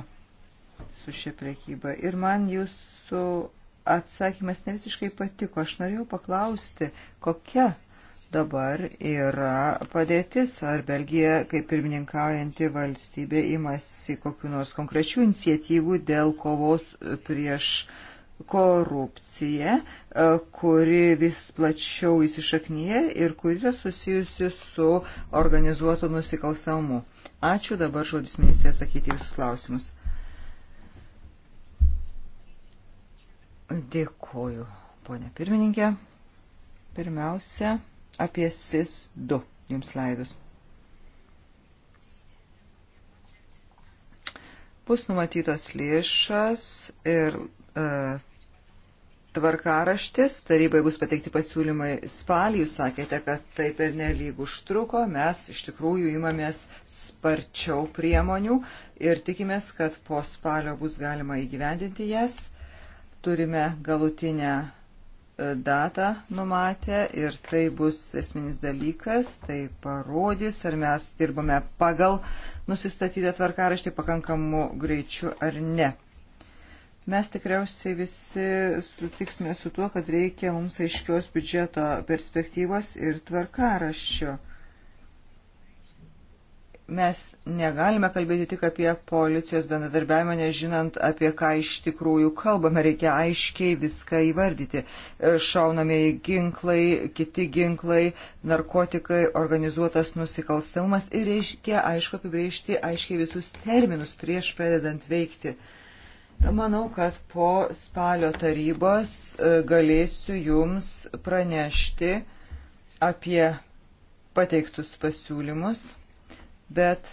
su šia prekyba. Ir man Jūsų atsakymas ne visiškai patiko. Aš norėjau paklausti, kokia dabar yra padėtis, ar Belgija kaip pirmininkaujanti valstybė imasi kokiu nors konkrečių iniciatyvų dėl kovos prieš korupciją, e, kuri vis plačiau įsišaknyje ir kuri yra susijusi su organizuotu nusikalstamu. Ačiū, dabar žodis ministrė atsakyti visus klausimus. Dėkoju, ponė pirmininkė. Pirmiausia, apie SIS 2 jums leidus. Bus numatytos lėšas ir uh, tvarkaraštis, tarybai bus pateikti pasiūlymai spalį, jūs sakėte, kad tai per nelyg užtruko, mes iš tikrųjų imamės sparčiau priemonių ir tikimės, kad po spalio bus galima įgyvendinti jas. Turime galutinę datą numatę ir tai bus esminis dalykas, tai parodys, ar mes dirbame pagal nusistatytą tvarkaraštį pakankamu greičiu ar ne. Mes tikriausiai visi sutiksime su tuo, kad reikia mums aiškios biudžeto perspektyvos ir tvarkaraščio mes negalime kalbėti tik apie policijos bendradarbiavimą, nežinant, apie ką iš tikrųjų kalbame. Reikia aiškiai viską įvardyti. E, šaunamieji ginklai, kiti ginklai, narkotikai, organizuotas nusikalstamumas ir reikia aišku apibriežti aiškiai visus terminus prieš pradedant veikti. Manau, kad po spalio tarybos e, galėsiu Jums pranešti apie pateiktus pasiūlymus bet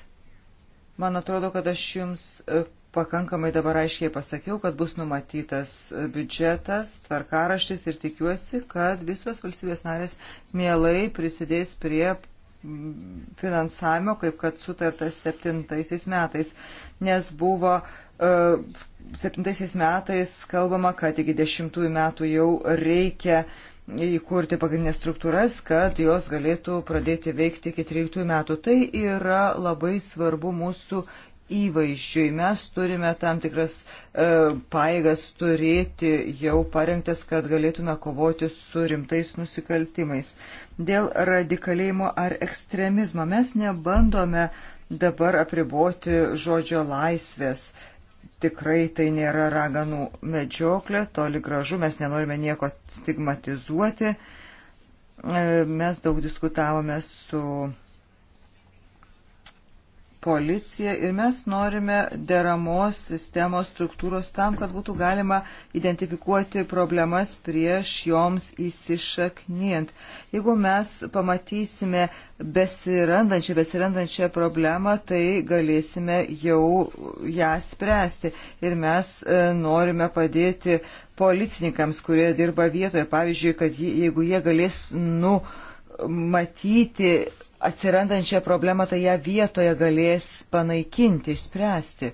man atrodo, kad aš jums e, pakankamai dabar aiškiai pasakiau, kad bus numatytas e, biudžetas, tvarkaraštis ir tikiuosi, kad visos valstybės narės mielai prisidės prie finansavimo, kaip kad sutartas septintaisiais metais, nes buvo e, septintaisiais metais kalbama, kad iki dešimtųjų metų jau reikia uh, įkurti pagrindinės struktūras, kad jos galėtų pradėti veikti iki 13 metų. Tai yra labai svarbu mūsų įvaizdžiui. Mes turime tam tikras e, paėgas turėti jau parengtas, kad galėtume kovoti su rimtais nusikaltimais. Dėl radikalėjimo ar ekstremizmo mes nebandome dabar apriboti žodžio laisvės. E, tikrai tai nėra raganų medžioklė, toli gražu, mes nenorime nieko stigmatizuoti. E, mes daug diskutavome su policiją ir mes norime deramos sistemos struktūros tam, kad būtų galima identifikuoti problemas prieš joms įsišaknyjant. Jeigu mes pamatysime besirandančią, besirandančią problemą, tai galėsime jau ją spręsti. Ir mes e, norime padėti policininkams, kurie dirba vietoje, pavyzdžiui, kad jeigu jie galės nu matyti atsirandančią problemą, tai ją vietoje galės panaikinti, išspręsti.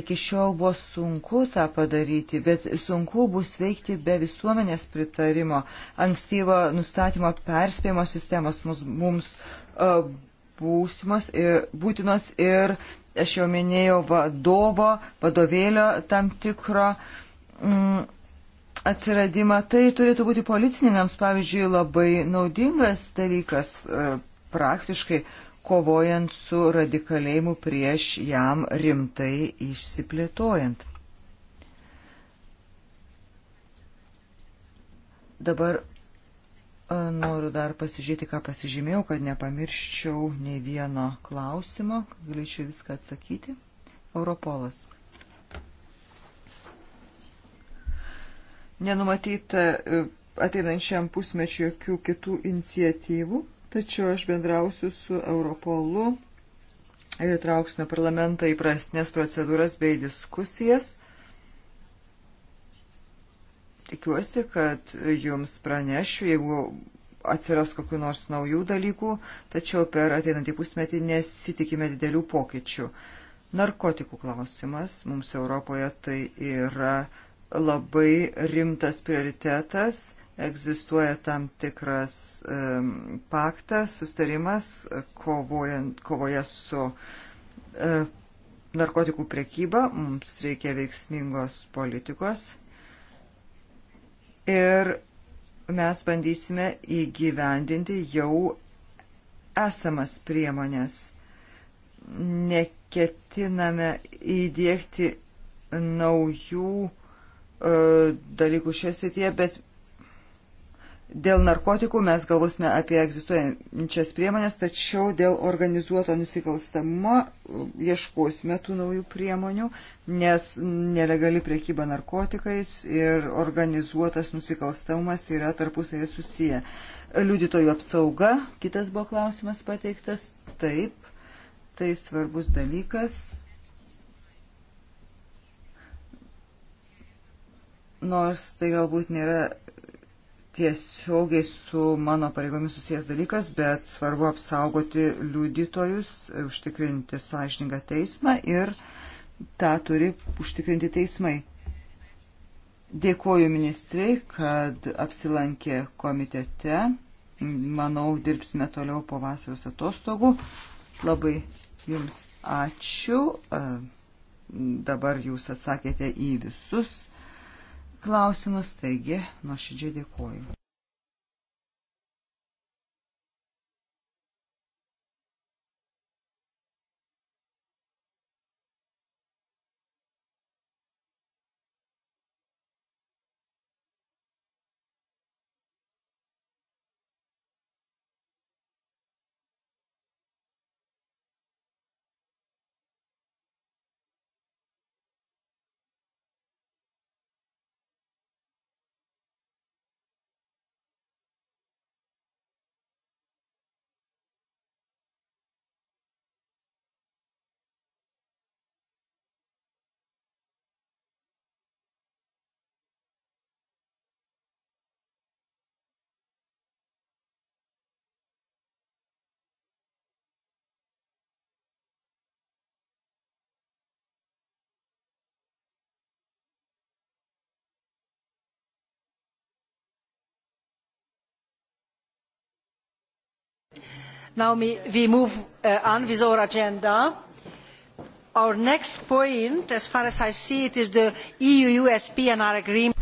Iki šiol buvo sunku tą padaryti, bet sunku bus veikti be visuomenės pritarimo. Ankstyvo nustatymo perspėjimo sistemos mums, mums būsimos ir būtinos ir, aš jau minėjau, vadovo, vadovėlio tam tikro. Mm, atsiradimą. Tai turėtų būti policininkams, pavyzdžiui, labai naudingas dalykas e, praktiškai kovojant su radikalėjimu prieš jam rimtai išsiplėtojant. Dabar e, noriu dar pasižiūrėti, ką pasižymėjau, kad nepamirščiau nei vieno klausimo, galėčiau viską atsakyti. Europolas. nenumatyta e, ateinančiam pusmečiu jokių kitų iniciatyvų, tačiau aš bendrausiu su Europolu ir trauksime parlamentą į prastinės procedūras bei diskusijas. Tikiuosi, kad jums pranešiu, jeigu atsiras kokiu nors naujų dalykų, tačiau per ateinantį pusmetį nesitikime didelių pokyčių. Narkotikų klausimas mums Europoje tai yra labai rimtas prioritetas egzistuoja tam tikras um, paktas, sustarimas kovojant, kovoje su uh, narkotikų priekyba. Mums reikia veiksmingos politikos. Ir mes bandysime įgyvendinti jau esamas priemonės. Neketiname įdėkti naujų uh, E, dalykų šioje srityje, bet dėl narkotikų mes galvosime apie egzistuojančias priemonės, tačiau dėl organizuoto nusikalstamumo ieškosime tų naujų priemonių, nes nelegali priekyba narkotikais ir organizuotas nusikalstamumas yra tarpusavėje susiję. Liudytojų apsauga, kitas buvo klausimas pateiktas, taip, tai svarbus dalykas nors tai galbūt nėra tiesiogiai su mano pareigomis susijęs dalykas, bet svarbu apsaugoti liudytojus, užtikrinti sąžiningą teismą ir tą turi užtikrinti teismai. Dėkuoju ministrai, kad apsilankė komitete. Manau, dirbsime toliau po vasaros atostogų. Labai Jums ačiū. Dabar Jūs atsakėte į visus klausimas, taigi nuoširdžiai dėkuoju. now we move uh, on with our agenda. our next point as far as i see it is the eu us pnr agreement.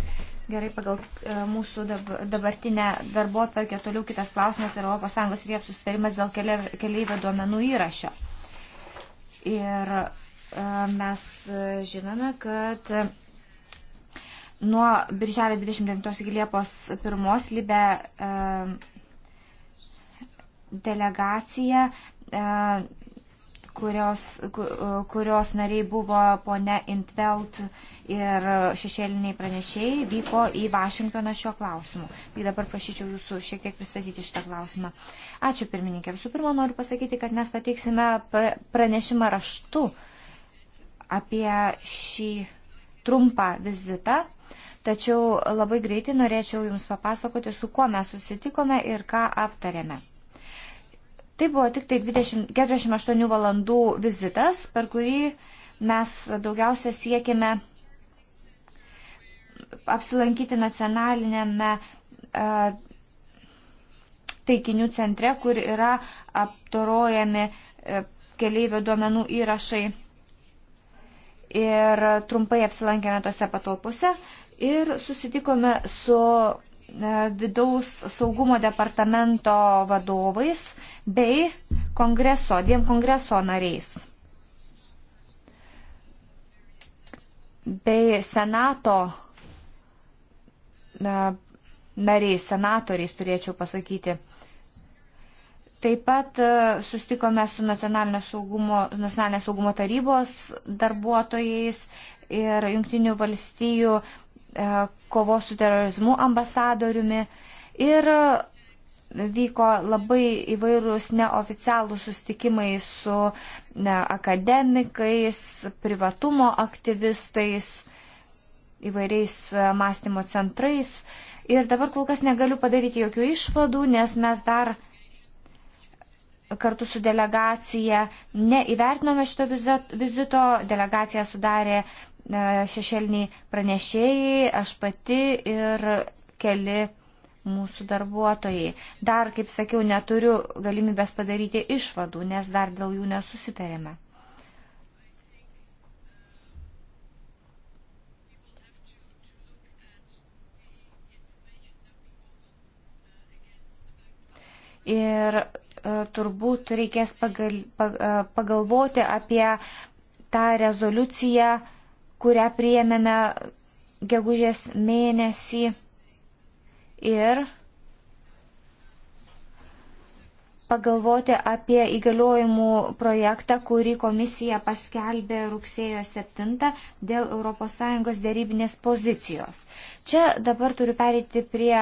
Gerai, pagal e, mūsų dabartinę darbo atvarkę toliau kitas klausimas yra ES ir JAV susitarimas dėl keliaivio duomenų įrašo. Ir e, mes e, žinome, kad nuo birželio 29 iki Liepos 1 Libė delegacija, e, kurios, e, kurios nariai buvo ponia Intvelt ir šešėliniai pranešėjai, vyko į Vašingtoną šio klausimu. Tai dabar prašyčiau jūsų šiek tiek pristatyti šitą klausimą. Ačiū pirmininkė. Visų pirma, noriu pasakyti, kad mes pateiksime pranešimą raštu apie šį trumpą vizitą. Tačiau labai greitai norėčiau Jums papasakoti, su kuo mes susitikome ir ką aptarėme. Tai buvo tik tai 20, 48 valandų vizitas, per kurį mes daugiausia siekime apsilankyti nacionalinėme e, taikinių centre, kur yra aptorojami e, keliaivio duomenų įrašai. Ir trumpai apsilankėme tose patalpose ir susitikome su E, vidaus saugumo departamento vadovais bei kongreso, dviem kongreso nariais bei senato e, nariais, senatoriais turėčiau pasakyti. Taip pat e, sustikome su nacionalinio saugumo, nacionalinės saugumo tarybos darbuotojais ir Junktinių valstijų E, kovos su terorizmu ambasadoriumi ir vyko labai įvairūs neoficialūs sustikimai su ne, akademikais, privatumo aktyvistais, įvairiais e, mąstymo centrais. Ir dabar kol kas negaliu padaryti jokių išvadų, nes mes dar kartu su delegacija neįvertinome šito vizito. Delegacija sudarė E, šešelniai pranešėjai, aš pati ir keli mūsų darbuotojai. Dar, kaip sakiau, neturiu galimybės padaryti išvadų, nes dar dėl jų nesusitarėme. Ir e, turbūt reikės pagal, e, pagalvoti apie tą rezoliuciją, kurią priėmėme gegužės mėnesį ir pagalvoti apie įgaliojimų projektą, kurį komisija paskelbė rugsėjo 7 dėl ES dėrybinės pozicijos. Čia dabar turiu pereiti prie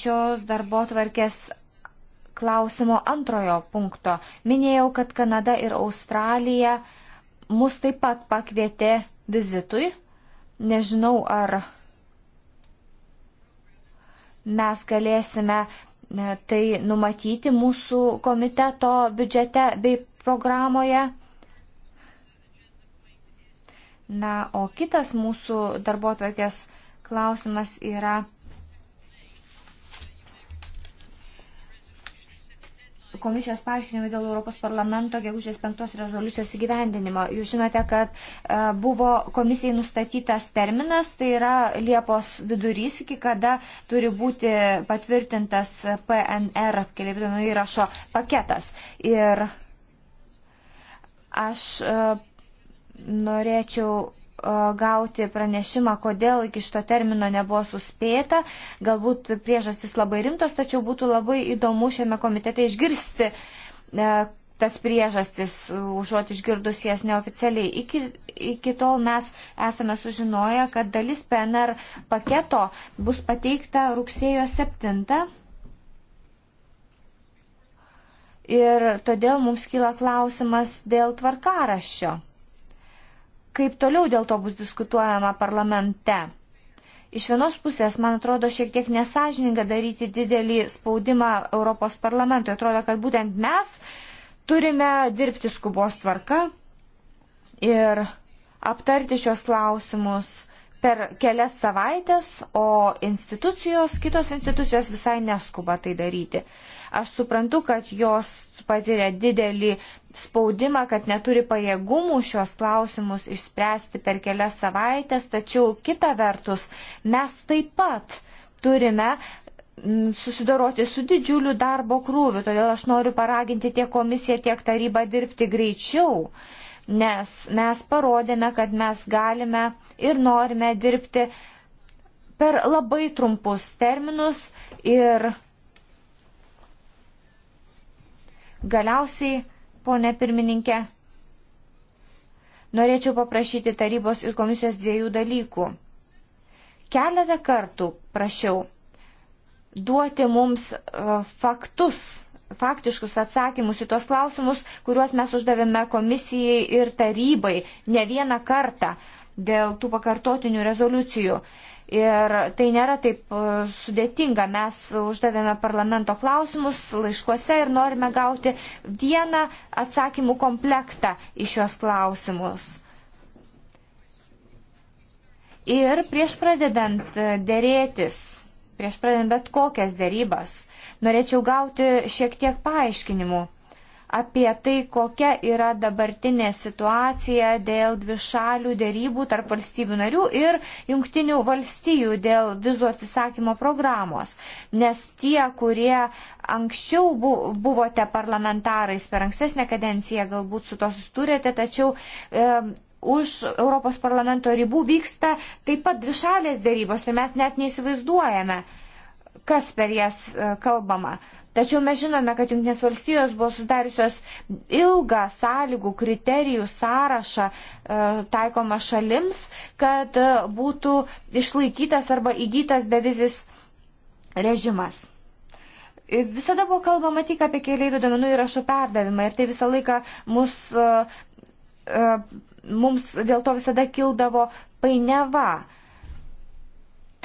šios darbo tvarkės klausimo antrojo punkto. Minėjau, kad Kanada ir Australija mus taip pat pakvietė vizitui. Nežinau, ar mes galėsime e, tai numatyti mūsų komiteto biudžete bei programoje. Na, o kitas mūsų darbo atvarkės klausimas yra komisijos paaiškinimai dėl Europos parlamento gegužės penktos rezoliucijos įgyvendinimo. Jūs žinote, kad e, buvo komisijai nustatytas terminas, tai yra Liepos vidurys, iki kada turi būti patvirtintas PNR keliaivių duomenų įrašo paketas. Ir aš e, norėčiau gauti pranešimą, kodėl iki šito termino nebuvo suspėta. Galbūt priežastis labai rimtos, tačiau būtų labai įdomu šiame komitete išgirsti e, tas priežastis, užuot išgirdus jas neoficialiai. Iki, iki tol mes esame sužinoję, kad dalis PNR paketo bus pateikta rugsėjo 7. Ir todėl mums kyla klausimas dėl tvarkaraščio kaip toliau dėl to bus diskutuojama parlamente. Iš vienos pusės, man atrodo, šiek tiek nesažininga daryti didelį spaudimą Europos parlamentui. Atrodo, kad būtent mes turime dirbti skubos tvarka ir aptarti šios klausimus per kelias savaitės, o institucijos, kitos institucijos visai neskuba tai daryti. Aš suprantu, kad jos patiria didelį spaudimą, kad neturi pajėgumų šios klausimus išspręsti per kelias savaitės, tačiau kita vertus mes taip pat turime mm, susidoroti su didžiuliu darbo krūviu, todėl aš noriu paraginti tiek komisiją, tiek tarybą dirbti greičiau, nes mes parodėme, kad mes galime ir norime dirbti per labai trumpus terminus ir Galiausiai, ponė pirmininkė, norėčiau paprašyti tarybos ir komisijos dviejų dalykų. Keletą kartų prašiau duoti mums e, faktus, faktiškus atsakymus į tuos klausimus, kuriuos mes uždavėme komisijai ir tarybai ne vieną kartą dėl tų pakartotinių rezoliucijų. Ir tai nėra taip e, sudėtinga. Mes uždavėme parlamento klausimus laiškuose ir norime gauti vieną atsakymų komplektą iš šios klausimus. Ir prieš pradedant e, dėrėtis, prieš pradedant bet kokias dėrybas, norėčiau gauti šiek tiek paaiškinimų apie tai, kokia yra dabartinė situacija dėl dvišalių dėrybų tarp valstybių narių ir jungtinių valstijų dėl vizų atsisakymo programos. Nes tie, kurie anksčiau buvote parlamentarais per ankstesnę kadenciją, galbūt su to susturėte, tačiau. E, Už Europos parlamento ribų vyksta taip pat dvišalės dėrybos ir mes net neįsivaizduojame, kas per jas e, kalbama. E, Tačiau mes žinome, kad Junktinės valstijos buvo sudariusios ilgą sąlygų, kriterijų sąrašą e, taikoma šalims, kad e, būtų išlaikytas arba įgytas bevizis režimas. Visada buvo kalbama tik apie keliaivių duomenų įrašų perdavimą ir tai visą laiką mus, e, mums dėl to visada kildavo painiava.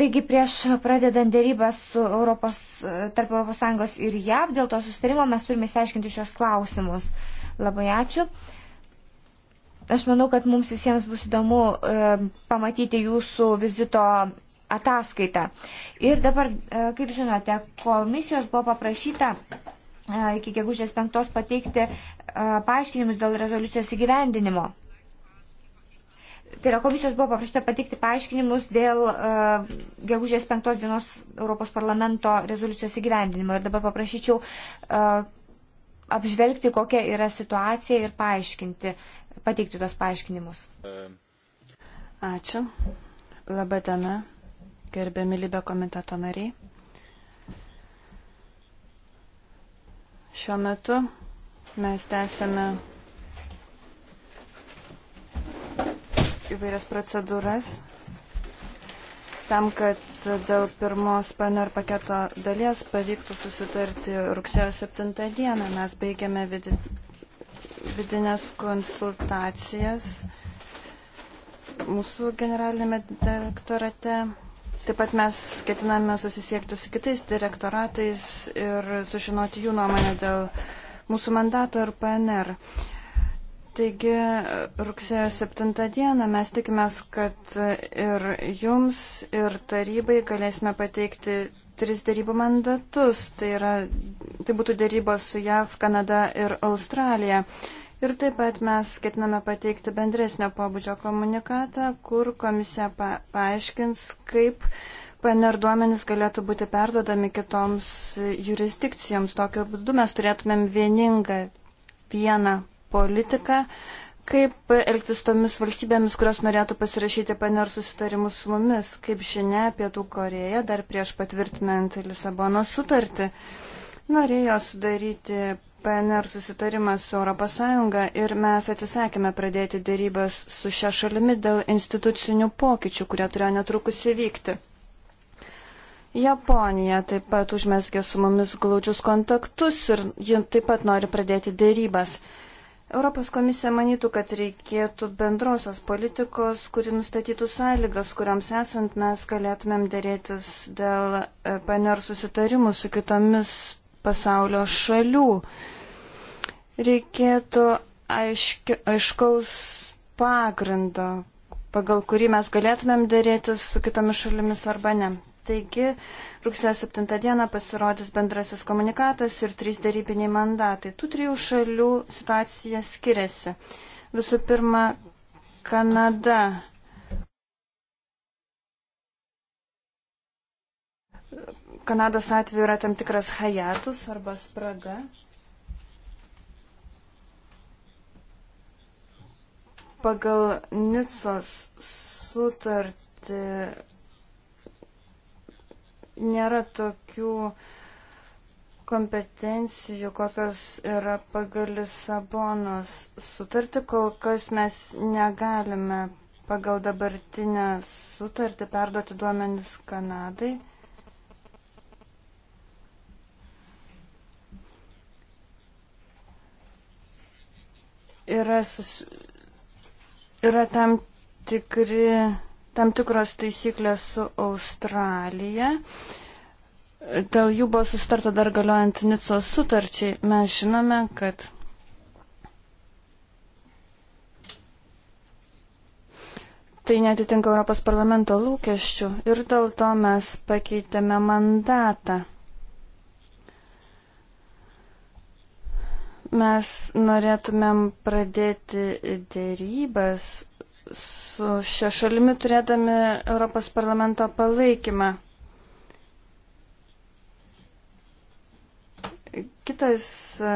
Taigi prieš pradedant dėrybas su Europos, tarp ES ir JAV dėl to sustarimo mes turime įsiaiškinti šios klausimus. Labai ačiū. Aš manau, kad mums visiems bus įdomu e, pamatyti jūsų vizito ataskaitą. Ir dabar, e, kaip žinote, komisijos buvo paprašyta e, iki gegužės penktos pateikti e, paaiškinimus dėl rezoliucijos įgyvendinimo. Tai yra komisijos buvo paprašyta patikti paaiškinimus dėl uh, gegužės 5 dienos Europos parlamento rezoliucijos įgyvendinimo. Ir dabar paprašyčiau uh, apžvelgti, kokia yra situacija ir paaiškinti, pateikti tuos paaiškinimus. Ačiū. Labą dieną, gerbiami Libė komiteto nariai. Šiuo metu mes tęsėme įvairias procedūras tam, kad dėl pirmos PNR paketo dalies pavyktų susitarti rugsėjo 7 dieną. Mes baigiame vidi, vidinės konsultacijas mūsų generalinėme direktorate. Taip pat mes ketiname susisiekti su kitais direktoratais ir sužinoti jų nuomonę dėl mūsų mandato ir PNR. Uh, Taigi rugsėjo 7 dieną mes tikimės, kad ir jums, ir tarybai galėsime pateikti tris darybų mandatus. Tai, yra, tai būtų darybos su JAV, Kanada ir Australija. Ir taip pat mes ketiname pateikti bendresnio pobūdžio komunikatą, kur komisija pa paaiškins, kaip PNR duomenys galėtų būti perduodami kitoms jurisdikcijoms. Tokiu būdu mes turėtumėm vieningą vieną politiką, kaip elgtis tomis valstybėmis, kurios norėtų pasirašyti PNR susitarimus su mumis. Kaip žinia, Pietų Koreja dar prieš patvirtinant Lisabono sutartį norėjo sudaryti PNR susitarimas su ES ir mes atsisakėme pradėti dėrybas su šia šalimi dėl institucinių pokyčių, kurie turėjo netrukus įvykti. Japonija taip pat užmesgė su mumis glaudžius kontaktus ir ji taip pat nori pradėti dėrybas. Europos komisija manytų, kad reikėtų bendrosios politikos, kuri nustatytų sąlygas, kuriams esant mes galėtumėm dėrėtis dėl e, PNR susitarimų su kitomis pasaulio šalių. Reikėtų aiški, aiškaus pagrindo, pagal kurį mes galėtumėm dėrėtis su kitomis šalimis arba ne. Taigi, rugsėjo 7 dieną pasirodys bendrasis komunikatas ir trys darybiniai mandatai. Tų trijų šalių situacija skiriasi. Visų pirma, Kanada. Kanados atveju yra tam tikras hajatus arba spraga. Pagal Nicos sutartį nėra tokių kompetencijų, kokios yra pagal Lisabonos sutartį, kol kas mes negalime pagal dabartinę sutartį perduoti duomenis Kanadai. Yra, sus... yra tam tikri tam tikros taisyklės su Australija. Dėl jų buvo sustarta dar galiojant Nicos sutarčiai. Mes žinome, kad tai netitinka Europos parlamento lūkesčių ir dėl to mes pakeitėme mandatą. Mes norėtumėm pradėti dėrybas su šia šalimi turėdami Europos parlamento palaikymą. Kitas e,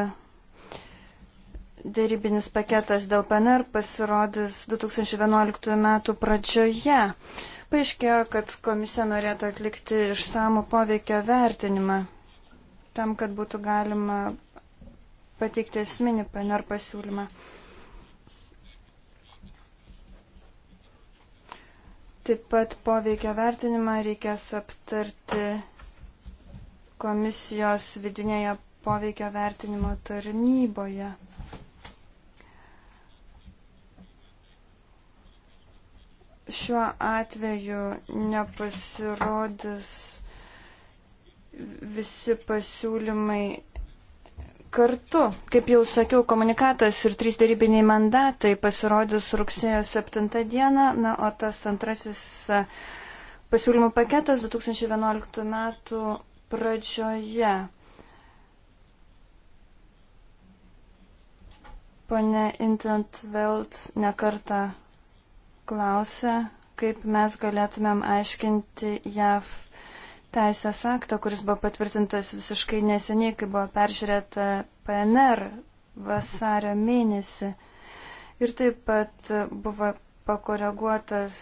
dėrybinis paketas dėl PNR pasirodys 2011 m. pradžioje. Paaiškėjo, kad komisija norėtų atlikti išsamų poveikio vertinimą tam, kad būtų galima pateikti esminį PNR pasiūlymą. Taip pat poveikio vertinimą reikės aptarti komisijos vidinėje poveikio vertinimo tarnyboje. Šiuo atveju nepasirodys visi pasiūlymai kartu. Kaip jau sakiau, komunikatas ir trys darybiniai mandatai pasirodys rugsėjo 7 dieną, na, o tas antrasis e, pasiūlymų paketas 2011 metų pradžioje. Pane Intentveld nekarta klausė, kaip mes galėtumėm aiškinti JAV teisės aktą, kuris buvo patvirtintas visiškai neseniai, kai buvo peržiūrėta PNR vasario mėnesį. Ir taip pat buvo pakoreguotas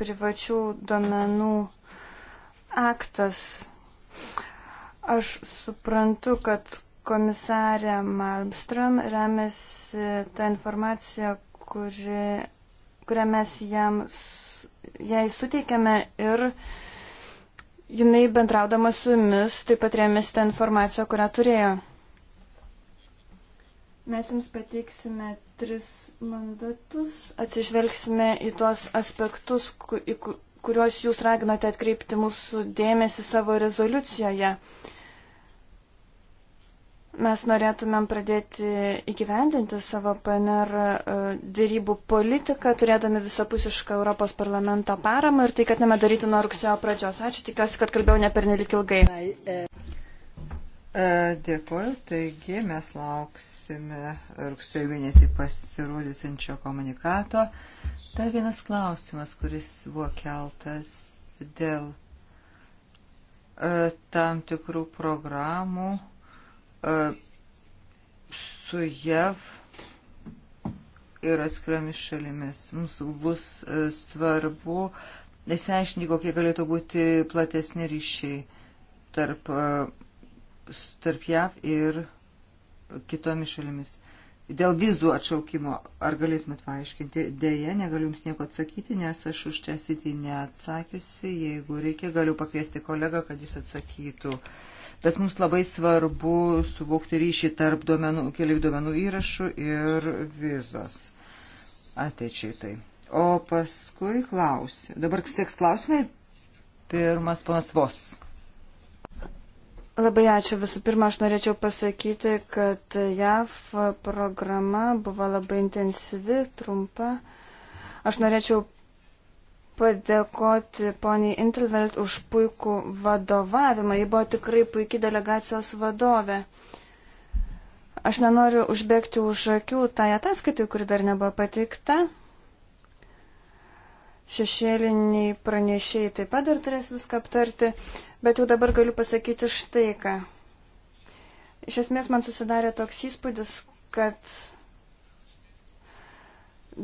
privačių domenų aktas. Aš suprantu, kad komisarė Malmström remiasi tą informaciją, kuri, kurią mes jam, jai suteikėme ir uh, jinai bendraudama su jumis taip pat rėmėsi tą informaciją, kurią turėjo. Mes jums pateiksime tris mandatus, atsižvelgsime į tuos aspektus, kuriuos jūs raginote atkreipti mūsų dėmesį savo rezoliucijoje. Uh, Mes norėtumėm pradėti įgyvendinti savo PNR e, dėrybų politiką, turėdami visapusišką Europos parlamento paramą ir tai, kad nemedaryti nuo rugsėjo pradžios. Ačiū, tikiuosi, kad kalbėjau ne pernelik ilgai. E, dėkuoju, taigi mes lauksime rugsėjo mėnesį pasirodžiusinčio komunikato. Dar vienas klausimas, kuris buvo keltas dėl e, tam tikrų programų su JAV ir atskiramis šalimis. Mums bus e, svarbu nesiaiškinti, kokie galėtų būti platesni ryšiai tarp, e, tarp JAV ir kitomis šalimis. Dėl vizų atšaukimo, ar galėtumėt paaiškinti? Deja, negaliu Jums nieko atsakyti, nes aš už šią tai sitį neatsakiusi. Jeigu reikia, galiu pakviesti kolegą, kad jis atsakytų. Uh, bet mums labai svarbu suvokti ryšį tarp duomenų, keliai duomenų įrašų ir vizos ateičiai tai. O paskui klausiu. Dabar seks klausimai. Pirmas panas Vos. Labai ačiū. Visų pirma, aš norėčiau pasakyti, kad JAV programa buvo labai intensyvi, trumpa. Aš norėčiau padėkoti poniai Intelvelt už puikų vadovavimą. Ji buvo tikrai puikiai delegacijos vadovė. Aš nenoriu užbėgti už akių tą tai ataskaitį, kuri dar nebuvo pateikta. Šešėliniai pranešėjai taip pat dar turės viską aptarti, bet jau dabar galiu pasakyti štai ką. Iš esmės man susidarė toks įspūdis, kad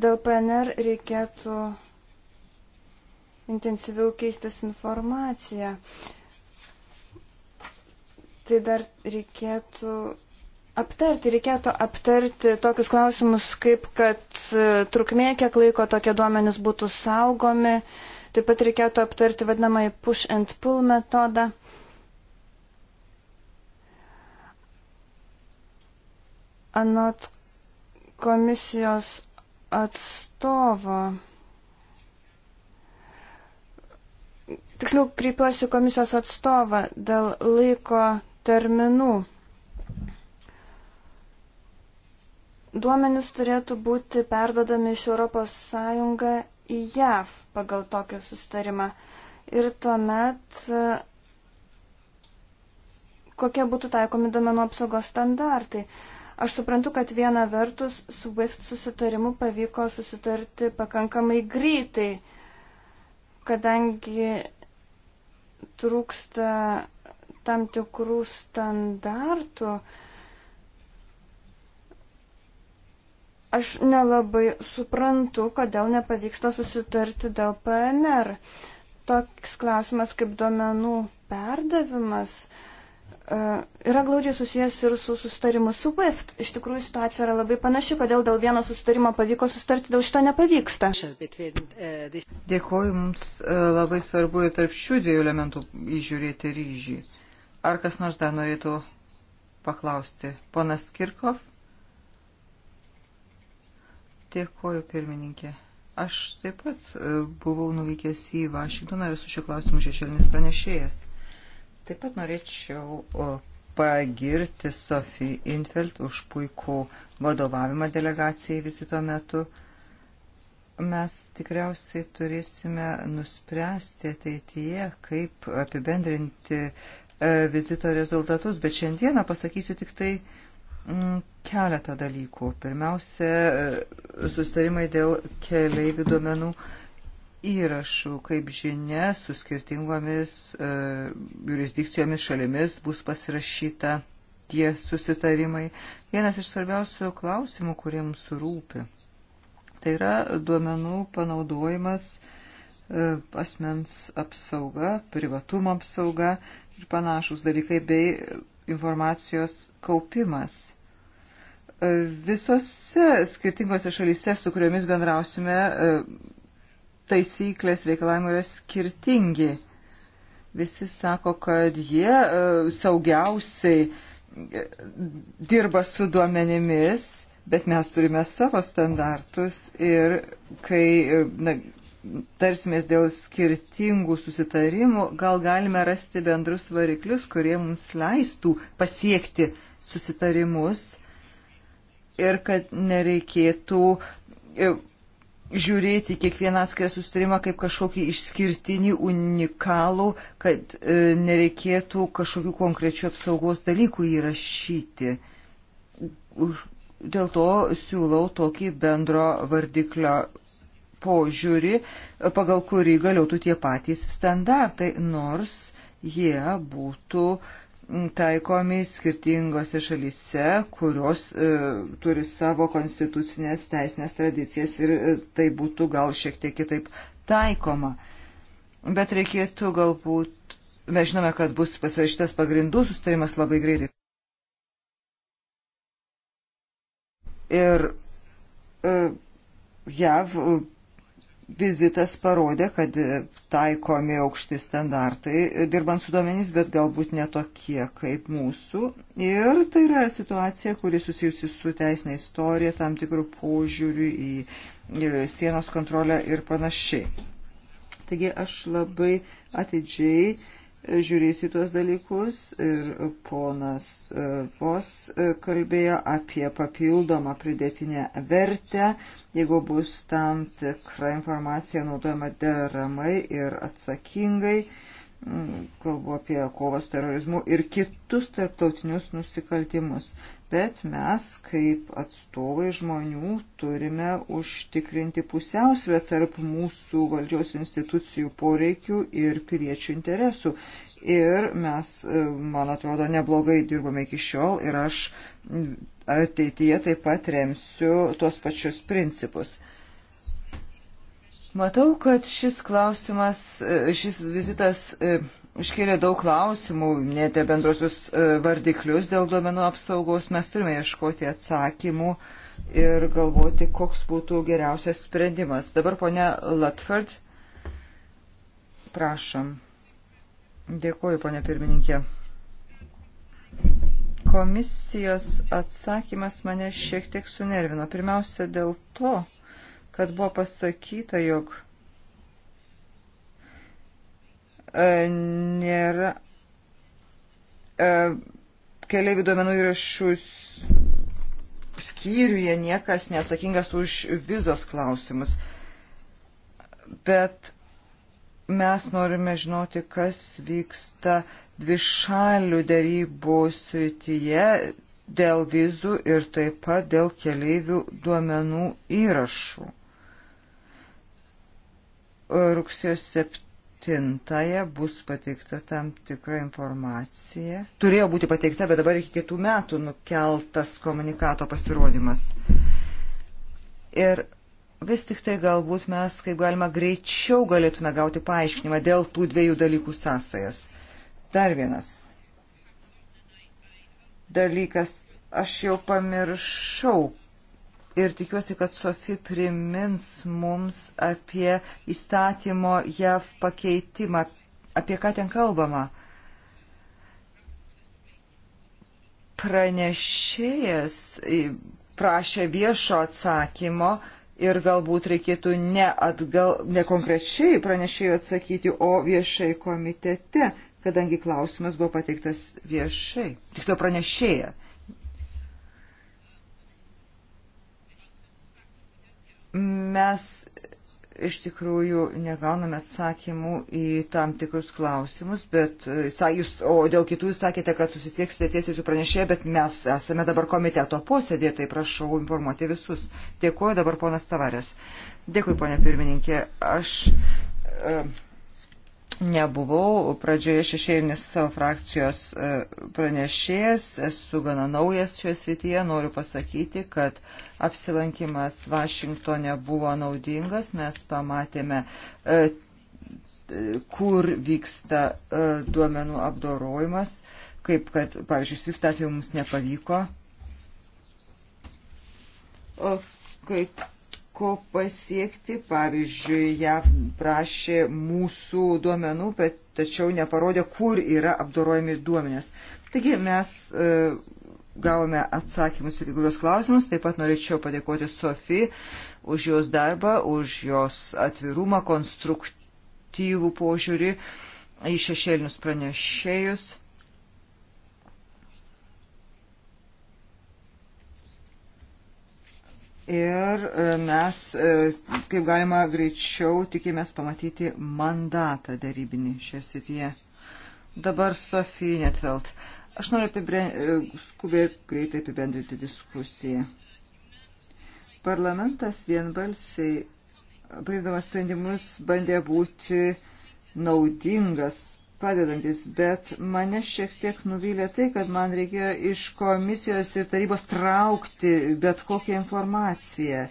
dėl PNR reikėtų intensyviau keistis informaciją. Tai dar reikėtų aptarti, reikėtų aptarti tokius klausimus, kaip kad e, trukmė, kiek laiko tokie duomenys būtų saugomi. Taip pat reikėtų aptarti vadinamąjį push and pull metodą. Anot komisijos atstovo. Tiksliau, kreipiuosi komisijos atstovą dėl laiko terminų. Duomenys turėtų būti perdodami iš ES į JAV pagal tokį sustarimą. Ir tuomet, e, kokie būtų taikomi duomenų apsaugos standartai. Aš suprantu, kad viena vertus SWIFT susitarimu pavyko susitarti pakankamai greitai, kadangi trūksta tam tikrų standartų. Aš nelabai suprantu, kodėl nepavyksta susitarti dėl PNR. Toks klausimas kaip duomenų perdavimas uh, E, yra glaudžiai susijęs ir su sustarimu su WIFT. Iš tikrųjų situacija yra labai panaši, kodėl dėl vieno sustarimo pavyko sustarti, dėl šito nepavyksta. Dėkoju, mums e, labai svarbu ir tarp šių dviejų elementų įžiūrėti ryžį. Ar kas nors dar norėtų paklausti? Ponas Kirkov? Dėkoju, pirmininkė. Aš taip pat e, buvau nuvykęs į Vašingtoną ir su šiuo klausimu šešėlinis pranešėjas. Taip pat norėčiau pagirti Sofiją Infeld už puikų vadovavimą delegacijai vizito metu. Mes tikriausiai turėsime nuspręsti ateityje, kaip apibendrinti e, vizito rezultatus, bet šiandieną pasakysiu tik tai mm, keletą dalykų. Pirmiausia, e, sustarimai dėl keliaivių duomenų įrašų, kaip žinia, su skirtingomis e, jurisdikcijomis šalimis bus pasirašyta tie susitarimai. Vienas iš svarbiausių klausimų, kurie mums rūpi, tai yra duomenų panaudojimas, e, asmens apsauga, privatumo apsauga ir panašus dalykai bei informacijos kaupimas e, visose skirtingose šalyse, su kuriomis bendrausime, e, taisyklės reikalavimai yra skirtingi. Visi sako, kad jie e, saugiausiai e, dirba su duomenimis, bet mes turime savo standartus ir kai e, na, tarsimės dėl skirtingų susitarimų, gal galime rasti bendrus variklius, kurie mums leistų pasiekti susitarimus ir kad nereikėtų žiūrėti kiekvieną atskirą sustarimą kaip kažkokį išskirtinį, unikalų, kad e, nereikėtų kažkokių konkrečių apsaugos dalykų įrašyti. Už, dėl to siūlau tokį bendro vardiklio požiūrį, pagal kurį galėtų tie patys standartai, nors jie būtų taikomi skirtingose šalyse, kurios e, turi savo konstitucinės teisinės tradicijas ir e, tai būtų gal šiek tiek kitaip taikoma. Bet reikėtų galbūt, mes žinome, kad bus pasirašytas pagrindų sustarimas labai greitai. Ir e, JAV vizitas parodė, kad taikomi aukšti standartai, dirbant su duomenys, bet galbūt netokie kaip mūsų. Ir tai yra situacija, kuri susijusi su teisinė istorija, tam tikrų požiūrių į, į sienos kontrolę ir panašiai. Taigi aš labai atidžiai uh, žiūrėsiu tuos dalykus ir ponas e, Vos e, kalbėjo apie papildomą pridėtinę vertę, jeigu bus tam tikra informacija naudojama deramai ir atsakingai, kalbu apie kovą su terorizmu ir kitus tarptautinius nusikaltimus bet mes kaip atstovai žmonių turime užtikrinti pusiausvę tarp mūsų valdžios institucijų poreikių ir piliečių interesų. Ir mes, e, man atrodo, neblogai dirbame iki šiol ir aš ateityje taip pat remsiu tuos pačius principus. Matau, kad šis klausimas, e, šis vizitas e, iškėlė daug klausimų, net bendrosius e, vardiklius dėl duomenų apsaugos. Mes turime ieškoti atsakymų ir galvoti, koks būtų geriausias sprendimas. Dabar ponia Latford, prašom. Dėkuoju, ponia pirmininkė. Komisijos atsakymas mane šiek tiek sunervino. Pirmiausia dėl to, kad buvo pasakyta, jog E, nėra e, keliaivių duomenų įrašų skyriuje niekas neatsakingas už vizos klausimus. Bet mes norime žinoti, kas vyksta dvišalių dėrybų srityje dėl vizų ir taip pat dėl keleivių duomenų įrašų. Rugsėjo 7 7 bus pateikta tam tikra informacija. Turėjo būti pateikta, bet dabar iki kitų metų nukeltas komunikato pasirodymas. Ir vis tik tai galbūt mes kaip galima greičiau galėtume gauti paaiškinimą dėl tų dviejų dalykų sąsajas. Dar vienas dalykas. Aš jau pamiršau, ir tikiuosi, kad Sofi primins mums apie įstatymo JAV pakeitimą, apie ką ten kalbama. Pranešėjas e, prašė viešo atsakymo ir galbūt reikėtų ne, atgal, ne konkrečiai pranešėjo atsakyti, o viešai komitete, kadangi klausimas buvo pateiktas viešai, tiksliau pranešėja. Mes iš tikrųjų negauname atsakymų į tam tikrus klausimus, bet e, jūs, o dėl kitų jūs sakėte, kad susisieksite tiesiai su pranešėja, bet mes esame dabar komiteto posėdėje, tai prašau informuoti visus. Dėkuoju dabar ponas Tavarės. Dėkui, ponė pirmininkė. Aš. Uh, nebuvau pradžioje šešėlinis savo frakcijos e, pranešėjas, esu gana naujas šioje srityje, noriu pasakyti, kad apsilankimas Vašingtonė buvo naudingas, mes pamatėme, e, kur vyksta e, duomenų apdorojimas, kaip kad, pavyzdžiui, SWIFT atveju mums nepavyko. O kaip ko pasiekti. Pavyzdžiui, ją prašė mūsų duomenų, bet tačiau neparodė, kur yra apdorojami duomenės. Taigi mes e, gavome atsakymus į kai kurios klausimus. Taip pat norėčiau padėkoti Sofijai už jos darbą, už jos atvirumą, konstruktyvų požiūrį į šešėlinius pranešėjus. ir e, mes, e, kaip galima greičiau, tikimės pamatyti mandatą darybinį šioje srityje. Dabar Sofija Netvelt. Aš noriu apibren... E, skubiai greitai apibendrinti diskusiją. Parlamentas vienbalsiai, priimdamas sprendimus, bandė būti naudingas padedantis, bet mane šiek tiek nuvylė tai, kad man reikėjo iš komisijos ir tarybos traukti bet kokią informaciją.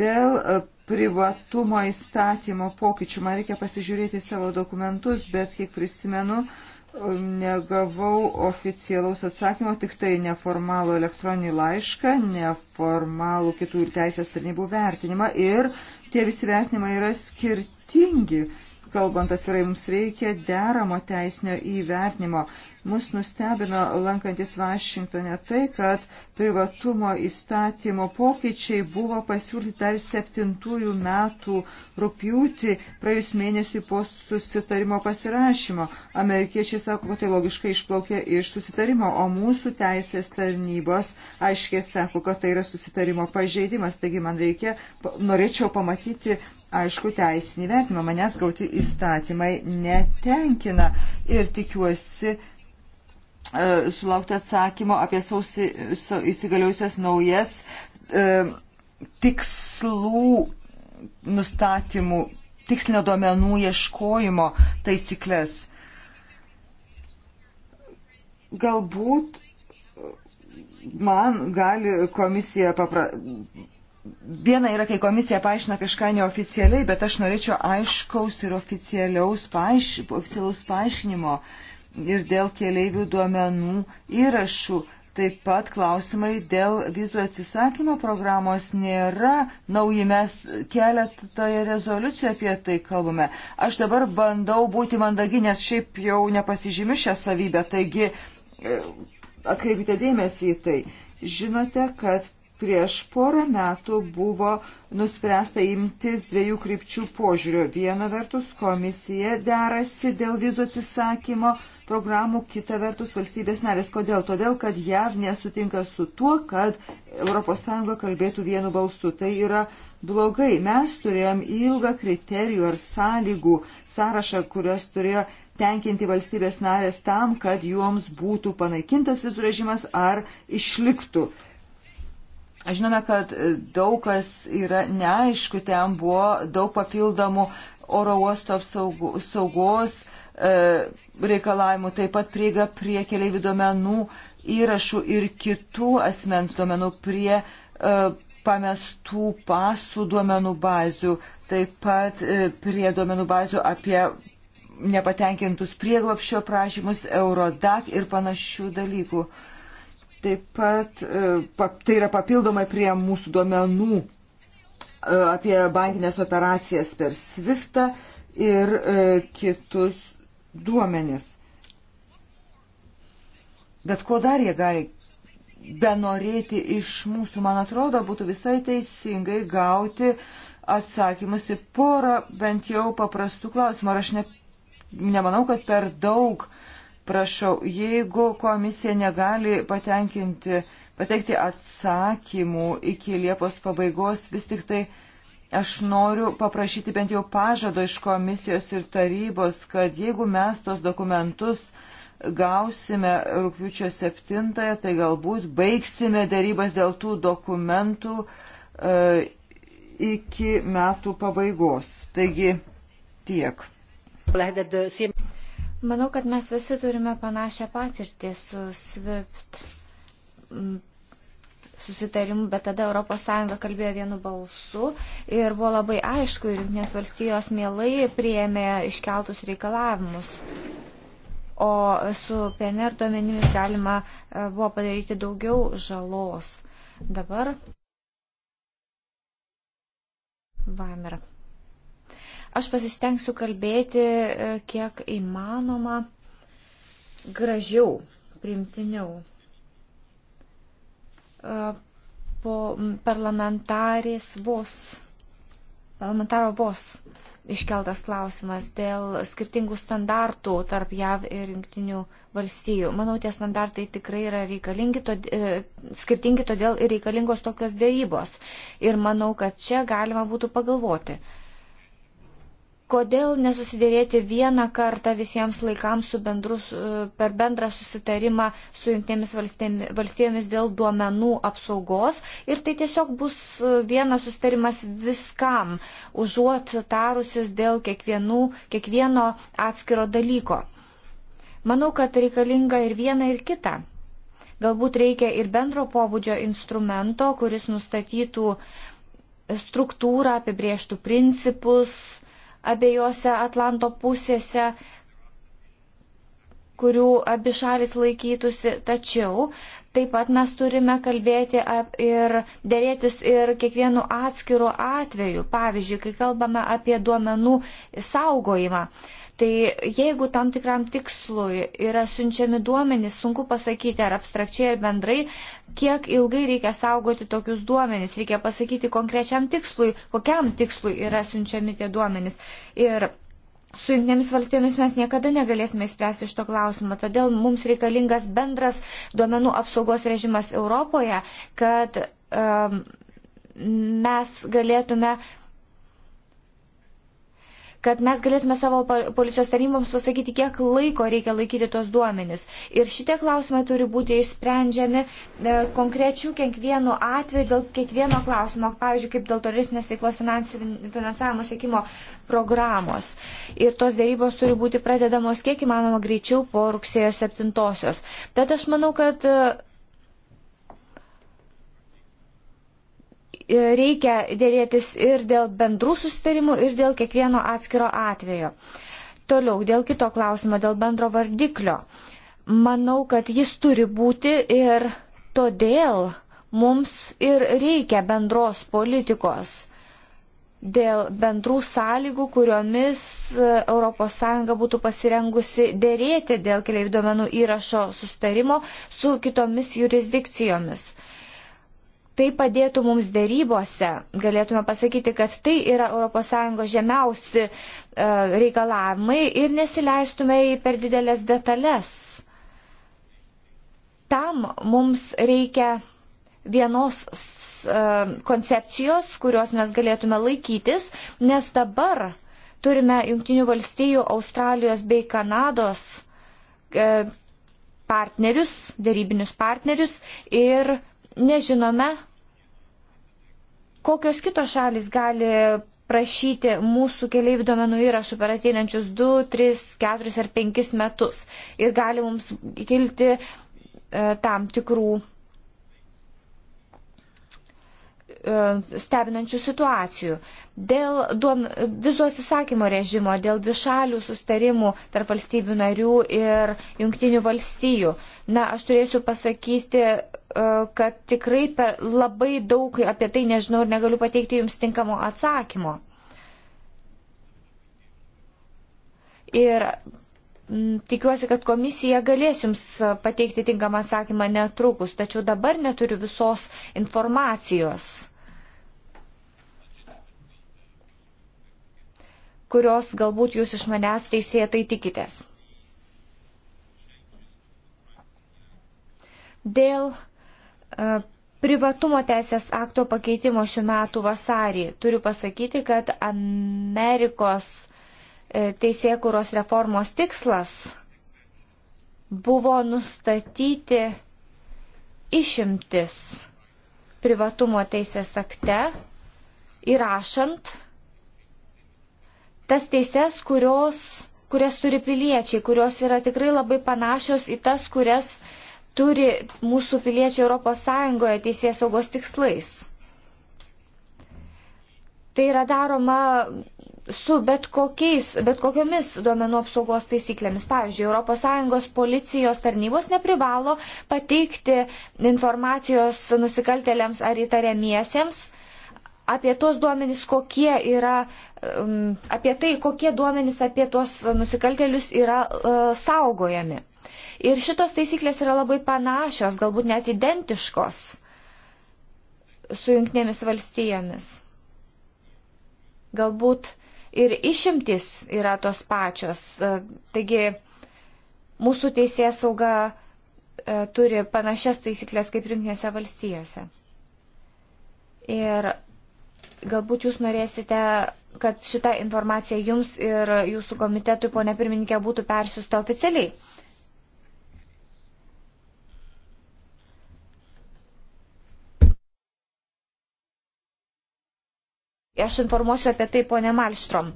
Dėl e, privatumo įstatymo pokyčių man reikia pasižiūrėti savo dokumentus, bet kiek prisimenu, negavau oficialaus atsakymo, tik tai neformalų elektroninį laišką, neformalų kitų teisės tarnybų vertinimą ir tie visi vertinimai yra skirtingi kalbant atvirai, mums reikia deramo teisinio įvertinimo. Mus nustebino lankantis Vašingtone tai, kad privatumo įstatymo pokyčiai buvo pasiūlyti dar septintųjų metų rūpjūti praėjus mėnesiui po susitarimo pasirašymo. Amerikiečiai sako, kad tai logiškai išplaukė iš susitarimo, o mūsų teisės tarnybos aiškiai sako, kad tai yra susitarimo pažeidimas. Taigi man reikia, norėčiau pamatyti aišku teisinį vertinimą. Manęs gauti įstatymai netenkina ir tikiuosi e, sulaukti atsakymo apie sausį įsigaliausias naujas e, tikslų nustatymų, tikslinio duomenų ieškojimo taisyklės. Galbūt man gali komisija papra viena yra, kai komisija paaiškina kažką neoficialiai, bet aš norėčiau aiškaus ir oficialiaus, paaiš, oficialaus paaiškinimo ir dėl keliaivių duomenų įrašų. Taip pat klausimai dėl vizų atsisakymo programos nėra nauji, mes keletoje rezoliucijoje apie tai kalbame. Aš dabar bandau būti mandagi, nes šiaip jau nepasižymiu šią savybę, taigi e, atkreipite dėmesį į tai. Žinote, kad Prieš porą metų buvo nuspręsta imtis dviejų krypčių požiūrio. Viena vertus komisija derasi dėl vizų atsisakymo programų, kita vertus valstybės narės. Kodėl? Todėl, kad JAV nesutinka su tuo, kad ES kalbėtų vienu balsu. Tai yra blogai. Mes turėjom ilgą kriterijų ar sąlygų sąrašą, kurios turėjo tenkinti valstybės narės tam, kad joms būtų panaikintas vizų režimas ar išliktų Žinome, kad e, daug kas yra neaišku, ten buvo daug papildomų oro uosto apsaugos saugos, e, reikalavimų, taip pat prieiga prie keliaivių duomenų, įrašų ir kitų asmens duomenų, prie e, pamestų pasų duomenų bazių, taip pat e, prie duomenų bazių apie nepatenkintus prieglopšio prašymus, Eurodak ir panašių dalykų. E, Taip pat e, tai yra papildomai prie mūsų duomenų e, apie bankinės operacijas per SWIFTą ir e, kitus duomenis. Bet ko dar jie gali benorėti iš mūsų, man atrodo, būtų visai teisingai gauti atsakymus į porą bent jau paprastų klausimų. Ar aš ne, nemanau, kad per daug uh, Prašau, jeigu komisija negali patenkinti, pateikti atsakymų iki Liepos pabaigos, vis tik tai aš noriu paprašyti bent jau pažado iš komisijos ir tarybos, kad jeigu mes tos dokumentus gausime rūpiučio 7, tai galbūt baigsime darybas dėl tų dokumentų e, iki metų pabaigos. Taigi tiek. Manau, kad mes visi turime panašią patirtį su SWIFT susitarimu, bet tada ES kalbėjo vienu balsu ir buvo labai aišku, ir Junktinės valstijos mielai prieėmė iškeltus reikalavimus. O su PNR duomenimis galima e, buvo padaryti daugiau žalos. Dabar. Vamir. Aš pasistengsiu kalbėti e, kiek įmanoma gražiau, primtiniau. E, po parlamentarės vos, parlamentaro vos iškeltas klausimas dėl skirtingų standartų tarp JAV ir jungtinių valstijų. Manau, tie standartai tikrai yra reikalingi, todėl, e, skirtingi, todėl ir reikalingos tokios dėrybos. Ir manau, kad čia galima būtų pagalvoti. Uh, Kodėl nesusidėrėti vieną kartą visiems laikams su bendrus, per bendrą susitarimą su jungtėmis valstybėmis dėl duomenų apsaugos ir tai tiesiog bus e, vienas susitarimas viskam, užuot tarusis dėl kiekvienų, kiekvieno atskiro dalyko. Manau, kad reikalinga ir viena, ir kita. Galbūt reikia ir bendro pobūdžio instrumento, kuris nustatytų struktūrą, apibrieštų principus, abiejose Atlanto pusėse, kurių abi šalis laikytųsi. Tačiau taip pat mes turime kalbėti ir dėrėtis ir kiekvienu atskiru atveju. Pavyzdžiui, kai kalbame apie duomenų saugojimą. Tai jeigu tam tikram tikslui yra siunčiami duomenys, sunku pasakyti ar abstrakčiai ar bendrai, kiek ilgai reikia saugoti tokius duomenys, reikia pasakyti konkrečiam tikslui, kokiam tikslui yra siunčiami tie duomenys. Ir su jungtinėmis valstybėmis mes niekada negalėsime išspręsti šito klausimo. Todėl mums reikalingas bendras duomenų apsaugos režimas Europoje, kad um, mes galėtume kad mes galėtume savo policijos tarnyboms pasakyti, kiek laiko reikia laikyti tos duomenys. Ir šitie klausimai turi būti išsprendžiami e, konkrečių kiekvienų atveju dėl kiekvieno klausimo, pavyzdžiui, kaip dėl turistinės veiklos finansavimo sėkimo programos. Ir tos dėrybos turi būti pradedamos kiek įmanoma greičiau po rugsėjo 7-osios. Tad aš manau, kad e, E, reikia dėrėtis ir dėl bendrų susitarimų, ir dėl kiekvieno atskiro atvejo. Toliau, dėl kito klausimo, dėl bendro vardiklio. Manau, kad jis turi būti ir todėl mums ir reikia bendros politikos dėl bendrų sąlygų, kuriomis ES būtų pasirengusi dėrėti dėl keliaivių duomenų įrašo sustarimo su kitomis jurisdikcijomis tai padėtų mums dėrybose. Galėtume pasakyti, kad tai yra ES žemiausi e, reikalavimai ir nesileistume į per didelės detalės. Tam mums reikia vienos e, koncepcijos, kurios mes galėtume laikytis, nes dabar turime Junktinių valstijų, Australijos bei Kanados e, partnerius, dėrybinius partnerius ir nežinome, Kokios kitos šalis gali prašyti mūsų keliaivių duomenų įrašų per ateinančius 2, 3, 4 ar 5 metus ir gali mums kilti e, tam tikrų e, stebinančių situacijų. Dėl duom, vizų atsisakymo režimo, dėl dvišalių sustarimų tarp valstybių narių ir jungtinių valstijų. Na, aš turėsiu pasakyti, E, kad tikrai per labai daug apie tai nežinau ir negaliu pateikti jums tinkamo atsakymo. Ir tikiuosi, kad komisija galės jums pateikti tinkamą atsakymą netrukus, tačiau dabar neturiu visos informacijos, kurios galbūt jūs iš manęs teisėtai tikitės. Dėl E, privatumo teisės akto pakeitimo šių metų vasarį. Turiu pasakyti, kad Amerikos e, teisėkūros reformos tikslas buvo nustatyti išimtis privatumo teisės akte, įrašant tas teises, kurios, kurias turi piliečiai, kurios yra tikrai labai panašios į tas, kurias uh, turi mūsų piliečiai ES teisės saugos tikslais. Tai yra daroma su bet, kokiais, bet kokiomis duomenų apsaugos taisyklėmis. Pavyzdžiui, ES policijos tarnybos neprivalo pateikti informacijos nusikaltelėms ar įtariamiesiems apie tos duomenys, kokie yra, um, apie tai, kokie duomenys apie tuos nusikaltelius yra uh, saugojami. Ir šitos taisyklės yra labai panašios, galbūt net identiškos su jungtinėmis valstijomis. Galbūt ir išimtis yra tos pačios. E, taigi mūsų teisės sauga e, turi panašias taisyklės kaip jungtinėse valstijose. Ir galbūt jūs norėsite, kad šita informacija jums ir jūsų komitetui, ponė pirmininkė, būtų persiusta oficialiai. Aš informuosiu apie tai ponę Malstrom.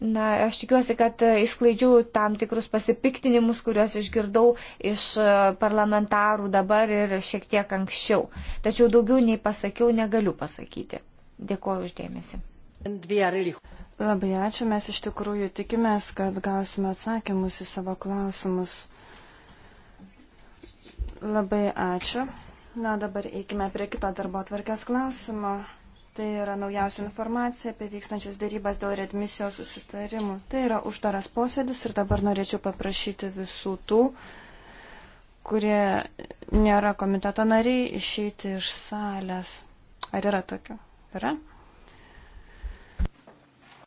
Na, aš tikiuosi, kad išsklaidžiau tam tikrus pasipiktinimus, kuriuos išgirdau iš e, parlamentarų dabar ir šiek tiek anksčiau. Tačiau daugiau nei pasakiau, negaliu pasakyti. Dėkuoju uždėmesi. Labai ačiū, mes iš tikrųjų tikimės, kad gausime atsakymus į savo klausimus. Labai ačiū. Na, dabar eikime prie kito darbo atvarkės klausimo. Tai yra naujausia informacija apie vykstančias dėrybas dėl redmisijos susitarimų. Tai yra uždaras posėdis ir dabar norėčiau paprašyti visų tų, kurie nėra komiteto nariai, išeiti iš salės. Ar yra tokių? Yra?